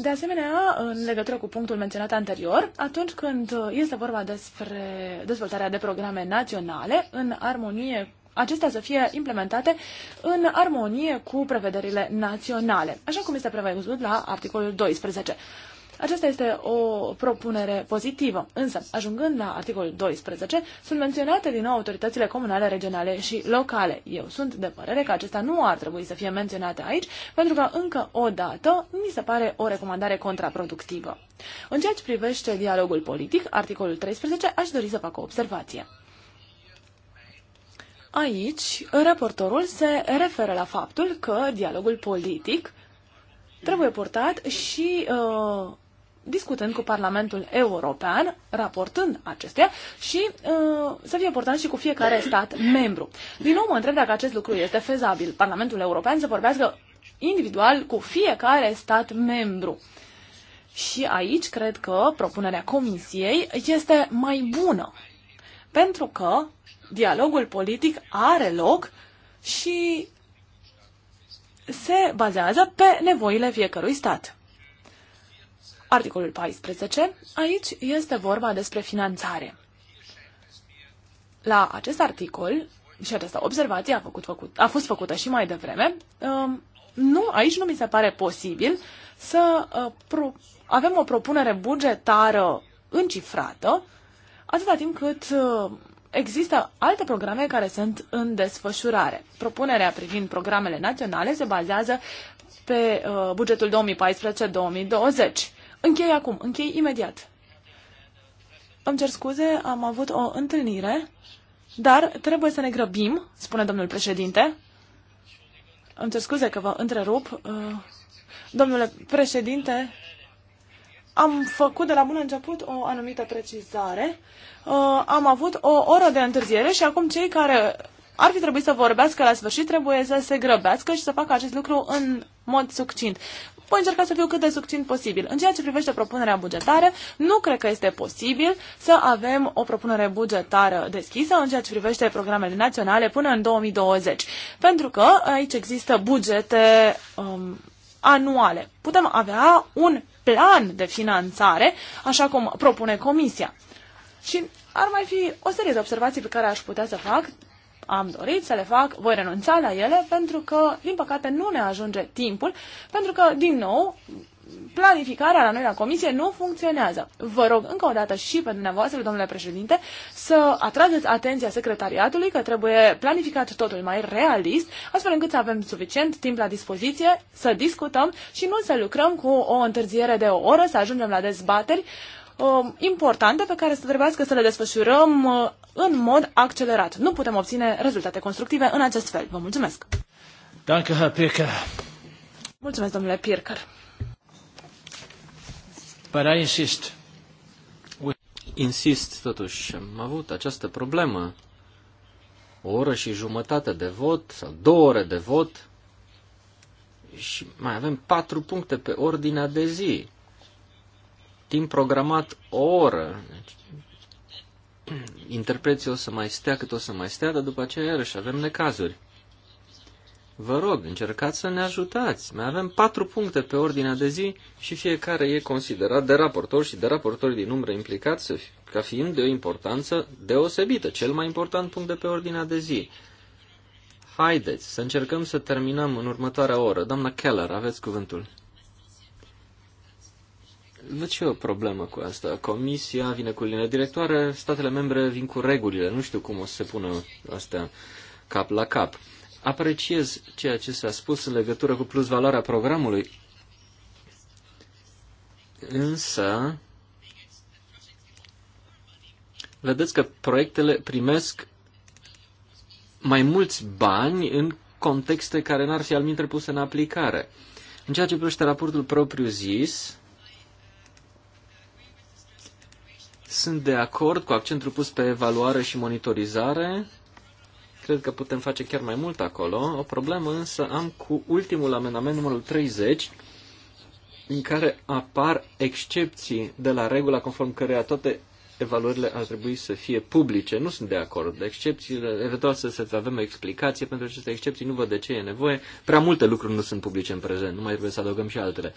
De asemenea, în legătură cu punctul menționat anterior, atunci când este vorba despre dezvoltarea de programe naționale în armonie acestea să fie implementate în armonie cu prevederile naționale, așa cum este prevăzut la articolul 12. Aceasta este o propunere pozitivă, însă, ajungând la articolul 12, sunt menționate din nou autoritățile comunale, regionale și locale. Eu sunt de părere că acesta nu ar trebui să fie menționate aici, pentru că, încă o dată, mi se pare o recomandare contraproductivă. În ceea ce privește dialogul politic, articolul 13, aș dori să fac o observație. Aici, raportorul se referă la faptul că dialogul politic trebuie portat și uh, discutând cu Parlamentul European, raportând acestea și uh, să fie important și cu fiecare stat membru. Din nou mă întreb dacă acest lucru este fezabil. Parlamentul European să vorbească individual cu fiecare stat membru. Și aici cred că propunerea Comisiei este mai bună, pentru că dialogul politic are loc și se bazează pe nevoile fiecărui stat. Articolul 14. Aici este vorba despre finanțare. La acest articol, și această observație a, făcut, făcut, a fost făcută și mai devreme, um, nu, aici nu mi se pare posibil să uh, pro- avem o propunere bugetară încifrată, atâta timp cât uh, există alte programe care sunt în desfășurare. Propunerea privind programele naționale se bazează pe uh, bugetul 2014-2020. Închei acum, închei imediat. Îmi cer scuze, am avut o întâlnire, dar trebuie să ne grăbim, spune domnul președinte. Îmi cer scuze că vă întrerup. Uh, domnule președinte, am făcut de la bun început o anumită precizare. Uh, am avut o oră de întârziere și acum cei care ar fi trebuit să vorbească la sfârșit, trebuie să se grăbească și să facă acest lucru în mod succint voi încerca să fiu cât de succint posibil. În ceea ce privește propunerea bugetară, nu cred că este posibil să avem o propunere bugetară deschisă în ceea ce privește programele naționale până în 2020, pentru că aici există bugete um, anuale. Putem avea un plan de finanțare, așa cum propune Comisia. Și ar mai fi o serie de observații pe care aș putea să fac am dorit să le fac, voi renunța la ele pentru că, din păcate, nu ne ajunge timpul, pentru că, din nou, planificarea la noi la comisie nu funcționează. Vă rog încă o dată și pe dumneavoastră, domnule președinte, să atrageți atenția secretariatului că trebuie planificat totul mai realist, astfel încât să avem suficient timp la dispoziție să discutăm și nu să lucrăm cu o întârziere de o oră, să ajungem la dezbateri uh, importante pe care să trebuiască să le desfășurăm uh, în mod accelerat. Nu putem obține rezultate constructive în acest fel. Vă mulțumesc! Danke, Herr Pirker. Mulțumesc, domnule Pirker. But I insist. Insist, totuși, am avut această problemă. O oră și jumătate de vot, sau două ore de vot, și mai avem patru puncte pe ordinea de zi timp programat o oră. Deci, interpreții o să mai stea cât o să mai stea, dar după aceea iarăși avem necazuri. Vă rog, încercați să ne ajutați. Mai avem patru puncte pe ordinea de zi și fiecare e considerat de raportor și de raportori din umbră implicați ca fiind de o importanță deosebită, cel mai important punct de pe ordinea de zi. Haideți să încercăm să terminăm în următoarea oră. Doamna Keller, aveți cuvântul nu ce o problemă cu asta. Comisia vine cu linia directoare, statele membre vin cu regulile. Nu știu cum o să se pună astea cap la cap. Apreciez ceea ce s-a spus în legătură cu plus valoarea programului, însă vedeți că proiectele primesc mai mulți bani în contexte care n-ar fi al puse în aplicare. În ceea ce privește raportul propriu zis, Sunt de acord cu accentul pus pe evaluare și monitorizare. Cred că putem face chiar mai mult acolo. O problemă însă am cu ultimul amendament numărul 30, în care apar excepții de la regula conform căreia toate evaluările ar trebui să fie publice. Nu sunt de acord. De excepțiile, eventual să, să avem o explicație pentru aceste excepții, nu văd de ce e nevoie. Prea multe lucruri nu sunt publice în prezent, nu mai trebuie să adăugăm și altele.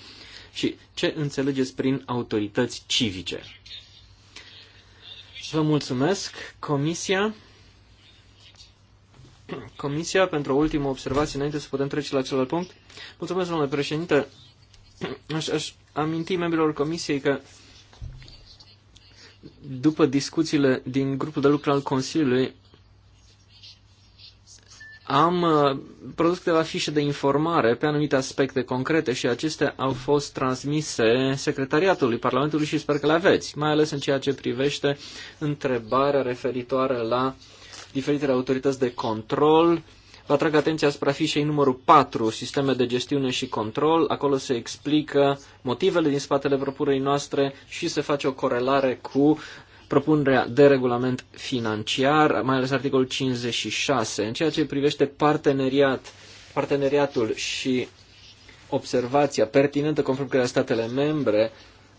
Și ce înțelegeți prin autorități civice? vă mulțumesc, Comisia. Comisia, pentru o ultimă observație, înainte să putem trece la celălalt punct. Mulțumesc, domnule președinte. Aș, aș aminti membrilor Comisiei că după discuțiile din grupul de lucru al Consiliului, am uh, produs câteva fișe de informare pe anumite aspecte concrete și acestea au fost transmise Secretariatului Parlamentului și sper că le aveți, mai ales în ceea ce privește întrebarea referitoare la diferitele autorități de control. Vă atrag atenția asupra fișei numărul 4, sisteme de gestiune și control. Acolo se explică motivele din spatele propunerii noastre și se face o corelare cu propunerea de regulament financiar, mai ales articolul 56, în ceea ce privește parteneriat, parteneriatul și observația pertinentă conform că statele membre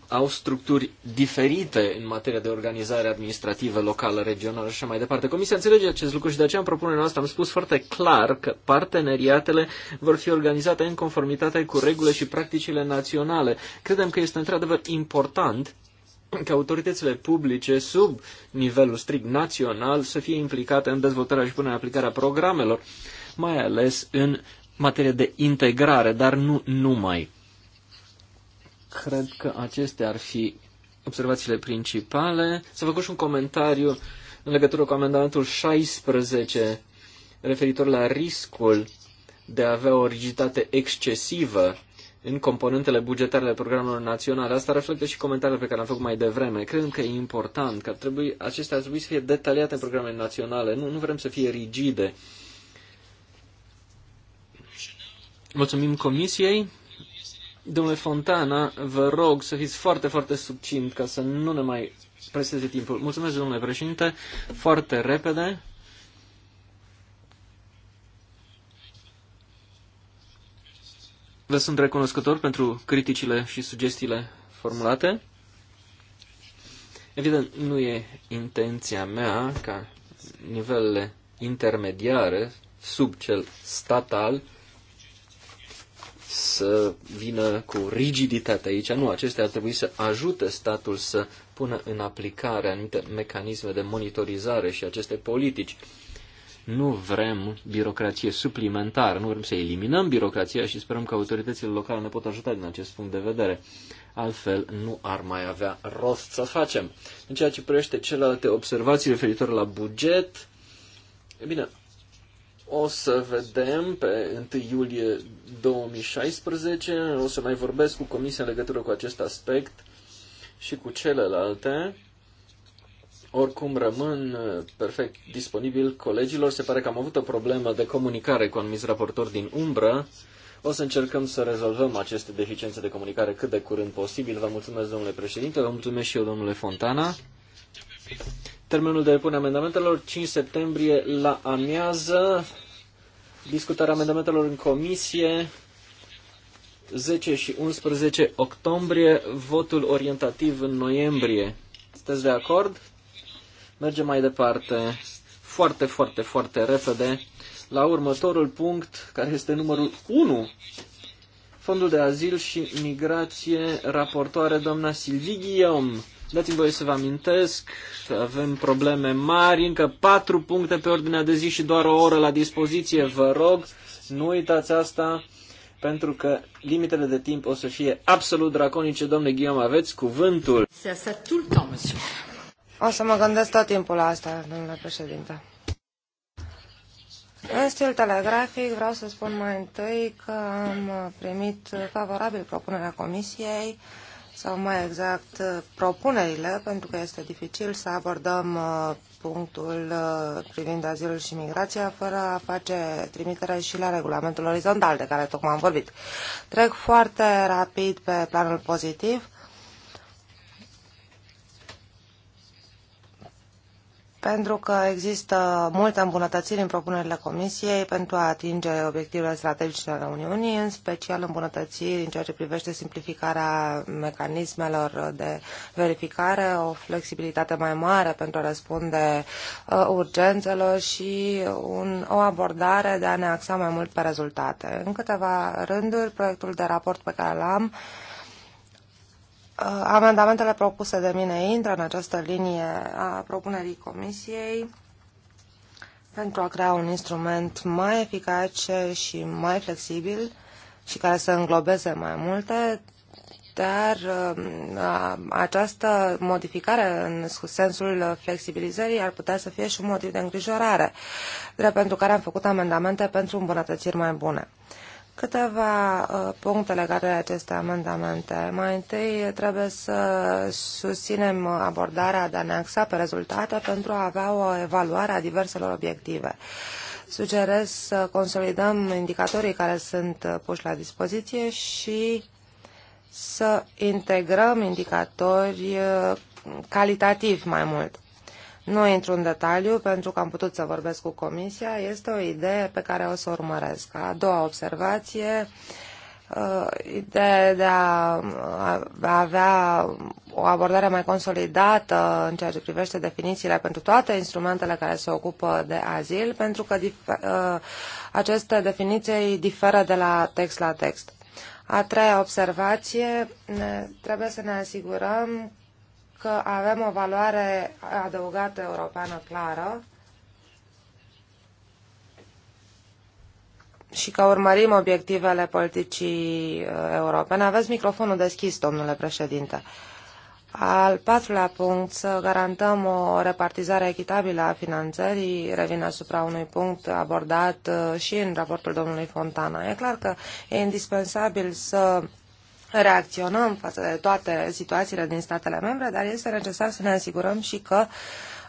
au structuri diferite în materie de organizare administrativă locală, regională și așa mai departe. Comisia înțelege acest lucru și de aceea în propunerea noastră am spus foarte clar că parteneriatele vor fi organizate în conformitate cu regulile și practicile naționale. Credem că este într-adevăr important că autoritățile publice sub nivelul strict național să fie implicate în dezvoltarea și punerea în aplicarea programelor, mai ales în materie de integrare, dar nu numai. Cred că acestea ar fi observațiile principale. Să făcut și un comentariu în legătură cu amendamentul 16 referitor la riscul de a avea o rigiditate excesivă în componentele bugetare ale programelor naționale. Asta reflectă și comentariile pe care am făcut mai devreme. Credem că e important, că trebuie, acestea ar trebui să fie detaliate în programele naționale. Nu, nu vrem să fie rigide. Mulțumim Comisiei. Domnule Fontana, vă rog să fiți foarte, foarte subțint ca să nu ne mai preseze timpul. Mulțumesc, domnule președinte. Foarte repede. Vă sunt recunoscător pentru criticile și sugestiile formulate. Evident, nu e intenția mea ca nivelele intermediare, sub cel statal, să vină cu rigiditate aici. Nu, acestea ar trebui să ajute statul să pună în aplicare anumite mecanisme de monitorizare și aceste politici. Nu vrem birocrație suplimentară, nu vrem să eliminăm birocrația și sperăm că autoritățile locale ne pot ajuta din acest punct de vedere. Altfel nu ar mai avea rost să facem. În ceea ce privește celelalte observații referitor la buget, e bine, o să vedem pe 1 iulie 2016, o să mai vorbesc cu Comisia în legătură cu acest aspect și cu celelalte. Oricum rămân uh, perfect disponibil colegilor. Se pare că am avut o problemă de comunicare cu anumiți raportori din umbră. O să încercăm să rezolvăm aceste deficiențe de comunicare cât de curând posibil. Vă mulțumesc, domnule președinte, vă mulțumesc și eu, domnule Fontana. Termenul de depunere amendamentelor, 5 septembrie la amiază, discutarea amendamentelor în comisie, 10 și 11 octombrie, votul orientativ în noiembrie. Sunteți de acord? Mergem mai departe foarte, foarte, foarte repede la următorul punct, care este numărul 1. Fondul de azil și migrație, raportoare doamna Silvii Dați-mi voie să vă amintesc că avem probleme mari, încă patru puncte pe ordinea de zi și doar o oră la dispoziție. Vă rog, nu uitați asta, pentru că limitele de timp o să fie absolut draconice. Domnule Ghiom, aveți cuvântul. Se tout le temps, monsieur. O să mă gândesc tot timpul la asta, domnule președinte. În stil telegrafic vreau să spun mai întâi că am primit favorabil propunerea comisiei, sau mai exact propunerile, pentru că este dificil să abordăm uh, punctul uh, privind azilul și migrația fără a face trimitere și la regulamentul orizontal de care tocmai am vorbit. Trec foarte rapid pe planul pozitiv pentru că există multe îmbunătățiri în propunerile Comisiei pentru a atinge obiectivele strategice ale Uniunii, în special îmbunătățiri în ceea ce privește simplificarea mecanismelor de verificare, o flexibilitate mai mare pentru a răspunde uh, urgențelor și un, o abordare de a ne axa mai mult pe rezultate. În câteva rânduri, proiectul de raport pe care l-am Uh, amendamentele propuse de mine intră în această linie a propunerii Comisiei pentru a crea un instrument mai eficace și mai flexibil și care să înglobeze mai multe, dar uh, această modificare în sensul flexibilizării ar putea să fie și un motiv de îngrijorare, drept pentru care am făcut amendamente pentru îmbunătățiri mai bune. Câteva uh, puncte legate de aceste amendamente. Mai întâi trebuie să susținem abordarea de anexa pe rezultate pentru a avea o evaluare a diverselor obiective. Sugerez să consolidăm indicatorii care sunt puși la dispoziție și să integrăm indicatori uh, calitativ mai mult nu intru în detaliu pentru că am putut să vorbesc cu Comisia, este o idee pe care o să o urmăresc. A doua observație, uh, ideea de a avea o abordare mai consolidată în ceea ce privește definițiile pentru toate instrumentele care se ocupă de azil, pentru că uh, aceste definiții diferă de la text la text. A treia observație, trebuie să ne asigurăm că avem o valoare adăugată europeană clară și că urmărim obiectivele politicii uh, europene. Aveți microfonul deschis, domnule președinte. Al patrulea punct, să garantăm o repartizare echitabilă a finanțării, revin asupra unui punct abordat uh, și în raportul domnului Fontana. E clar că e indispensabil să reacționăm față de toate situațiile din statele membre, dar este necesar să ne asigurăm și că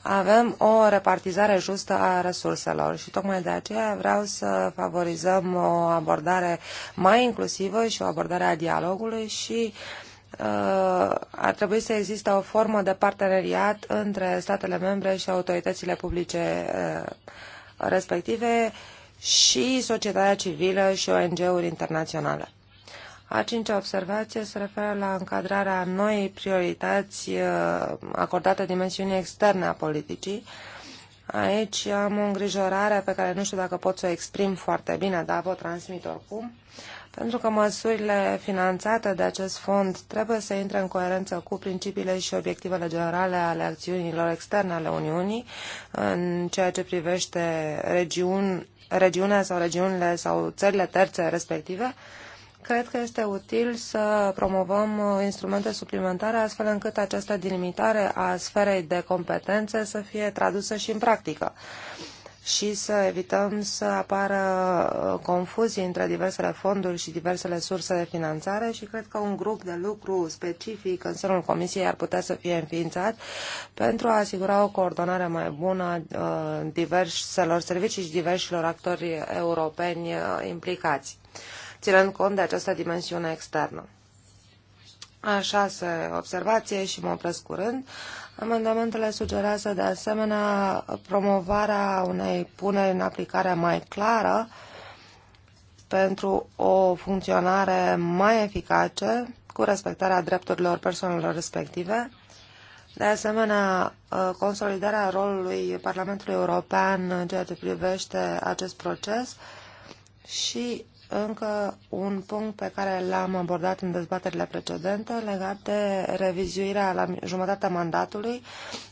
avem o repartizare justă a resurselor și tocmai de aceea vreau să favorizăm o abordare mai inclusivă și o abordare a dialogului și uh, ar trebui să existe o formă de parteneriat între statele membre și autoritățile publice uh, respective și societatea civilă și ONG-uri internaționale. A cincea observație se referă la încadrarea noii priorități uh, acordate dimensiunii externe a politicii. Aici am o îngrijorare pe care nu știu dacă pot să o exprim foarte bine, dar vă transmit oricum, pentru că măsurile finanțate de acest fond trebuie să intre în coerență cu principiile și obiectivele generale ale acțiunilor externe ale Uniunii în ceea ce privește regiuni, regiunea sau regiunile sau țările terțe respective, Cred că este util să promovăm instrumente suplimentare astfel încât această delimitare a sferei de competențe să fie tradusă și în practică și să evităm să apară uh, confuzii între diversele fonduri și diversele surse de finanțare și cred că un grup de lucru specific în sânul Comisiei ar putea să fie înființat pentru a asigura o coordonare mai bună uh, diverselor servicii și diversilor actori europeni uh, implicați ținând cont de această dimensiune externă. A se observație și mă opresc curând. Amendamentele sugerează de asemenea promovarea unei puneri în aplicare mai clară pentru o funcționare mai eficace cu respectarea drepturilor persoanelor respective, de asemenea, consolidarea rolului Parlamentului European în ceea ce privește acest proces și încă un punct pe care l-am abordat în dezbaterile precedente legat de revizuirea la jumătatea mandatului.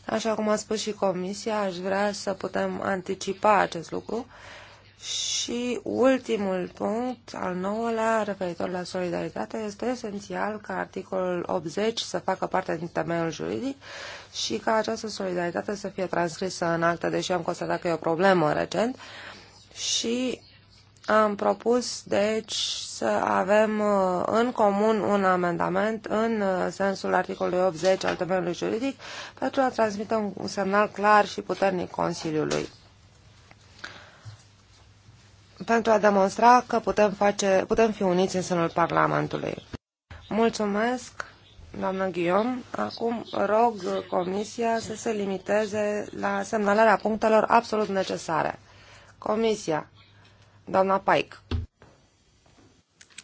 Așa cum a spus și Comisia, aș vrea să putem anticipa acest lucru. Și ultimul punct, al nouălea, referitor la solidaritate, este esențial ca articolul 80 să facă parte din temeiul juridic și ca această solidaritate să fie transcrisă în acte, deși am constatat că e o problemă recent. Și am propus, deci, să avem uh, în comun un amendament în uh, sensul articolului 80 al domeniului juridic pentru a transmite un semnal clar și puternic Consiliului pentru a demonstra că putem, face, putem fi uniți în sânul Parlamentului. Mulțumesc, doamnă Guillaume. Acum rog Comisia să se limiteze la semnalarea punctelor absolut necesare. Comisia. Doamna Pike.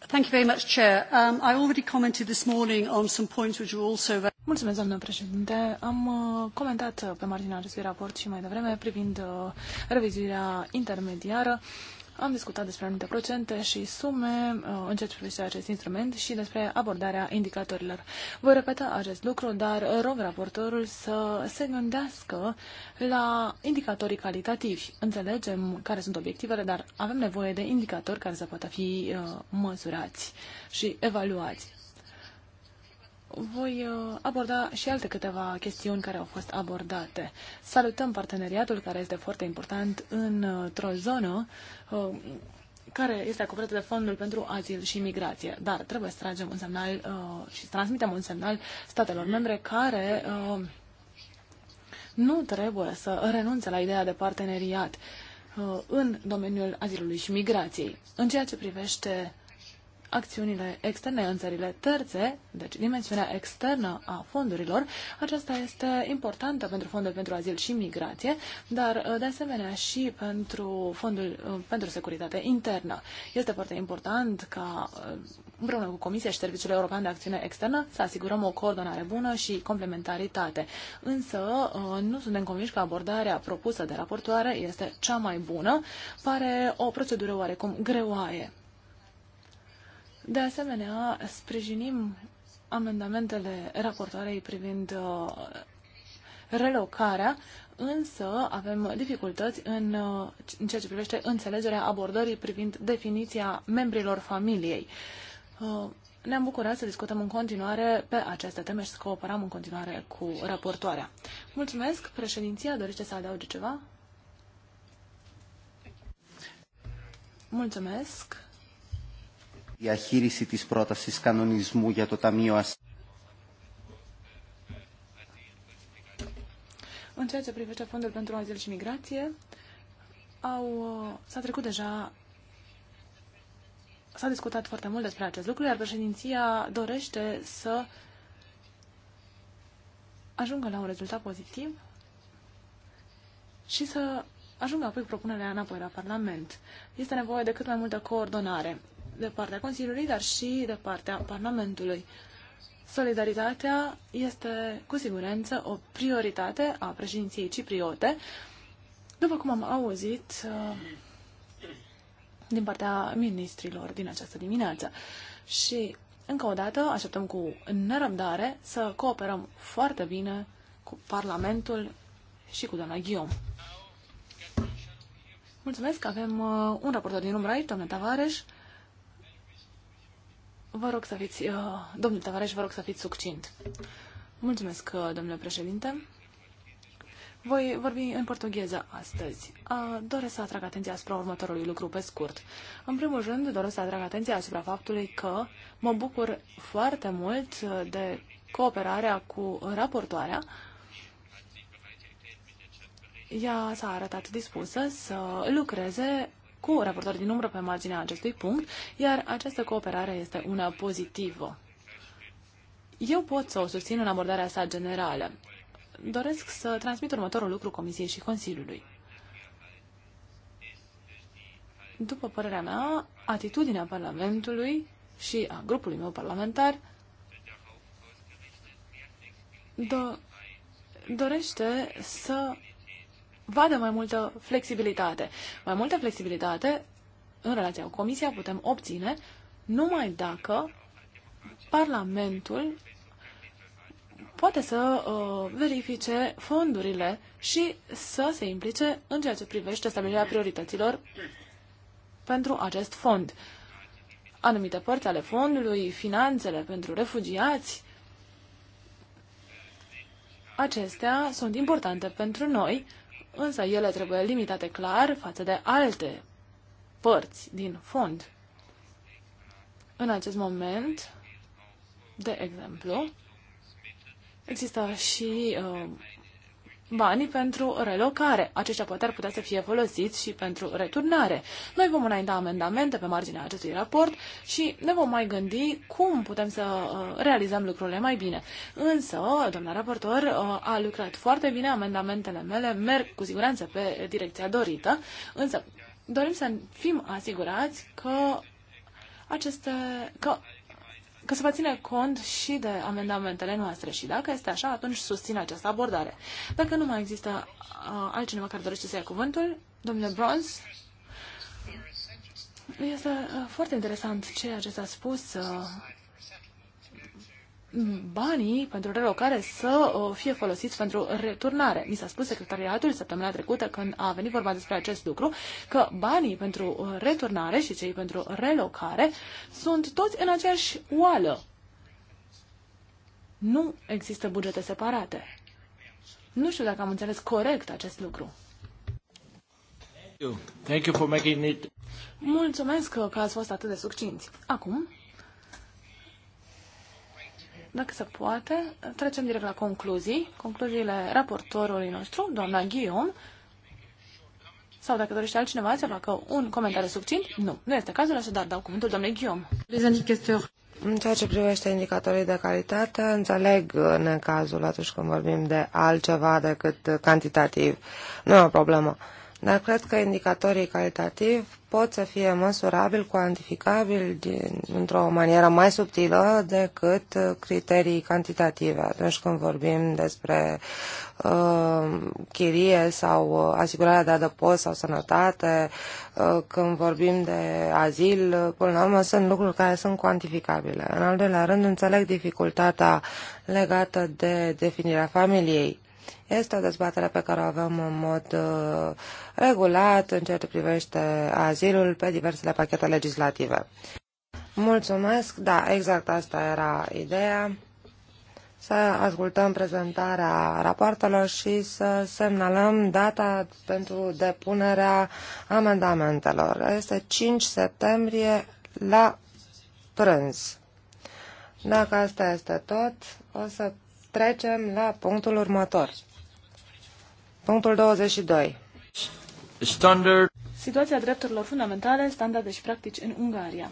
Thank you very much, Chair. Um, I already commented this morning on some points which were also very... Mulțumesc, doamnă președinte. Am uh, comentat uh, pe marginea acestui raport și mai devreme privind uh, revizuirea intermediară. Am discutat despre anumite procente și sume uh, în ceea ce privește acest instrument și despre abordarea indicatorilor. Voi repeta acest lucru, dar rog raportorul să se gândească la indicatorii calitativi. Înțelegem care sunt obiectivele, dar avem nevoie de indicatori care să poată fi uh, măsurați și evaluați voi uh, aborda și alte câteva chestiuni care au fost abordate. Salutăm parteneriatul care este foarte important uh, într-o zonă uh, care este acoperită de fondul pentru azil și migrație. Dar trebuie să tragem un semnal și să transmitem un semnal statelor membre care nu trebuie să renunțe la ideea de parteneriat în domeniul azilului și migrației. În ceea ce privește acțiunile externe în țările terțe, deci dimensiunea externă a fondurilor. Aceasta este importantă pentru fondul pentru azil și migrație, dar uh, de asemenea și pentru fondul uh, pentru securitate internă. Este foarte important ca uh, împreună cu Comisia și Serviciul European de Acțiune Externă să asigurăm o coordonare bună și complementaritate. Însă nu suntem convinși că abordarea propusă de raportoare este cea mai bună. Pare o procedură oarecum greoaie. De asemenea, sprijinim amendamentele raportoarei privind uh, relocarea, însă avem dificultăți în, uh, în ceea ce privește înțelegerea abordării privind definiția membrilor familiei. Uh, ne-am bucurat să discutăm în continuare pe aceste teme și să cooperăm în continuare cu raportoarea. Mulțumesc. Președinția dorește să adauge ceva? Mulțumesc διαχείριση της πρότασης κανονισμού για το Ταμείο Ασύλου. În ceea ce privește fondul pentru azil și migrație, au, s-a trecut deja s-a discutat foarte mult despre acest lucru, iar președinția dorește să ajungă la un rezultat pozitiv și să ajungă apoi propunerea înapoi la Parlament. Este nevoie de cât mai multă coordonare de partea Consiliului, dar și de partea Parlamentului. Solidaritatea este cu siguranță o prioritate a președinției cipriote. După cum am auzit uh, din partea ministrilor din această dimineață. Și, încă o dată, așteptăm cu nerăbdare să cooperăm foarte bine cu Parlamentul și cu doamna Guillaume. Mulțumesc, avem uh, un raportor din Umbrai, doamna Tavares. Vă rog să fiți, uh, domnul Tavares, vă rog să fiți succint. Mulțumesc, uh, domnule președinte. Voi vorbi în portugheză astăzi. Uh, doresc să atrag atenția asupra următorului lucru pe scurt. În primul rând, doresc să atrag atenția asupra faptului că mă bucur foarte mult de cooperarea cu raportoarea. Ea s-a arătat dispusă să lucreze cu raportori din umbră pe marginea acestui punct, iar această cooperare este una pozitivă. Eu pot să o susțin în abordarea sa generală. Doresc să transmit următorul lucru Comisiei și Consiliului. După părerea mea, atitudinea Parlamentului și a grupului meu parlamentar do- dorește să vadă mai multă flexibilitate. Mai multă flexibilitate în relația cu Comisia putem obține numai dacă Parlamentul poate să uh, verifice fondurile și să se implice în ceea ce privește stabilirea priorităților pentru acest fond. Anumite părți ale fondului, finanțele pentru refugiați, acestea sunt importante pentru noi însă ele trebuie limitate clar față de alte părți din fond. În acest moment, de exemplu, există și uh, banii pentru relocare. Aceștia poate ar putea să fie folosiți și pentru returnare. Noi vom înainta amendamente pe marginea acestui raport și ne vom mai gândi cum putem să uh, realizăm lucrurile mai bine. Însă, doamna raportor uh, a lucrat foarte bine, amendamentele mele merg cu siguranță pe direcția dorită, însă dorim să fim asigurați că aceste, că că se va ține cont și de amendamentele noastre și dacă este așa, atunci susțin această abordare. Dacă nu mai există uh, altcineva care dorește să ia cuvântul, domnule Bronze, este uh, foarte interesant ceea ce s-a spus uh, banii pentru relocare să uh, fie folosiți pentru returnare. Mi s-a spus secretariatul săptămâna trecută când a venit vorba despre acest lucru că banii pentru uh, returnare și cei pentru relocare sunt toți în aceeași oală. Nu există bugete separate. Nu știu dacă am înțeles corect acest lucru. Thank you for making it. Mulțumesc că ați fost atât de succinți. Acum dacă se poate, trecem direct la concluzii. Concluziile raportorului nostru, doamna Guillaume, sau dacă dorește altcineva să facă un comentariu succint, nu. Nu este cazul, așadar dau cuvântul doamnei Guillaume. În ceea ce privește indicatorii de calitate, înțeleg în cazul atunci când vorbim de altceva decât cantitativ. Nu e o problemă. Uh, dar cred că indicatorii calitativi pot să fie măsurabili, cuantificabili într-o manieră mai subtilă decât criterii cantitative atunci când vorbim despre uh, chirie sau uh, asigurarea de adăpost sau sănătate, uh, când vorbim de azil, până la urmă sunt lucruri care sunt cuantificabile. În al doilea rând, înțeleg dificultatea legată de definirea familiei este o dezbatere pe care o avem în mod uh, regulat în ceea ce privește azilul pe diversele pachete legislative. Mulțumesc, da, exact asta era ideea să ascultăm prezentarea rapoartelor și să semnalăm data pentru depunerea amendamentelor. Este 5 septembrie la prânz. Dacă asta este tot, o să trecem la punctul următor. Punctul 22. Standard. Situația drepturilor fundamentale, standarde și practici în Ungaria.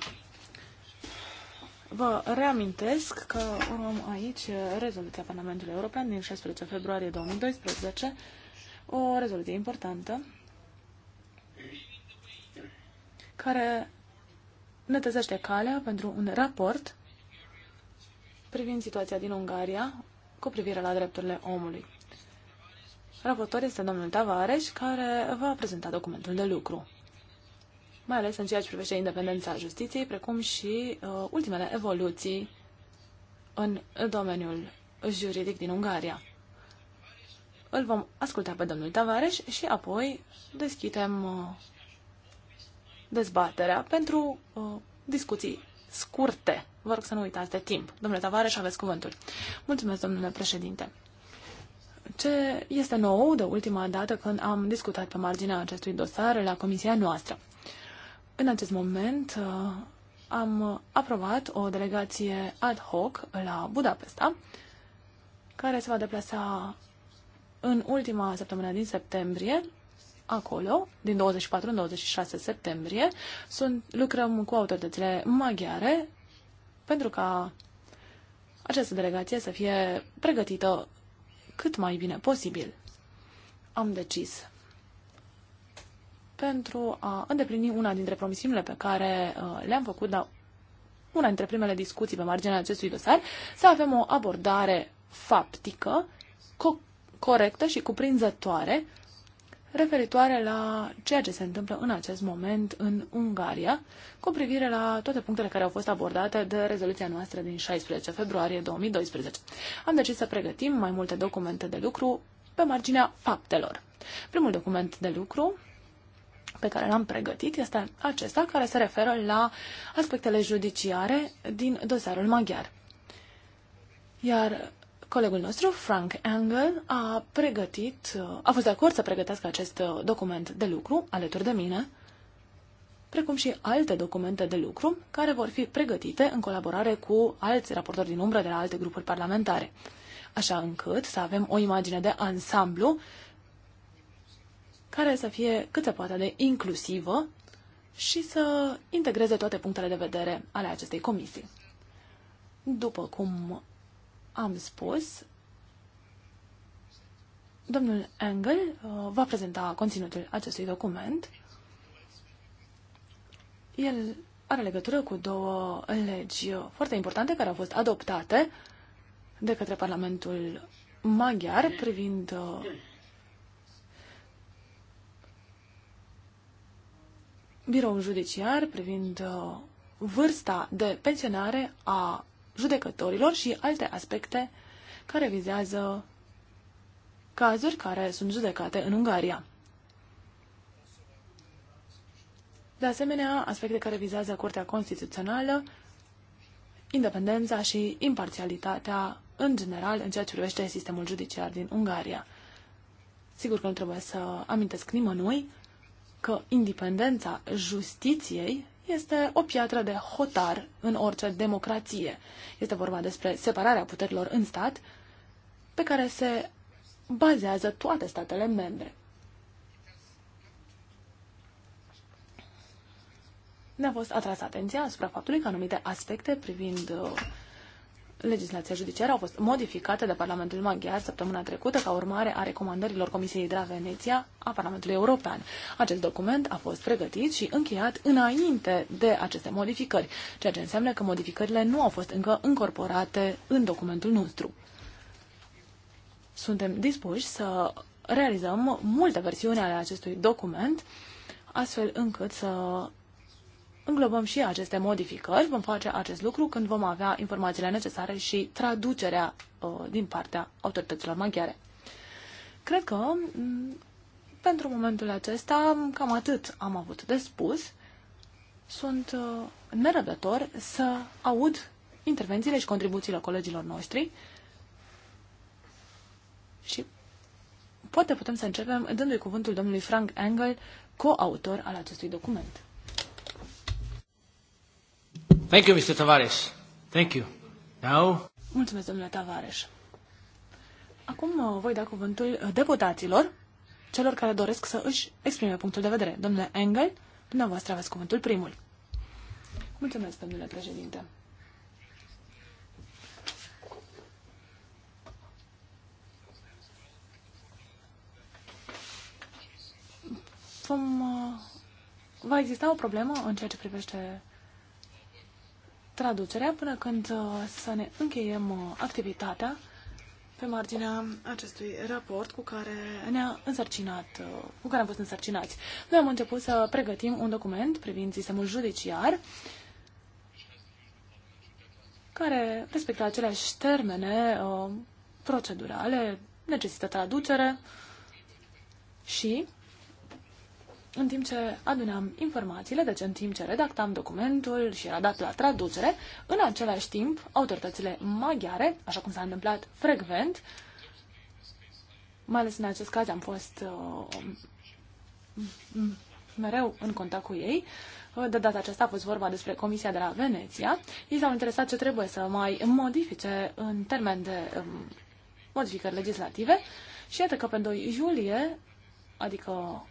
Vă reamintesc că urmăm aici rezoluția Parlamentului European din 16 februarie 2012, o rezoluție importantă care ne tezește calea pentru un raport privind situația din Ungaria cu privire la drepturile omului. Raportor este domnul Tavares, care va prezenta documentul de lucru, mai ales în ceea ce privește independența justiției, precum și uh, ultimele evoluții în domeniul juridic din Ungaria. Îl vom asculta pe domnul Tavares și apoi deschidem uh, dezbaterea pentru uh, discuții scurte. Vă rog să nu uitați de timp. Domnule Tavares, aveți cuvântul. Mulțumesc, domnule președinte ce este nou de ultima dată când am discutat pe marginea acestui dosar la comisia noastră. În acest moment uh, am aprobat o delegație ad hoc la Budapesta, care se va deplasa în ultima săptămână din septembrie acolo, din 24 în 26 septembrie, sunt, lucrăm cu autoritățile maghiare pentru ca această delegație să fie pregătită cât mai bine posibil. Am decis pentru a îndeplini una dintre promisiunile pe care uh, le-am făcut la da, una dintre primele discuții pe marginea acestui dosar, să avem o abordare faptică, co- corectă și cuprinzătoare referitoare la ceea ce se întâmplă în acest moment în Ungaria, cu privire la toate punctele care au fost abordate de rezoluția noastră din 16 februarie 2012. Am decis să pregătim mai multe documente de lucru pe marginea faptelor. Primul document de lucru pe care l-am pregătit este acesta care se referă la aspectele judiciare din dosarul maghiar. Iar Colegul nostru, Frank Engel, a pregătit, a fost de acord să pregătească acest uh, document de lucru alături de mine, precum și alte documente de lucru care vor fi pregătite în colaborare cu alți raportori din umbră de la alte grupuri parlamentare, așa încât să avem o imagine de ansamblu care să fie cât se poate de inclusivă și să integreze toate punctele de vedere ale acestei comisii. După cum am spus, domnul Engel uh, va prezenta conținutul acestui document. El are legătură cu două legi foarte importante care au fost adoptate de către Parlamentul maghiar privind uh, biroul judiciar, privind uh, vârsta de pensionare a judecătorilor și alte aspecte care vizează cazuri care sunt judecate în Ungaria. De asemenea, aspecte care vizează Curtea Constituțională, independența și imparțialitatea în general în ceea ce privește sistemul judiciar din Ungaria. Sigur că nu trebuie să amintesc nimănui că independența justiției este o piatră de hotar în orice democrație. Este vorba despre separarea puterilor în stat, pe care se bazează toate statele membre. Ne-a fost atras atenția asupra faptului că anumite aspecte privind uh, legislația judiciară au fost modificate de Parlamentul Maghiar săptămâna trecută ca urmare a recomandărilor Comisiei de Veneția a Parlamentului European. Acest document a fost pregătit și încheiat înainte de aceste modificări, ceea ce înseamnă că modificările nu au fost încă incorporate în documentul nostru. Suntem dispuși să realizăm multe versiuni ale acestui document, astfel încât să înglobăm și aceste modificări. Vom face acest lucru când vom avea informațiile necesare și traducerea uh, din partea autorităților maghiare. Cred că pentru momentul acesta cam atât am avut de spus. Sunt uh, nerăbdător să aud intervențiile și contribuțiile colegilor noștri și poate putem să începem dându-i cuvântul domnului Frank Engel, coautor al acestui document. Thank you, Mr. Tavares. Thank you. Now... Mulțumesc, domnule Tavares. Acum uh, voi da cuvântul uh, deputaților, celor care doresc să își exprime punctul de vedere. Domnule Engel, dumneavoastră aveți cuvântul primul. Mulțumesc, domnule președinte. Vom, uh, va exista o problemă în ceea ce privește traducerea până când uh, să ne încheiem uh, activitatea pe marginea acestui raport cu care ne-a însărcinat, uh, cu care am fost însărcinați. Noi am început să pregătim un document privind sistemul judiciar care respectă aceleași termene procedurale, necesită traducere și în timp ce adunam informațiile, deci în timp ce redactam documentul și era dat la traducere, în același timp, autoritățile maghiare, așa cum s-a întâmplat frecvent, mai ales în acest caz am fost uh, mereu în contact cu ei, de data aceasta a fost vorba despre Comisia de la Veneția, ei s-au interesat ce trebuie să mai modifice în termen de um, modificări legislative și iată că pe 2 iulie, adică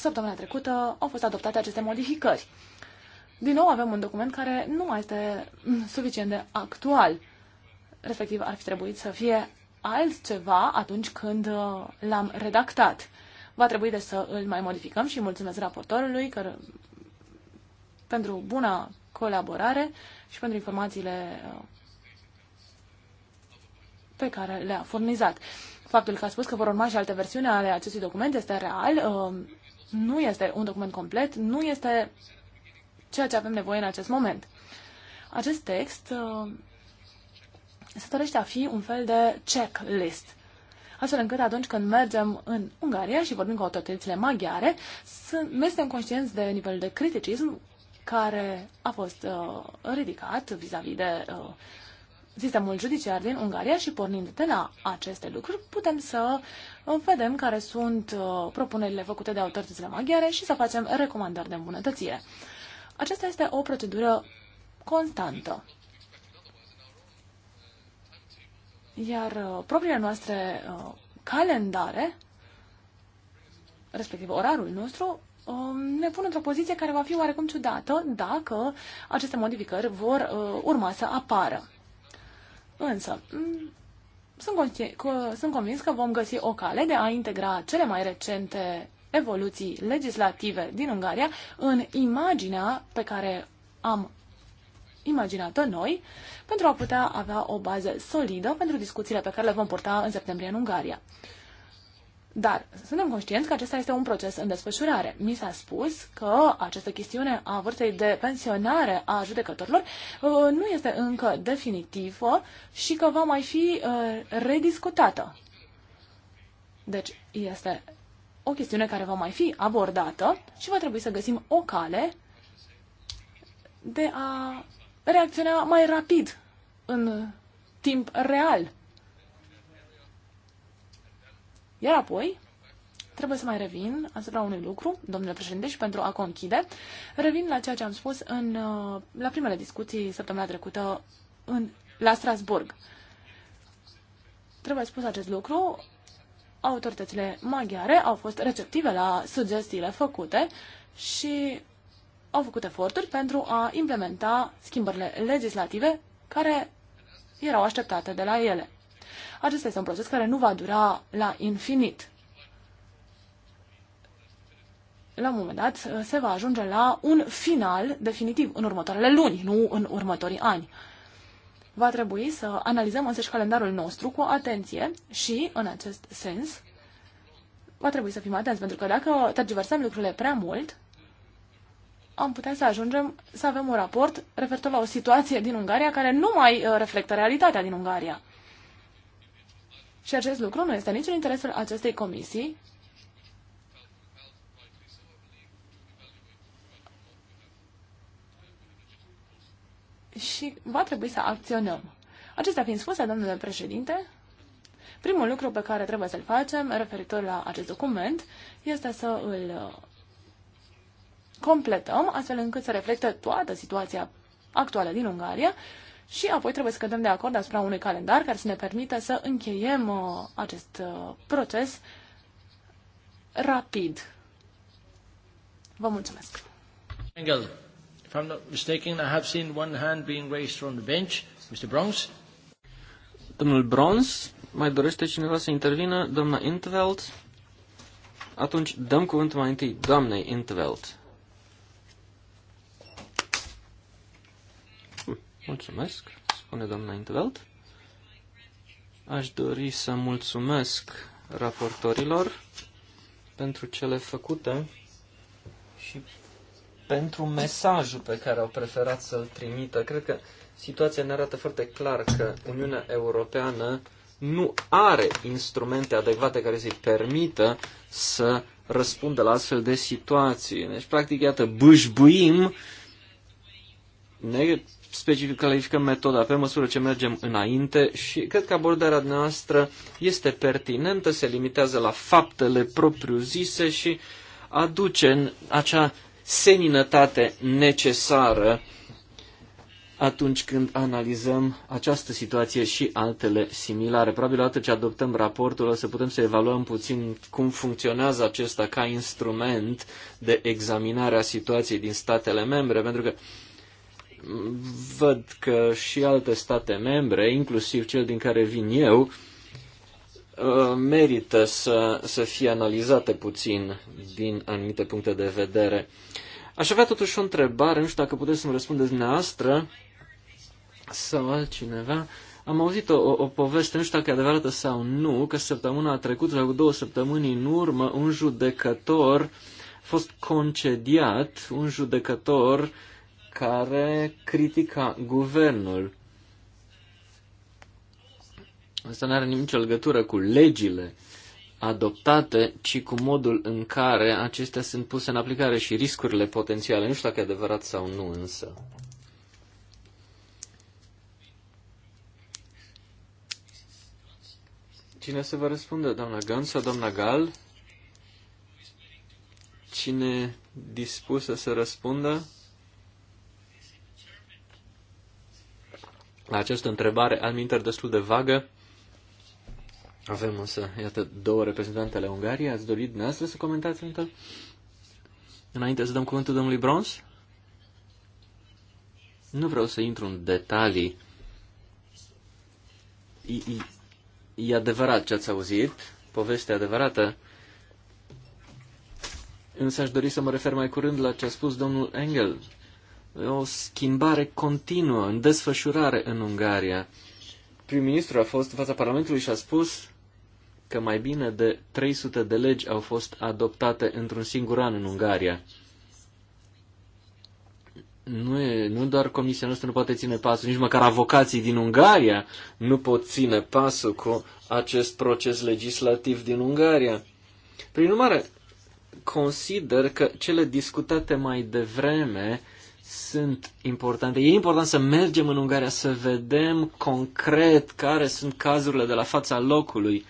săptămâna trecută au fost adoptate aceste modificări. Din nou avem un document care nu mai este mm, suficient de actual. Respectiv, ar fi trebuit să fie altceva atunci când uh, l-am redactat. Va trebui de să îl mai modificăm și mulțumesc raportorului că, pentru buna colaborare și pentru informațiile uh, pe care le-a furnizat. Faptul că a spus că vor urma și alte versiuni ale acestui document este real. Uh, nu este un document complet, nu este ceea ce avem nevoie în acest moment. Acest text uh, se dorește a fi un fel de checklist, astfel încât atunci când mergem în Ungaria și vorbim cu autoritățile maghiare, nu suntem conștienți de nivelul de criticism care a fost uh, ridicat vis-a-vis -vis de uh, sistemul judiciar din Ungaria și pornind de la aceste lucruri putem să uh, vedem care sunt uh, propunerile făcute de autoritățile maghiare și să facem recomandări de îmbunătățire. Aceasta este o procedură constantă. Iar uh, propriile noastre calendare, respectiv orarul nostru, um, ne pun într-o poziție care va fi oarecum ciudată dacă aceste modificări vor urma să apară. Însă, sunt, sunt convins că vom găsi o cale de a integra cele mai recente evoluții legislative din Ungaria în imaginea pe care am imaginată noi pentru a putea avea o bază solidă pentru discuțiile pe care le vom purta în septembrie în Ungaria. Dar suntem conștienți că acesta este un proces în desfășurare. Mi s-a spus că această chestiune a vârstei de pensionare a judecătorilor uh, nu este încă definitivă și că va mai fi uh, rediscutată. Deci este o chestiune care va mai fi abordată și va trebui să găsim o cale de a reacționa mai rapid în timp real iar apoi, trebuie să mai revin asupra unui lucru, domnule președinte, și pentru a conchide, revin la ceea ce am spus în, uh, la primele discuții săptămâna trecută în, la Strasburg. Trebuie spus acest lucru, autoritățile maghiare au fost receptive la sugestiile făcute și au făcut eforturi pentru a implementa schimbările legislative care erau așteptate de la ele. Acesta este un proces care nu va dura la infinit. La un moment dat uh, se va ajunge la un final definitiv în următoarele luni, nu în următorii ani. Va trebui să analizăm însăși calendarul nostru cu atenție și, în acest sens, va trebui să fim atenți, pentru că dacă tergiversăm lucrurile prea mult, am putea să ajungem să avem un raport referitor la o situație din Ungaria care nu mai uh, reflectă realitatea din Ungaria. Și acest lucru nu este nici în interesul acestei comisii, și va trebui să acționăm. Acestea fiind spuse, domnule președinte, primul lucru pe care trebuie să-l facem referitor la acest document este să îl uh, completăm astfel încât să reflecte toată situația actuală din Ungaria și apoi trebuie să cădem de acord asupra unui calendar care să ne permită să încheiem uh, acest uh, proces rapid. Vă mulțumesc. Engel, if I'm not mistaken, I have seen one hand being raised from the bench. Mr. Bronze? Domnul Bronze, mai dorește cineva să intervină? Doamna Intveld? Atunci dăm cuvântul mai întâi doamnei Intveld. Mulțumesc, spune doamna Intveld. Aș dori să mulțumesc raportorilor pentru cele făcute și pentru mesajul pe care au preferat să-l trimită. Cred că situația ne arată foarte clar că Uniunea Europeană nu are instrumente adecvate care să-i permită să răspundă la astfel de situații. Deci, practic, iată, bâșbuim ne specific clarificăm metoda pe măsură ce mergem înainte și cred că abordarea noastră este pertinentă, se limitează la faptele propriu-zise și aduce în acea seninătate necesară atunci când analizăm această situație și altele similare. Probabil odată ce adoptăm raportul o să putem să evaluăm puțin cum funcționează acesta ca instrument de examinare a situației din statele membre, pentru că văd că și alte state membre, inclusiv cel din care vin eu, uh, merită să, să fie analizate puțin din anumite puncte de vedere. Aș avea totuși o întrebare, nu știu dacă puteți să-mi răspundeți dumneavoastră sau altcineva. Am auzit o, o poveste, nu știu dacă e adevărată sau nu, că săptămâna trecută sau două săptămâni în urmă, un judecător a fost concediat, un judecător care critica guvernul. Asta nu are nicio legătură cu legile adoptate, ci cu modul în care acestea sunt puse în aplicare și riscurile potențiale. Nu știu dacă e adevărat sau nu, însă. Cine se va răspunde, doamna Gan sau doamna Gal? Cine dispusă să răspundă? la această întrebare, alminter destul de vagă. Avem însă, iată, două reprezentante ale Ungariei. Ați dorit dumneavoastră să comentați încă? Înainte să dăm cuvântul domnului Brons? Nu vreau să intru în detalii. E, e, e adevărat ce ați auzit, povestea adevărată, însă aș dori să mă refer mai curând la ce a spus domnul Engel o schimbare continuă, în desfășurare în Ungaria. Prim-ministru a fost în fața Parlamentului și a spus că mai bine de 300 de legi au fost adoptate într-un singur an în Ungaria. Nu, e, nu doar comisia noastră nu poate ține pasul, nici măcar avocații din Ungaria nu pot ține pasul cu acest proces legislativ din Ungaria. Prin urmare, consider că cele discutate mai devreme uh, sunt importante. E important să mergem în Ungaria, să vedem concret care sunt cazurile de la fața locului.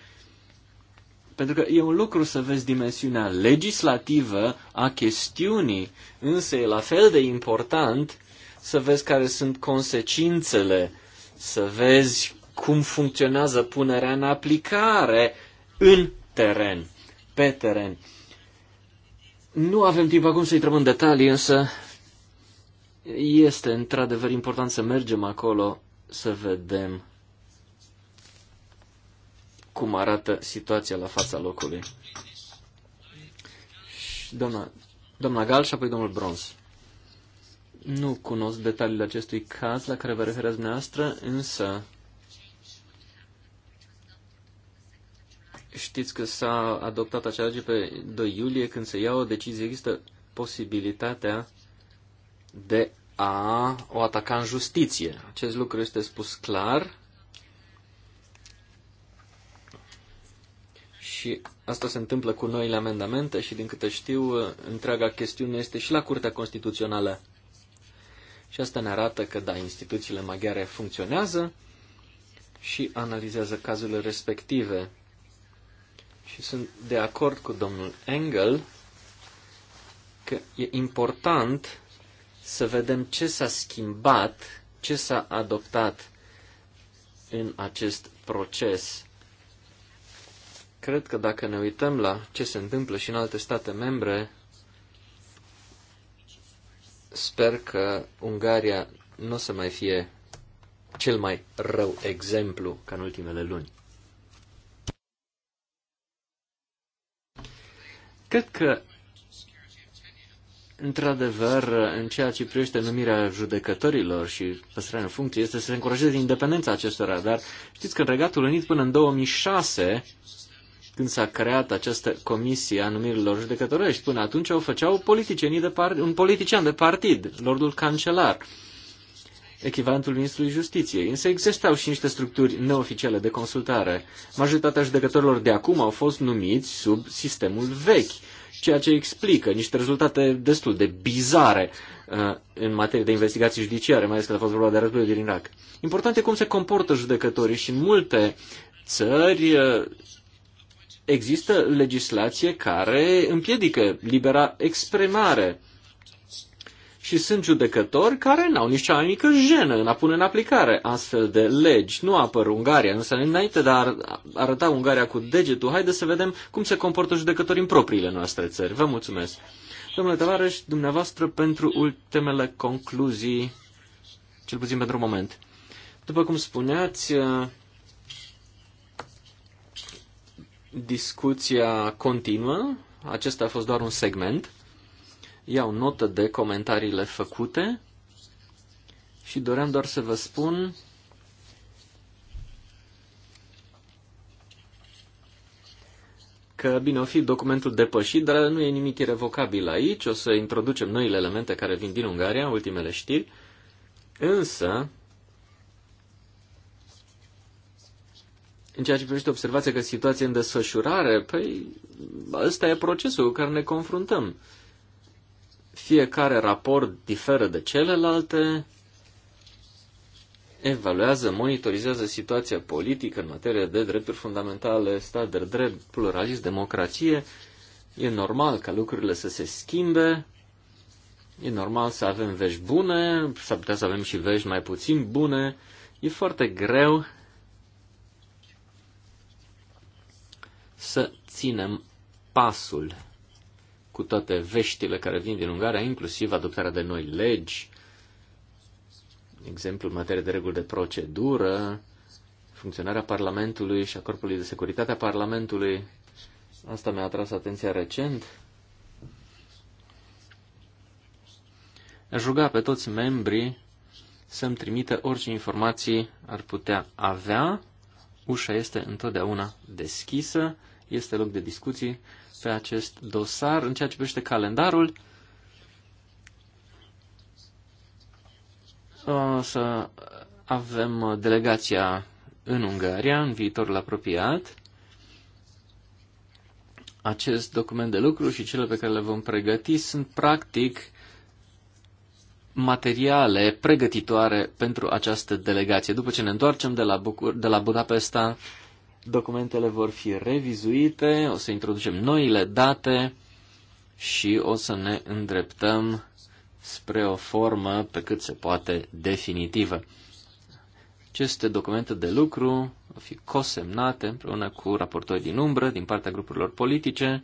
Pentru că e un lucru să vezi dimensiunea legislativă a chestiunii, însă e la fel de important să vezi care sunt consecințele, să vezi cum funcționează punerea în aplicare în teren, pe teren. Nu avem timp acum să intrăm în detalii, însă este într-adevăr important să mergem acolo să vedem cum arată situația la fața locului. Și doamna, doamna Gal și apoi domnul Bronz. Nu cunosc detaliile acestui caz la care vă referați dumneavoastră, însă știți că s-a adoptat acea lege pe 2 iulie când se ia o decizie. Există posibilitatea de a o ataca în justiție. Acest lucru este spus clar și asta se întâmplă cu noile amendamente și, din câte știu, întreaga chestiune este și la Curtea Constituțională. Și asta ne arată că, da, instituțiile maghiare funcționează și analizează cazurile respective. Și sunt de acord cu domnul Engel că e important să vedem ce s-a schimbat, ce s-a adoptat în acest proces. Cred că dacă ne uităm la ce se întâmplă și în alte state membre, sper că Ungaria nu o să mai fie cel mai rău exemplu ca în ultimele luni. Cred că Într-adevăr, în ceea ce privește numirea judecătorilor și păstrarea în funcție, este să se încurajeze independența acestora. Dar știți că în Regatul Unit până în 2006, când s-a creat această comisie a numirilor judecătorești, până atunci o făceau politicienii de par- un politician de partid, lordul cancelar. Uh, echivalentul Ministrului Justiției. Însă existau și niște structuri neoficiale de consultare. Majoritatea judecătorilor de acum au fost numiți sub sistemul vechi, ceea ce explică niște rezultate destul de bizare uh, în materie de investigații judiciare, mai ales că a fost vorba de războiul din Irak. Important e cum se comportă judecătorii și în multe țări uh, există legislație care împiedică libera exprimare și sunt judecători care n-au nici cea mai mică jenă în a pune în aplicare astfel de legi. Nu apăr Ungaria, nu înainte de a arăta Ungaria cu degetul, haide să vedem cum se comportă judecătorii în propriile noastre țări. Vă mulțumesc. Domnule Tavares, dumneavoastră pentru ultimele concluzii, cel puțin pentru moment. După cum spuneați, uh, discuția continuă. Acesta a fost doar un segment. Iau notă de comentariile făcute și doream doar să vă spun că, bine, o fi documentul depășit, dar nu e nimic irrevocabil aici, o să introducem noile elemente care vin din Ungaria, ultimele știri, însă, în ceea ce privește observația că situația în desfășurare, păi, ăsta e procesul cu care ne confruntăm. Fiecare raport diferă de celelalte, evaluează, monitorizează situația politică în materie de drepturi fundamentale, stat de drept, pluralism, democrație. E normal ca lucrurile să se schimbe, e normal să avem vești bune, s-ar putea să avem și vești mai puțin bune. E foarte greu să ținem pasul cu toate veștile care vin din Ungaria, inclusiv adoptarea de noi legi, exemplu în materie de reguli de procedură, funcționarea Parlamentului și a Corpului de Securitate a Parlamentului. Asta mi-a atras atenția recent. Aș ruga pe toți membrii să-mi trimită orice informații ar putea avea. Ușa este întotdeauna deschisă, este loc de discuții pe acest dosar. În ceea ce privește calendarul, o să avem delegația în Ungaria, în viitorul apropiat. Acest document de lucru și cele pe care le vom pregăti sunt practic materiale pregătitoare pentru această delegație. După ce ne întoarcem de la, Bucur- de la Budapesta, documentele vor fi revizuite, o să introducem noile date și o să ne îndreptăm spre o formă pe cât se poate definitivă. Aceste documente de lucru vor fi cosemnate împreună cu raportori din umbră, din partea grupurilor politice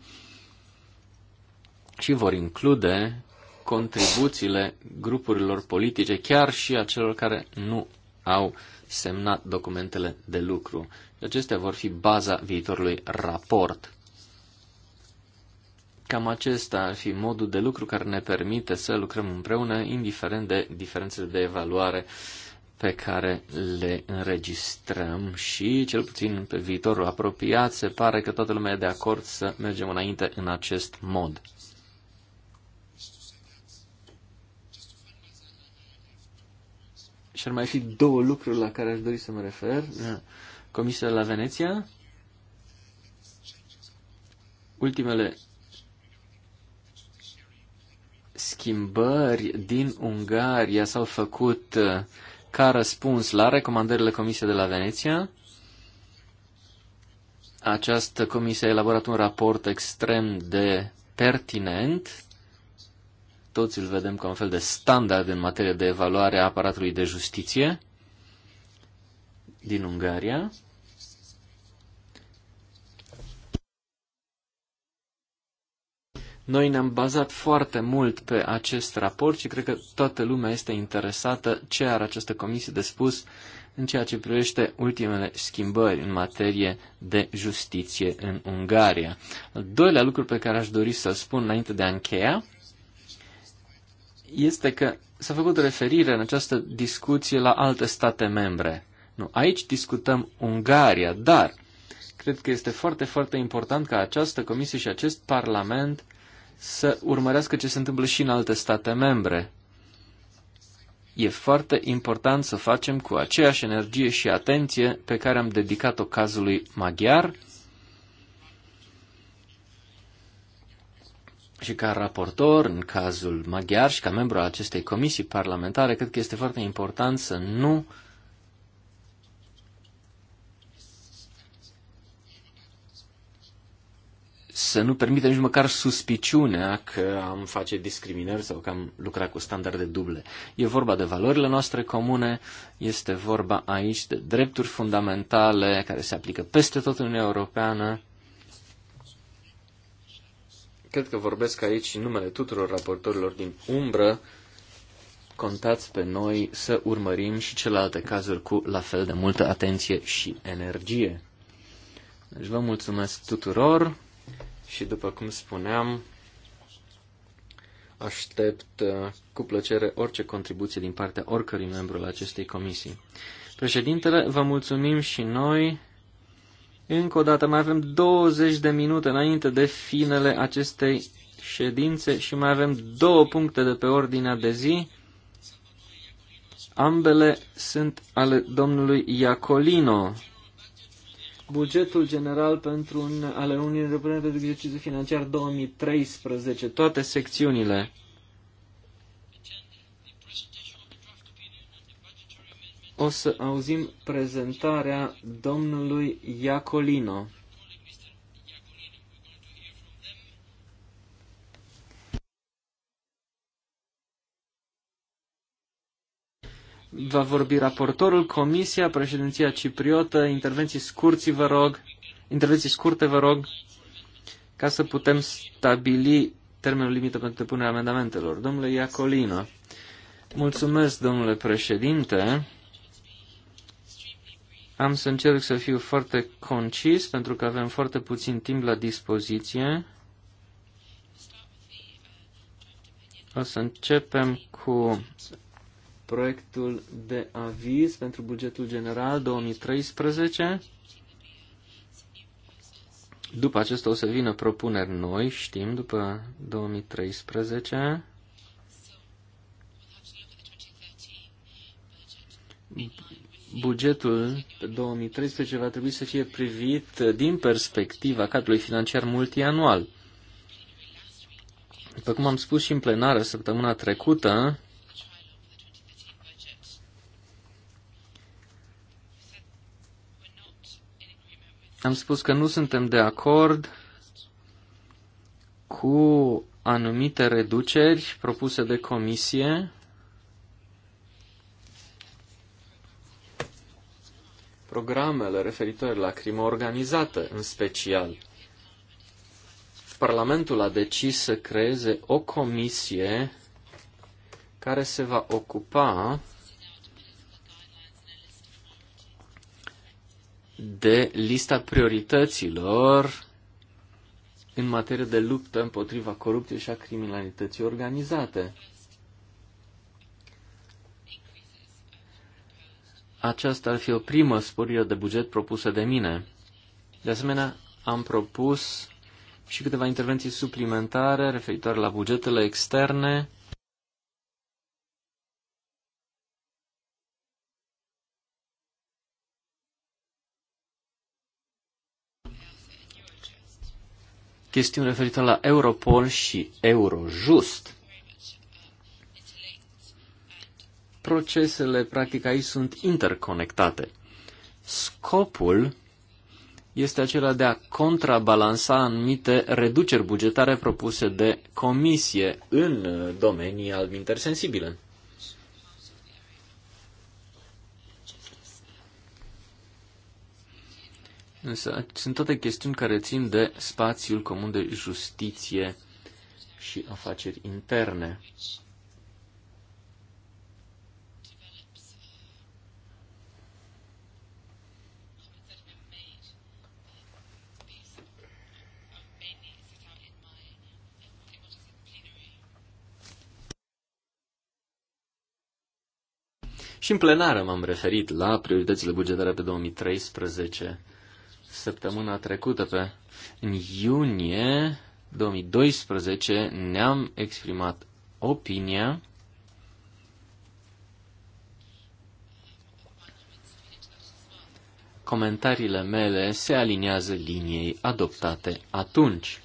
și vor include contribuțiile grupurilor politice, chiar și a celor care nu au semnat documentele de lucru. Deci acestea vor fi baza viitorului raport. Cam acesta ar fi modul de lucru care ne permite să lucrăm împreună, indiferent de diferențele de evaluare pe care le înregistrăm și, cel puțin pe viitorul apropiat, se pare că toată lumea e de acord să mergem înainte în acest mod. și ar mai fi două lucruri la care aș dori să mă refer. Comisia la Veneția, ultimele schimbări din Ungaria s-au făcut uh, ca răspuns la recomandările Comisiei de la Veneția. Această comisie a elaborat un raport extrem de pertinent toți îl vedem ca un fel de standard în materie de evaluare a aparatului de justiție din Ungaria. Noi ne-am bazat foarte mult pe acest raport și cred că toată lumea este interesată ce are această comisie de spus în ceea ce privește ultimele schimbări în materie de justiție în Ungaria. Al doilea lucru pe care aș dori să-l spun înainte de a încheia este că s-a făcut referire în această discuție la alte state membre. Nu, aici discutăm Ungaria, dar cred că este foarte, foarte important ca această comisie și acest parlament să urmărească ce se întâmplă și în alte state membre. E foarte important să facem cu aceeași energie și atenție pe care am dedicat-o cazului maghiar și ca raportor, în cazul maghiar și ca membru al acestei comisii parlamentare, cred că este foarte important să nu să nu permitem nici măcar suspiciunea că am face discriminări sau că am lucrat cu standarde duble. E vorba de valorile noastre comune, este vorba aici de drepturi fundamentale care se aplică peste tot în Uniunea Europeană, cred că vorbesc aici în numele tuturor raportorilor din umbră, contați pe noi să urmărim și celelalte cazuri cu la fel de multă atenție și energie. Deci vă mulțumesc tuturor și după cum spuneam, aștept uh, cu plăcere orice contribuție din partea oricărui membru la acestei comisii. Președintele, vă mulțumim și noi. Încă o dată, mai avem 20 de minute înainte de finele acestei ședințe și mai avem două puncte de pe ordinea de zi. Ambele sunt ale domnului Iacolino. Bugetul general pentru un, ale Uniunii Europene pentru exercițiul financiar 2013, toate secțiunile. o să auzim prezentarea domnului Iacolino. Va vorbi raportorul, comisia, președinția cipriotă, intervenții scurți, vă rog, intervenții scurte, vă rog, ca să putem stabili termenul limită pentru depunerea amendamentelor. Domnule Iacolino, mulțumesc, domnule președinte. Am să încerc să fiu foarte concis, pentru că avem foarte puțin timp la dispoziție. O să începem cu proiectul de aviz pentru bugetul general 2013. După acesta o să vină propuneri noi, știm, după 2013 bugetul pe 2013 va trebui să fie privit din perspectiva cadrului financiar multianual. După cum am spus și în plenară săptămâna trecută, am spus că nu suntem de acord cu anumite reduceri propuse de comisie programele referitoare la crimă organizată în special. Parlamentul a decis să creeze o comisie care se va ocupa de lista priorităților în materie de luptă împotriva corupției și a criminalității organizate. Aceasta ar fi o primă sporire de buget propusă de mine. De asemenea, am propus și câteva intervenții suplimentare referitoare la bugetele externe. Chestiuni referitoare la Europol și Eurojust. procesele, practic, aici sunt interconectate. Scopul este acela de a contrabalansa anumite reduceri bugetare propuse de comisie în domenii intersensibile. Însă sunt toate chestiuni care țin de spațiul comun de justiție și afaceri interne. Și în plenară m-am referit la prioritățile bugetare pe 2013 săptămâna trecută, pe în iunie 2012 ne-am exprimat opinia Comentariile mele se aliniază liniei adoptate atunci.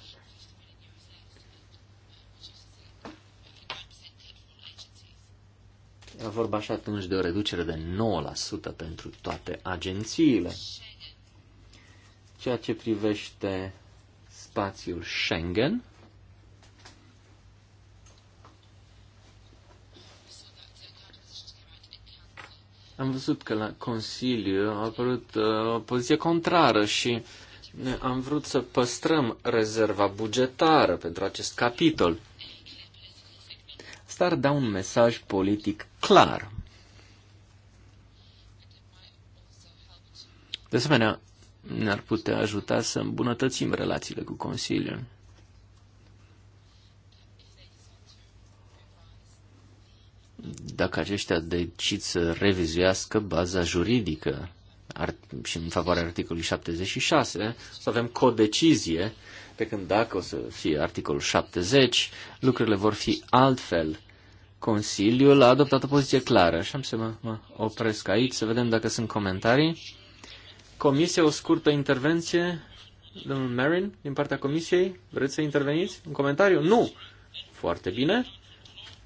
Era vorba și atunci de o reducere de 9% pentru toate agențiile. Ceea ce privește spațiul Schengen, am văzut că la Consiliu a apărut uh, o poziție contrară și uh, am vrut să păstrăm rezerva bugetară pentru acest capitol text ar da un mesaj politic clar. De asemenea, ne-ar putea ajuta să îmbunătățim relațiile cu Consiliul. Dacă aceștia decid să revizuiască baza juridică și în favoarea articolului 76, să avem codecizie, pe când dacă o să fie articolul 70, lucrurile vor fi altfel. Consiliul a adoptat o poziție clară Așa am să mă, mă opresc aici să vedem dacă sunt comentarii. Comisia, o scurtă intervenție. Domnul Marin, din partea Comisiei, vreți să interveniți? Un comentariu? Nu! Foarte bine.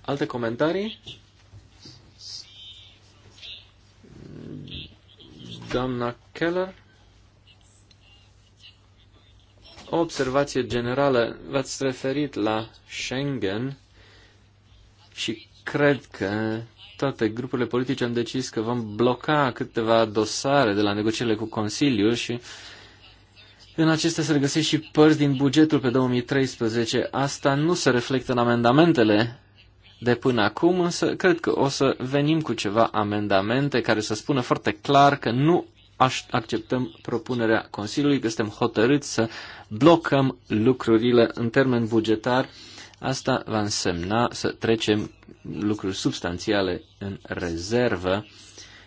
Alte comentarii? Doamna Keller? O observație generală. V-ați referit la Schengen și cred că toate grupurile politice am decis că vom bloca câteva dosare de la negocierile cu Consiliul și în acestea se regăsesc și părți din bugetul pe 2013. Asta nu se reflectă în amendamentele de până acum, însă cred că o să venim cu ceva amendamente care să spună foarte clar că nu acceptăm propunerea Consiliului, că suntem hotărâți să blocăm lucrurile în termen bugetar Asta va însemna să trecem lucruri substanțiale în rezervă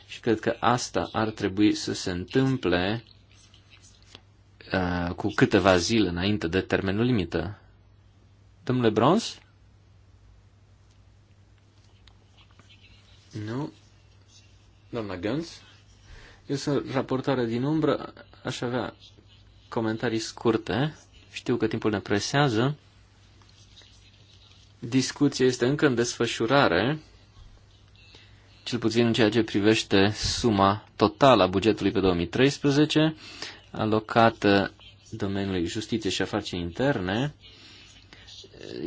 și cred că asta ar trebui să se întâmple uh, cu câteva zile înainte de termenul limită. Domnule Brons? Nu. Doamna Gans? Eu sunt raportare din umbră, aș avea comentarii scurte. Știu că timpul ne presează. Discuția este încă în desfășurare, cel puțin în ceea ce privește suma totală a bugetului pe 2013, alocată uh, domeniului justiție și afaceri interne.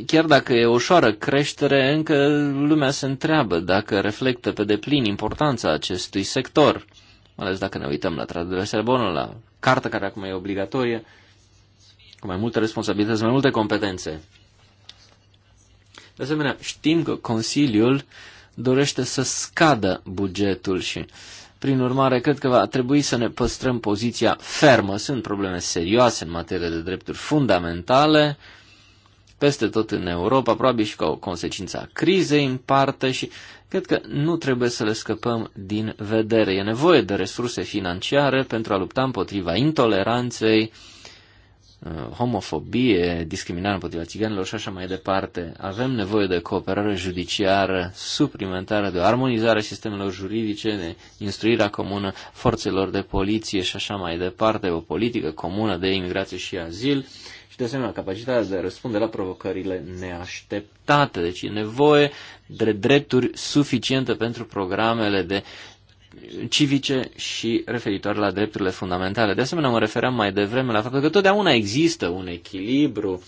Chiar dacă e o ușoară creștere, încă lumea se întreabă dacă reflectă pe deplin importanța acestui sector, mai ales dacă ne uităm la tratatul de Lisabona, la cartă care acum e obligatorie, cu mai multe responsabilități, mai multe competențe. De asemenea, știm că Consiliul dorește să scadă bugetul și, prin urmare, cred că va trebui să ne păstrăm poziția fermă. Sunt probleme serioase în materie de drepturi fundamentale, peste tot în Europa, probabil și ca o consecință a crizei în parte și cred că nu trebuie să le scăpăm din vedere. E nevoie de resurse financiare pentru a lupta împotriva intoleranței, Uh, homofobie, discriminare împotriva țiganilor și așa mai departe. Avem nevoie de cooperare judiciară suplimentară, de o armonizare a sistemelor juridice, de instruirea comună forțelor de poliție și așa mai departe, o politică comună de imigrație și azil și de asemenea capacitatea de a răspunde la provocările neașteptate. Deci e nevoie de drepturi suficiente pentru programele de civice și referitoare la drepturile fundamentale. De asemenea, mă refeream mai devreme la faptul că totdeauna există un echilibru.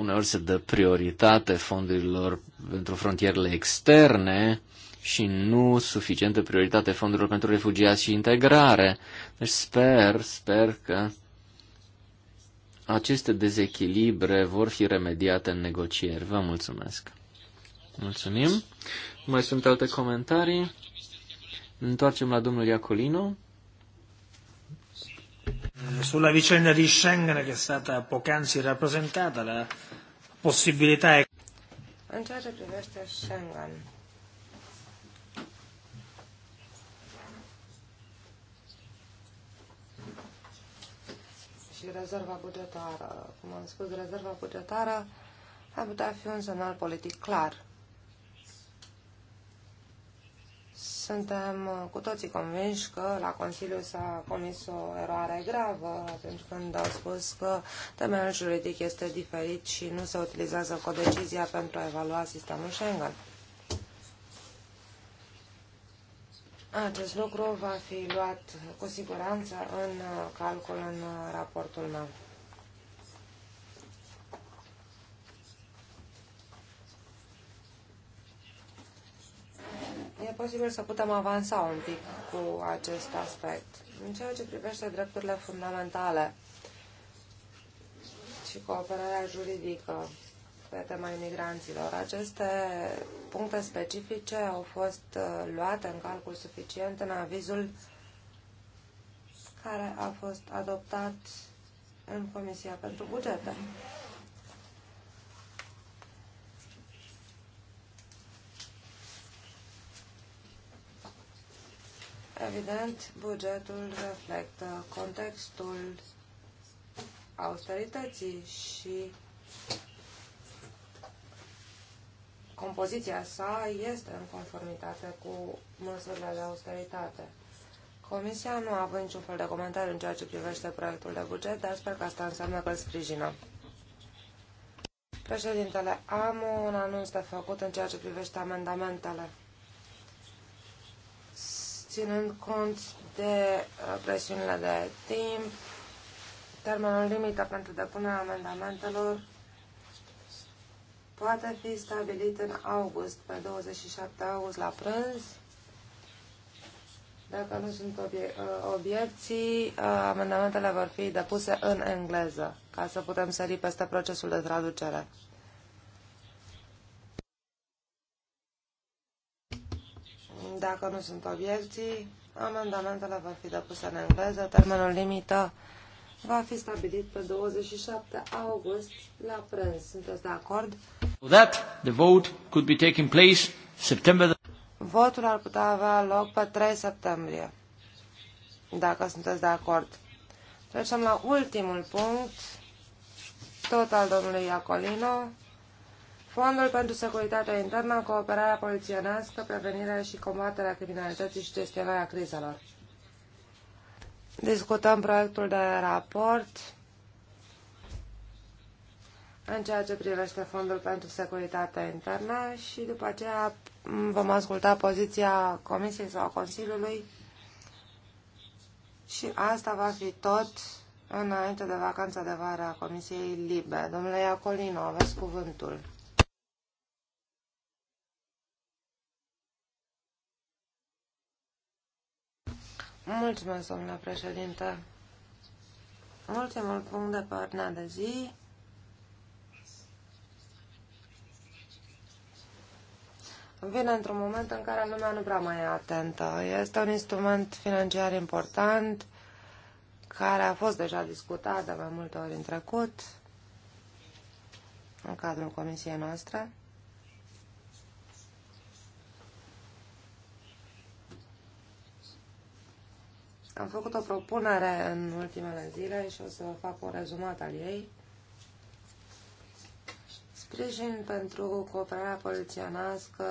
Uneori se dă prioritate fondurilor pentru frontierele externe și nu suficientă prioritate fondurilor pentru refugiați și integrare. Deci sper, sper că aceste dezechilibre vor fi remediate în negocieri. Vă mulțumesc. Mulțumim. Mai sunt alte comentarii. Întoarcem la domnul Iacolino. Sulla vicenda di Schengen che è stata poc'anzi rappresentata, la possibilità è... În ceea ce privește Schengen, și rezerva bugetară, cum am spus, rezerva bugetară ar putea fi un semnal politic clar Suntem uh, cu toții convinși că la Consiliu s-a comis o eroare gravă atunci când au spus că temeiul juridic este diferit și nu se utilizează codecizia pentru a evalua sistemul Schengen. Acest lucru va fi luat cu siguranță în uh, calcul în uh, raportul meu. e posibil să putem avansa un pic cu acest aspect. În ceea ce privește drepturile fundamentale și cooperarea juridică pe tema imigranților, aceste puncte specifice au fost uh, luate în calcul suficient în avizul care a fost adoptat în Comisia pentru Bugete. Evident, bugetul reflectă contextul austerității și compoziția sa este în conformitate cu măsurile de austeritate. Comisia nu a avut niciun fel de comentariu în ceea ce privește proiectul de buget, dar sper că asta înseamnă că îl sprijină. Președintele, am un anunț de făcut în ceea ce privește amendamentele ținând cont de uh, presiunile de timp, termenul limită pentru depunerea amendamentelor poate fi stabilit în august, pe 27 august la prânz. Dacă nu sunt obie uh, obiecții, uh, amendamentele vor fi depuse în engleză, ca să putem sări peste procesul de traducere. Dacă nu sunt obiecții, amendamentele vor fi depuse în engleză. Termenul limită va fi stabilit pe 27 august la prânz. Sunteți de acord? So that the vote could be taking place September the... Votul ar putea avea loc pe 3 septembrie, dacă sunteți de acord. Trecem la ultimul punct, tot al domnului Iacolino, Fondul pentru securitatea internă, cooperarea poliționească, prevenirea și combaterea criminalității și gestionarea crizelor. Discutăm proiectul de raport în ceea ce privește Fondul pentru Securitatea Internă și după aceea vom asculta poziția Comisiei sau Consiliului și asta va fi tot înainte de vacanța de vară a Comisiei Libe. Domnule Iacolino, aveți cuvântul. Mulțumesc, domnule președinte. Ultimul punct de partea de zi vine într-un moment în care lumea nu prea mai e atentă. Este un instrument financiar important care a fost deja discutat de mai multe ori în trecut în cadrul comisiei noastre. Am făcut o propunere în ultimele zile și o să fac o rezumat al ei. Sprijin pentru cooperarea polițianască,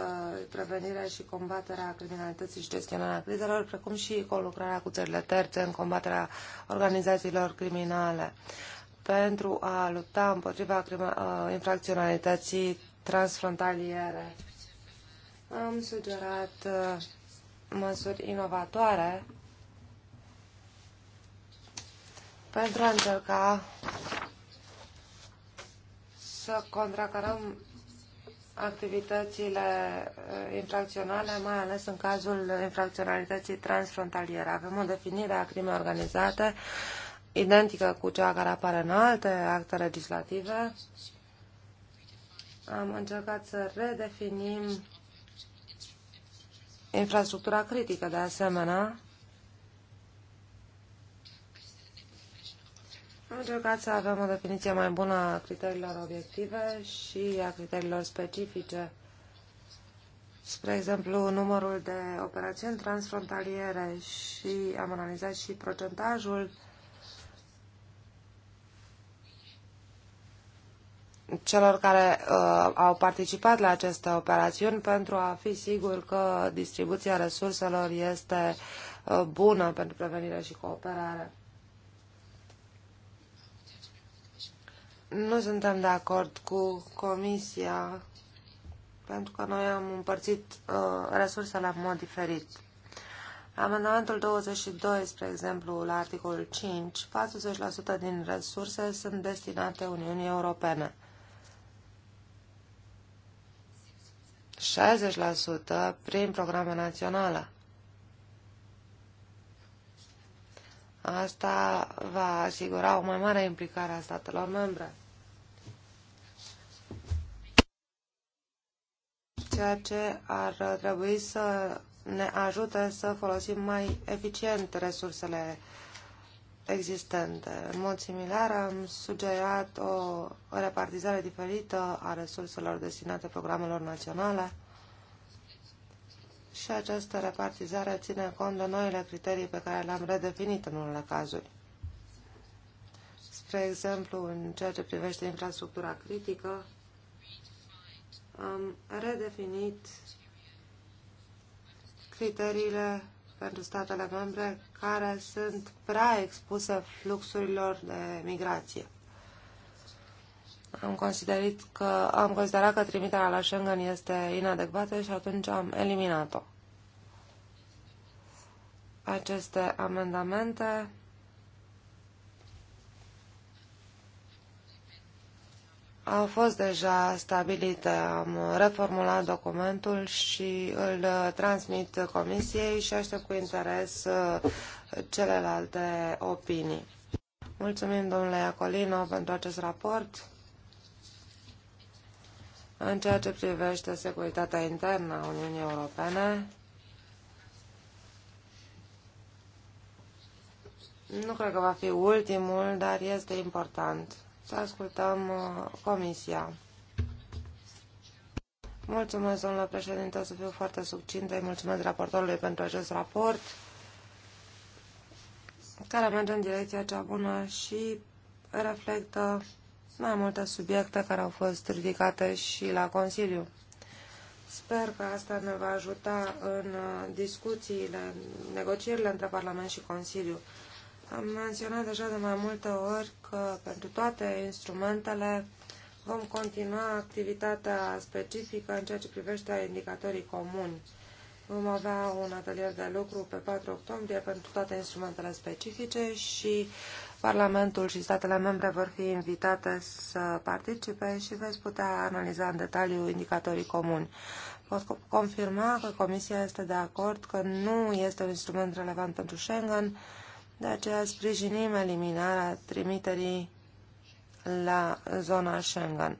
prevenirea și combaterea criminalității și gestionarea crizelor, precum și colucrarea cu țările terțe în combaterea organizațiilor criminale pentru a lupta împotriva infracționalității transfrontaliere. Am sugerat măsuri inovatoare pentru a încerca să contracarăm activitățile eh, infracționale, mai ales în cazul infracționalității transfrontaliere. Avem o definire a crimei organizate identică cu cea care apare în alte acte legislative. Am încercat să redefinim infrastructura critică de asemenea Am încercat să avem o definiție mai bună a criteriilor obiective și a criteriilor specifice. Spre exemplu, numărul de operațiuni transfrontaliere și am analizat și procentajul celor care uh, au participat la aceste operațiuni pentru a fi sigur că distribuția resurselor este uh, bună pentru prevenire și cooperare. Nu suntem de acord cu Comisia pentru că noi am împărțit uh, resursele în mod diferit. Amendamentul 22, spre exemplu, la articolul 5, 40% din resurse sunt destinate Uniunii Europene. 60% prin programe naționale. Asta va asigura o mai mare implicare a statelor membre. Ceea ce ar trebui să ne ajute să folosim mai eficient resursele existente. În mod similar, am sugerat o repartizare diferită a resurselor destinate programelor naționale și această repartizare ține cont de noile criterii pe care le-am redefinit în unele cazuri. Spre exemplu, în ceea ce privește infrastructura critică, am redefinit criteriile pentru statele membre care sunt prea expuse fluxurilor de migrație am considerat că, am considerat că trimiterea la Schengen este inadecvată și atunci am eliminat-o. Aceste amendamente au fost deja stabilite. Am reformulat documentul și îl transmit comisiei și aștept cu interes uh, celelalte opinii. Mulțumim, domnule Iacolino, pentru acest raport. În ceea ce privește securitatea internă a Uniunii Europene, nu cred că va fi ultimul, dar este important să ascultăm uh, Comisia. Mulțumesc, domnule președinte, să fiu foarte subțintă. Mulțumesc raportorului pentru acest raport, care merge în direcția cea bună și reflectă mai multe subiecte care au fost ridicate și la Consiliu. Sper că asta ne va ajuta în uh, discuțiile, în negocierile între Parlament și Consiliu. Am menționat deja de mai multe ori că pentru toate instrumentele vom continua activitatea specifică în ceea ce privește indicatorii comuni. Vom avea un atelier de lucru pe 4 octombrie pentru toate instrumentele specifice și Parlamentul și statele membre vor fi invitate să participe și veți putea analiza în detaliu indicatorii comuni. Pot confirma că Comisia este de acord că nu este un instrument relevant pentru Schengen, de aceea sprijinim eliminarea trimiterii la zona Schengen.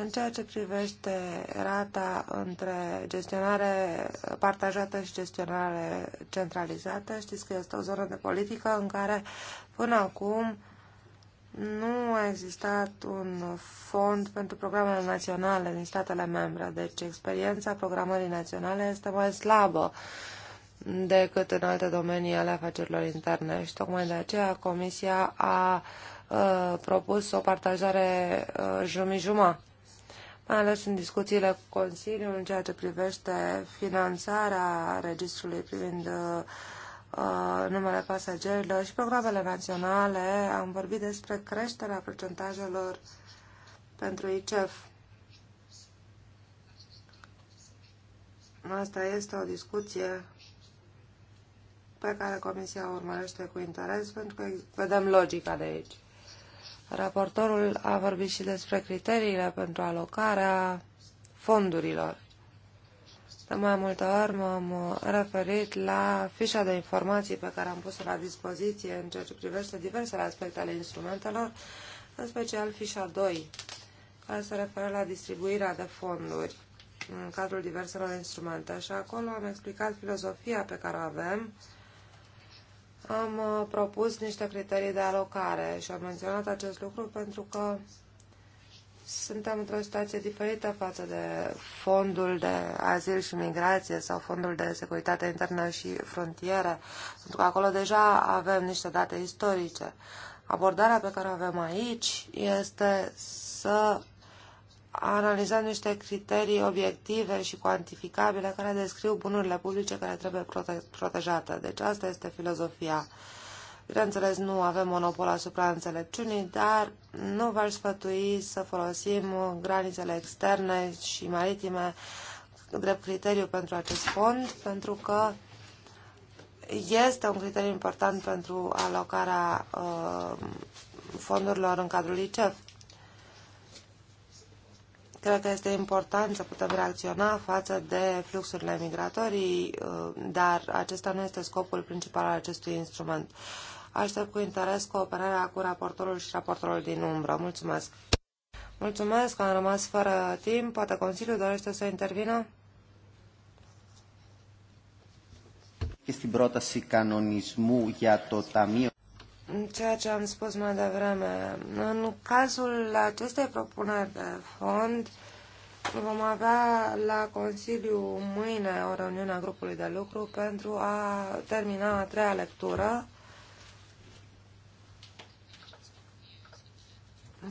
În ceea ce privește rata între gestionare partajată și gestionare centralizată, știți că este o zonă de politică în care până acum nu a existat un fond pentru programele naționale din statele membre, deci experiența programării naționale este mai slabă decât în alte domenii ale afacerilor interne și tocmai de aceea Comisia a uh, propus o partajare uh, jumătate mai ales în discuțiile cu Consiliul în ceea ce privește finanțarea registrului privind uh, uh, numele pasagerilor și programele naționale, am vorbit despre creșterea procentajelor pentru ICEF. Asta este o discuție pe care Comisia o urmărește cu interes pentru că vedem logica de aici. Raportorul a vorbit și despre criteriile pentru alocarea fondurilor. De mai multe ori m-am referit la fișa de informații pe care am pus-o la dispoziție în ceea ce privește diversele aspecte ale instrumentelor, în special fișa 2, care se referă la distribuirea de fonduri în cadrul diverselor instrumente. Și acolo am explicat filozofia pe care o avem, am uh, propus niște criterii de alocare și am menționat acest lucru pentru că suntem într-o situație diferită față de fondul de azil și migrație sau fondul de securitate internă și frontiere, pentru că acolo deja avem niște date istorice. Abordarea pe care o avem aici este să a analizat niște criterii obiective și cuantificabile care descriu bunurile publice care trebuie prote protejate. Deci asta este filozofia. Bineînțeles, nu avem monopol asupra înțelepciunii, dar nu v-aș sfătui să folosim granițele externe și maritime drept criteriu pentru acest fond, pentru că este un criteriu important pentru alocarea uh, fondurilor în cadrul ICEF. Cred că este important să putem reacționa față de fluxurile migratorii, uh, dar acesta nu este scopul principal al acestui instrument. Aștept cu interes cooperarea cu raportorul și raportorul din umbră. Mulțumesc! Mulțumesc că am rămas fără timp. Poate Consiliul dorește să intervină? Este πρόταση canonismul ia tot amio ceea ce am spus mai devreme. În cazul acestei propuneri de fond, vom avea la Consiliu mâine o reuniune a grupului de lucru pentru a termina a treia lectură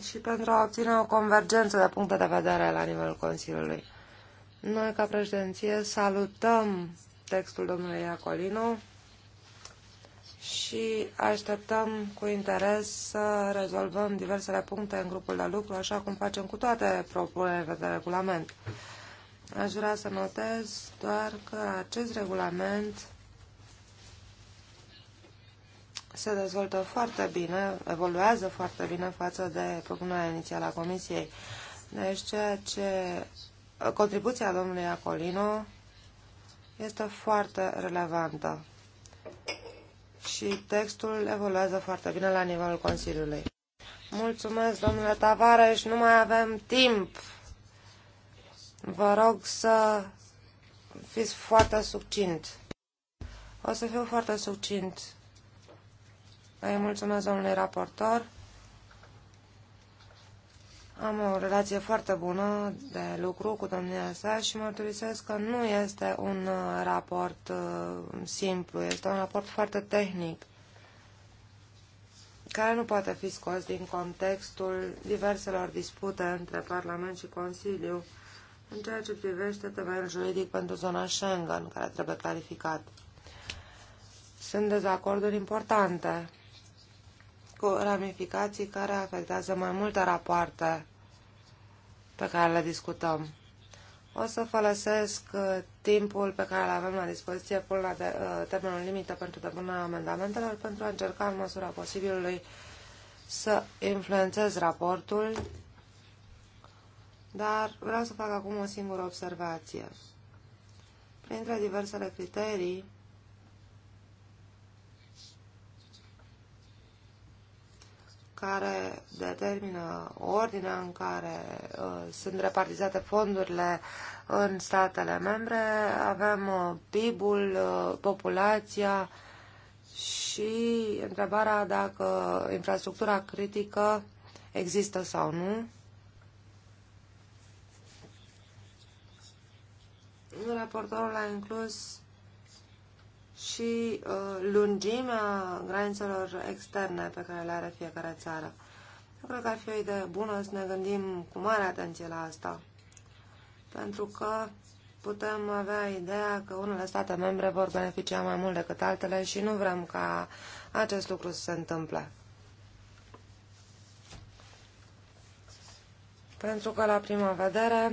și pentru a obține o convergență de puncte de vedere la nivelul Consiliului. Noi, ca președinție, salutăm textul domnului Iacolino și așteptăm cu interes să rezolvăm diversele puncte în grupul de lucru, așa cum facem cu toate propunerile de regulament. Aș vrea să notez doar că acest regulament se dezvoltă foarte bine, evoluează foarte bine față de propunerea inițială a Comisiei. Deci ceea ce contribuția domnului Acolino este foarte relevantă și textul evoluează foarte bine la nivelul Consiliului. Mulțumesc, domnule Tavares, nu mai avem timp. Vă rog să fiți foarte succint. O să fiu foarte succint. Îi mulțumesc, domnule raportor. Am o relație foarte bună de lucru cu domnia sa și mărturisesc că nu este un uh, raport uh, simplu, este un raport foarte tehnic, care nu poate fi scos din contextul diverselor dispute între Parlament și Consiliu în ceea ce privește temeiul juridic pentru zona Schengen, care trebuie clarificat. Sunt dezacorduri importante cu ramificații care afectează mai multe rapoarte pe care le discutăm. O să folosesc uh, timpul pe care îl avem la dispoziție până la de, uh, termenul limită pentru depunerea amendamentelor pentru a încerca în măsura posibilului să influențez raportul, dar vreau să fac acum o singură observație. Printre diversele criterii care determină ordinea în care uh, sunt repartizate fondurile în statele membre. Avem uh, PIB-ul, uh, populația și întrebarea dacă infrastructura critică există sau nu. Raportorul a inclus și uh, lungimea granițelor externe pe care le are fiecare țară. Eu cred că ar fi o idee bună să ne gândim cu mare atenție la asta, pentru că putem avea ideea că unele state membre vor beneficia mai mult decât altele și nu vrem ca acest lucru să se întâmple. Pentru că la prima vedere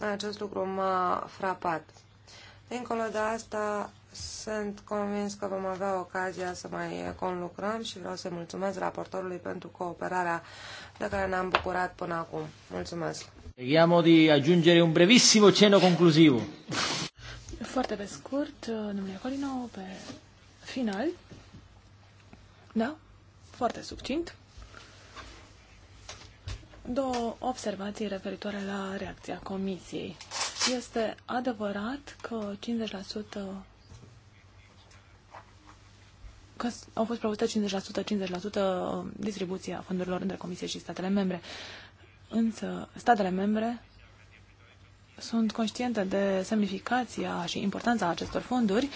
Acest lucru m-a frapat. Dincolo de asta, sunt convins că vom avea ocazia să mai conlucrăm și vreau să-i mulțumesc raportorului pentru cooperarea de care ne-am bucurat până acum. Mulțumesc! Preghiamo di aggiungere un brevissimo cenno conclusivo. Foarte pe scurt, domnule Colino, pe final. Da? Foarte succint două observații referitoare la reacția Comisiei. Este adevărat că 50% că au fost propuse 50%, 50% distribuția fondurilor între Comisie și statele membre. Însă, statele membre sunt conștientă de semnificația și importanța acestor fonduri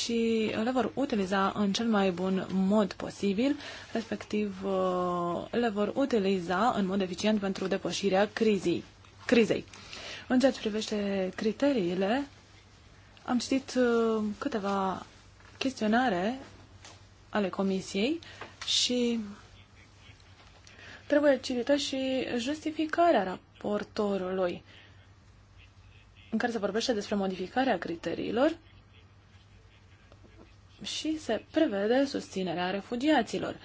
și le vor utiliza în cel mai bun mod posibil, respectiv uh, le vor utiliza în mod eficient pentru depășirea crizii, crizei. În ceea ce privește criteriile, am citit uh, câteva chestionare ale comisiei și trebuie citită și justificarea raportorului în care se vorbește despre modificarea criteriilor și se prevede susținerea refugiaților.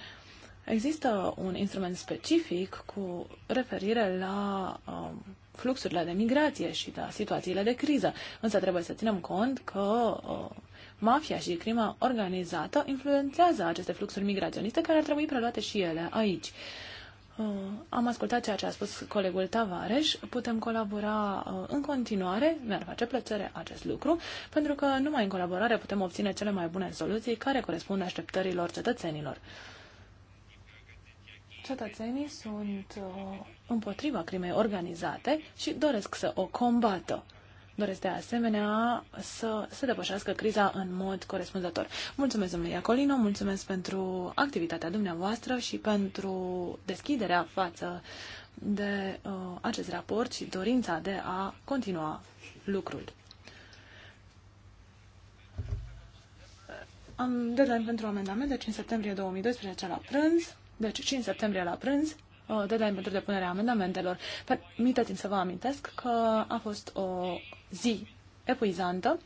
Există un instrument specific cu referire la um, fluxurile de migrație și la situațiile de criză, însă trebuie să ținem cont că uh, mafia și crima organizată influențează aceste fluxuri migraționiste care ar trebui preluate și ele aici. Uh, Uh, am ascultat ceea ce a spus colegul Tavares. Putem colabora uh, în continuare, mi-ar face plăcere acest lucru, pentru că numai în colaborare putem obține cele mai bune soluții care corespund așteptărilor cetățenilor. Cetățenii sunt uh, împotriva crimei organizate și doresc să o combată. Doresc de asemenea să se depășească criza în mod corespunzător. Mulțumesc, domnule Iacolino, mulțumesc pentru activitatea dumneavoastră și pentru deschiderea față de uh, acest raport și dorința de a continua lucrul. Am deadline pentru amendamente 5 septembrie 2012 la prânz, deci 5 septembrie la prânz, Uh, deadline pentru depunerea amendamentelor. Permiteți-mi să vă amintesc că a fost o zi epuizantă.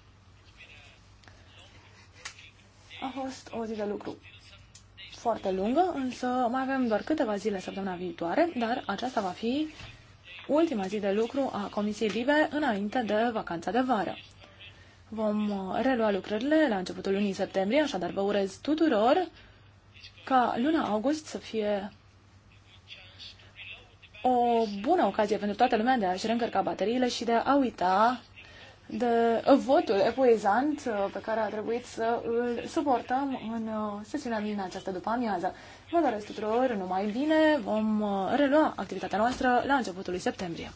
A fost o zi de lucru foarte lungă, însă mai avem doar câteva zile săptămâna viitoare, dar aceasta va fi ultima zi de lucru a Comisiei Libe înainte de vacanța de vară. Vom uh, relua lucrările la începutul lunii septembrie, așadar vă urez tuturor ca luna august să fie o bună ocazie pentru toată lumea de a-și reîncărca bateriile și de a uita de votul epuizant uh, pe care a trebuit să îl suportăm în uh, sesiunea din această după amiază. Vă doresc tuturor numai bine, vom uh, relua activitatea noastră la începutul lui septembrie.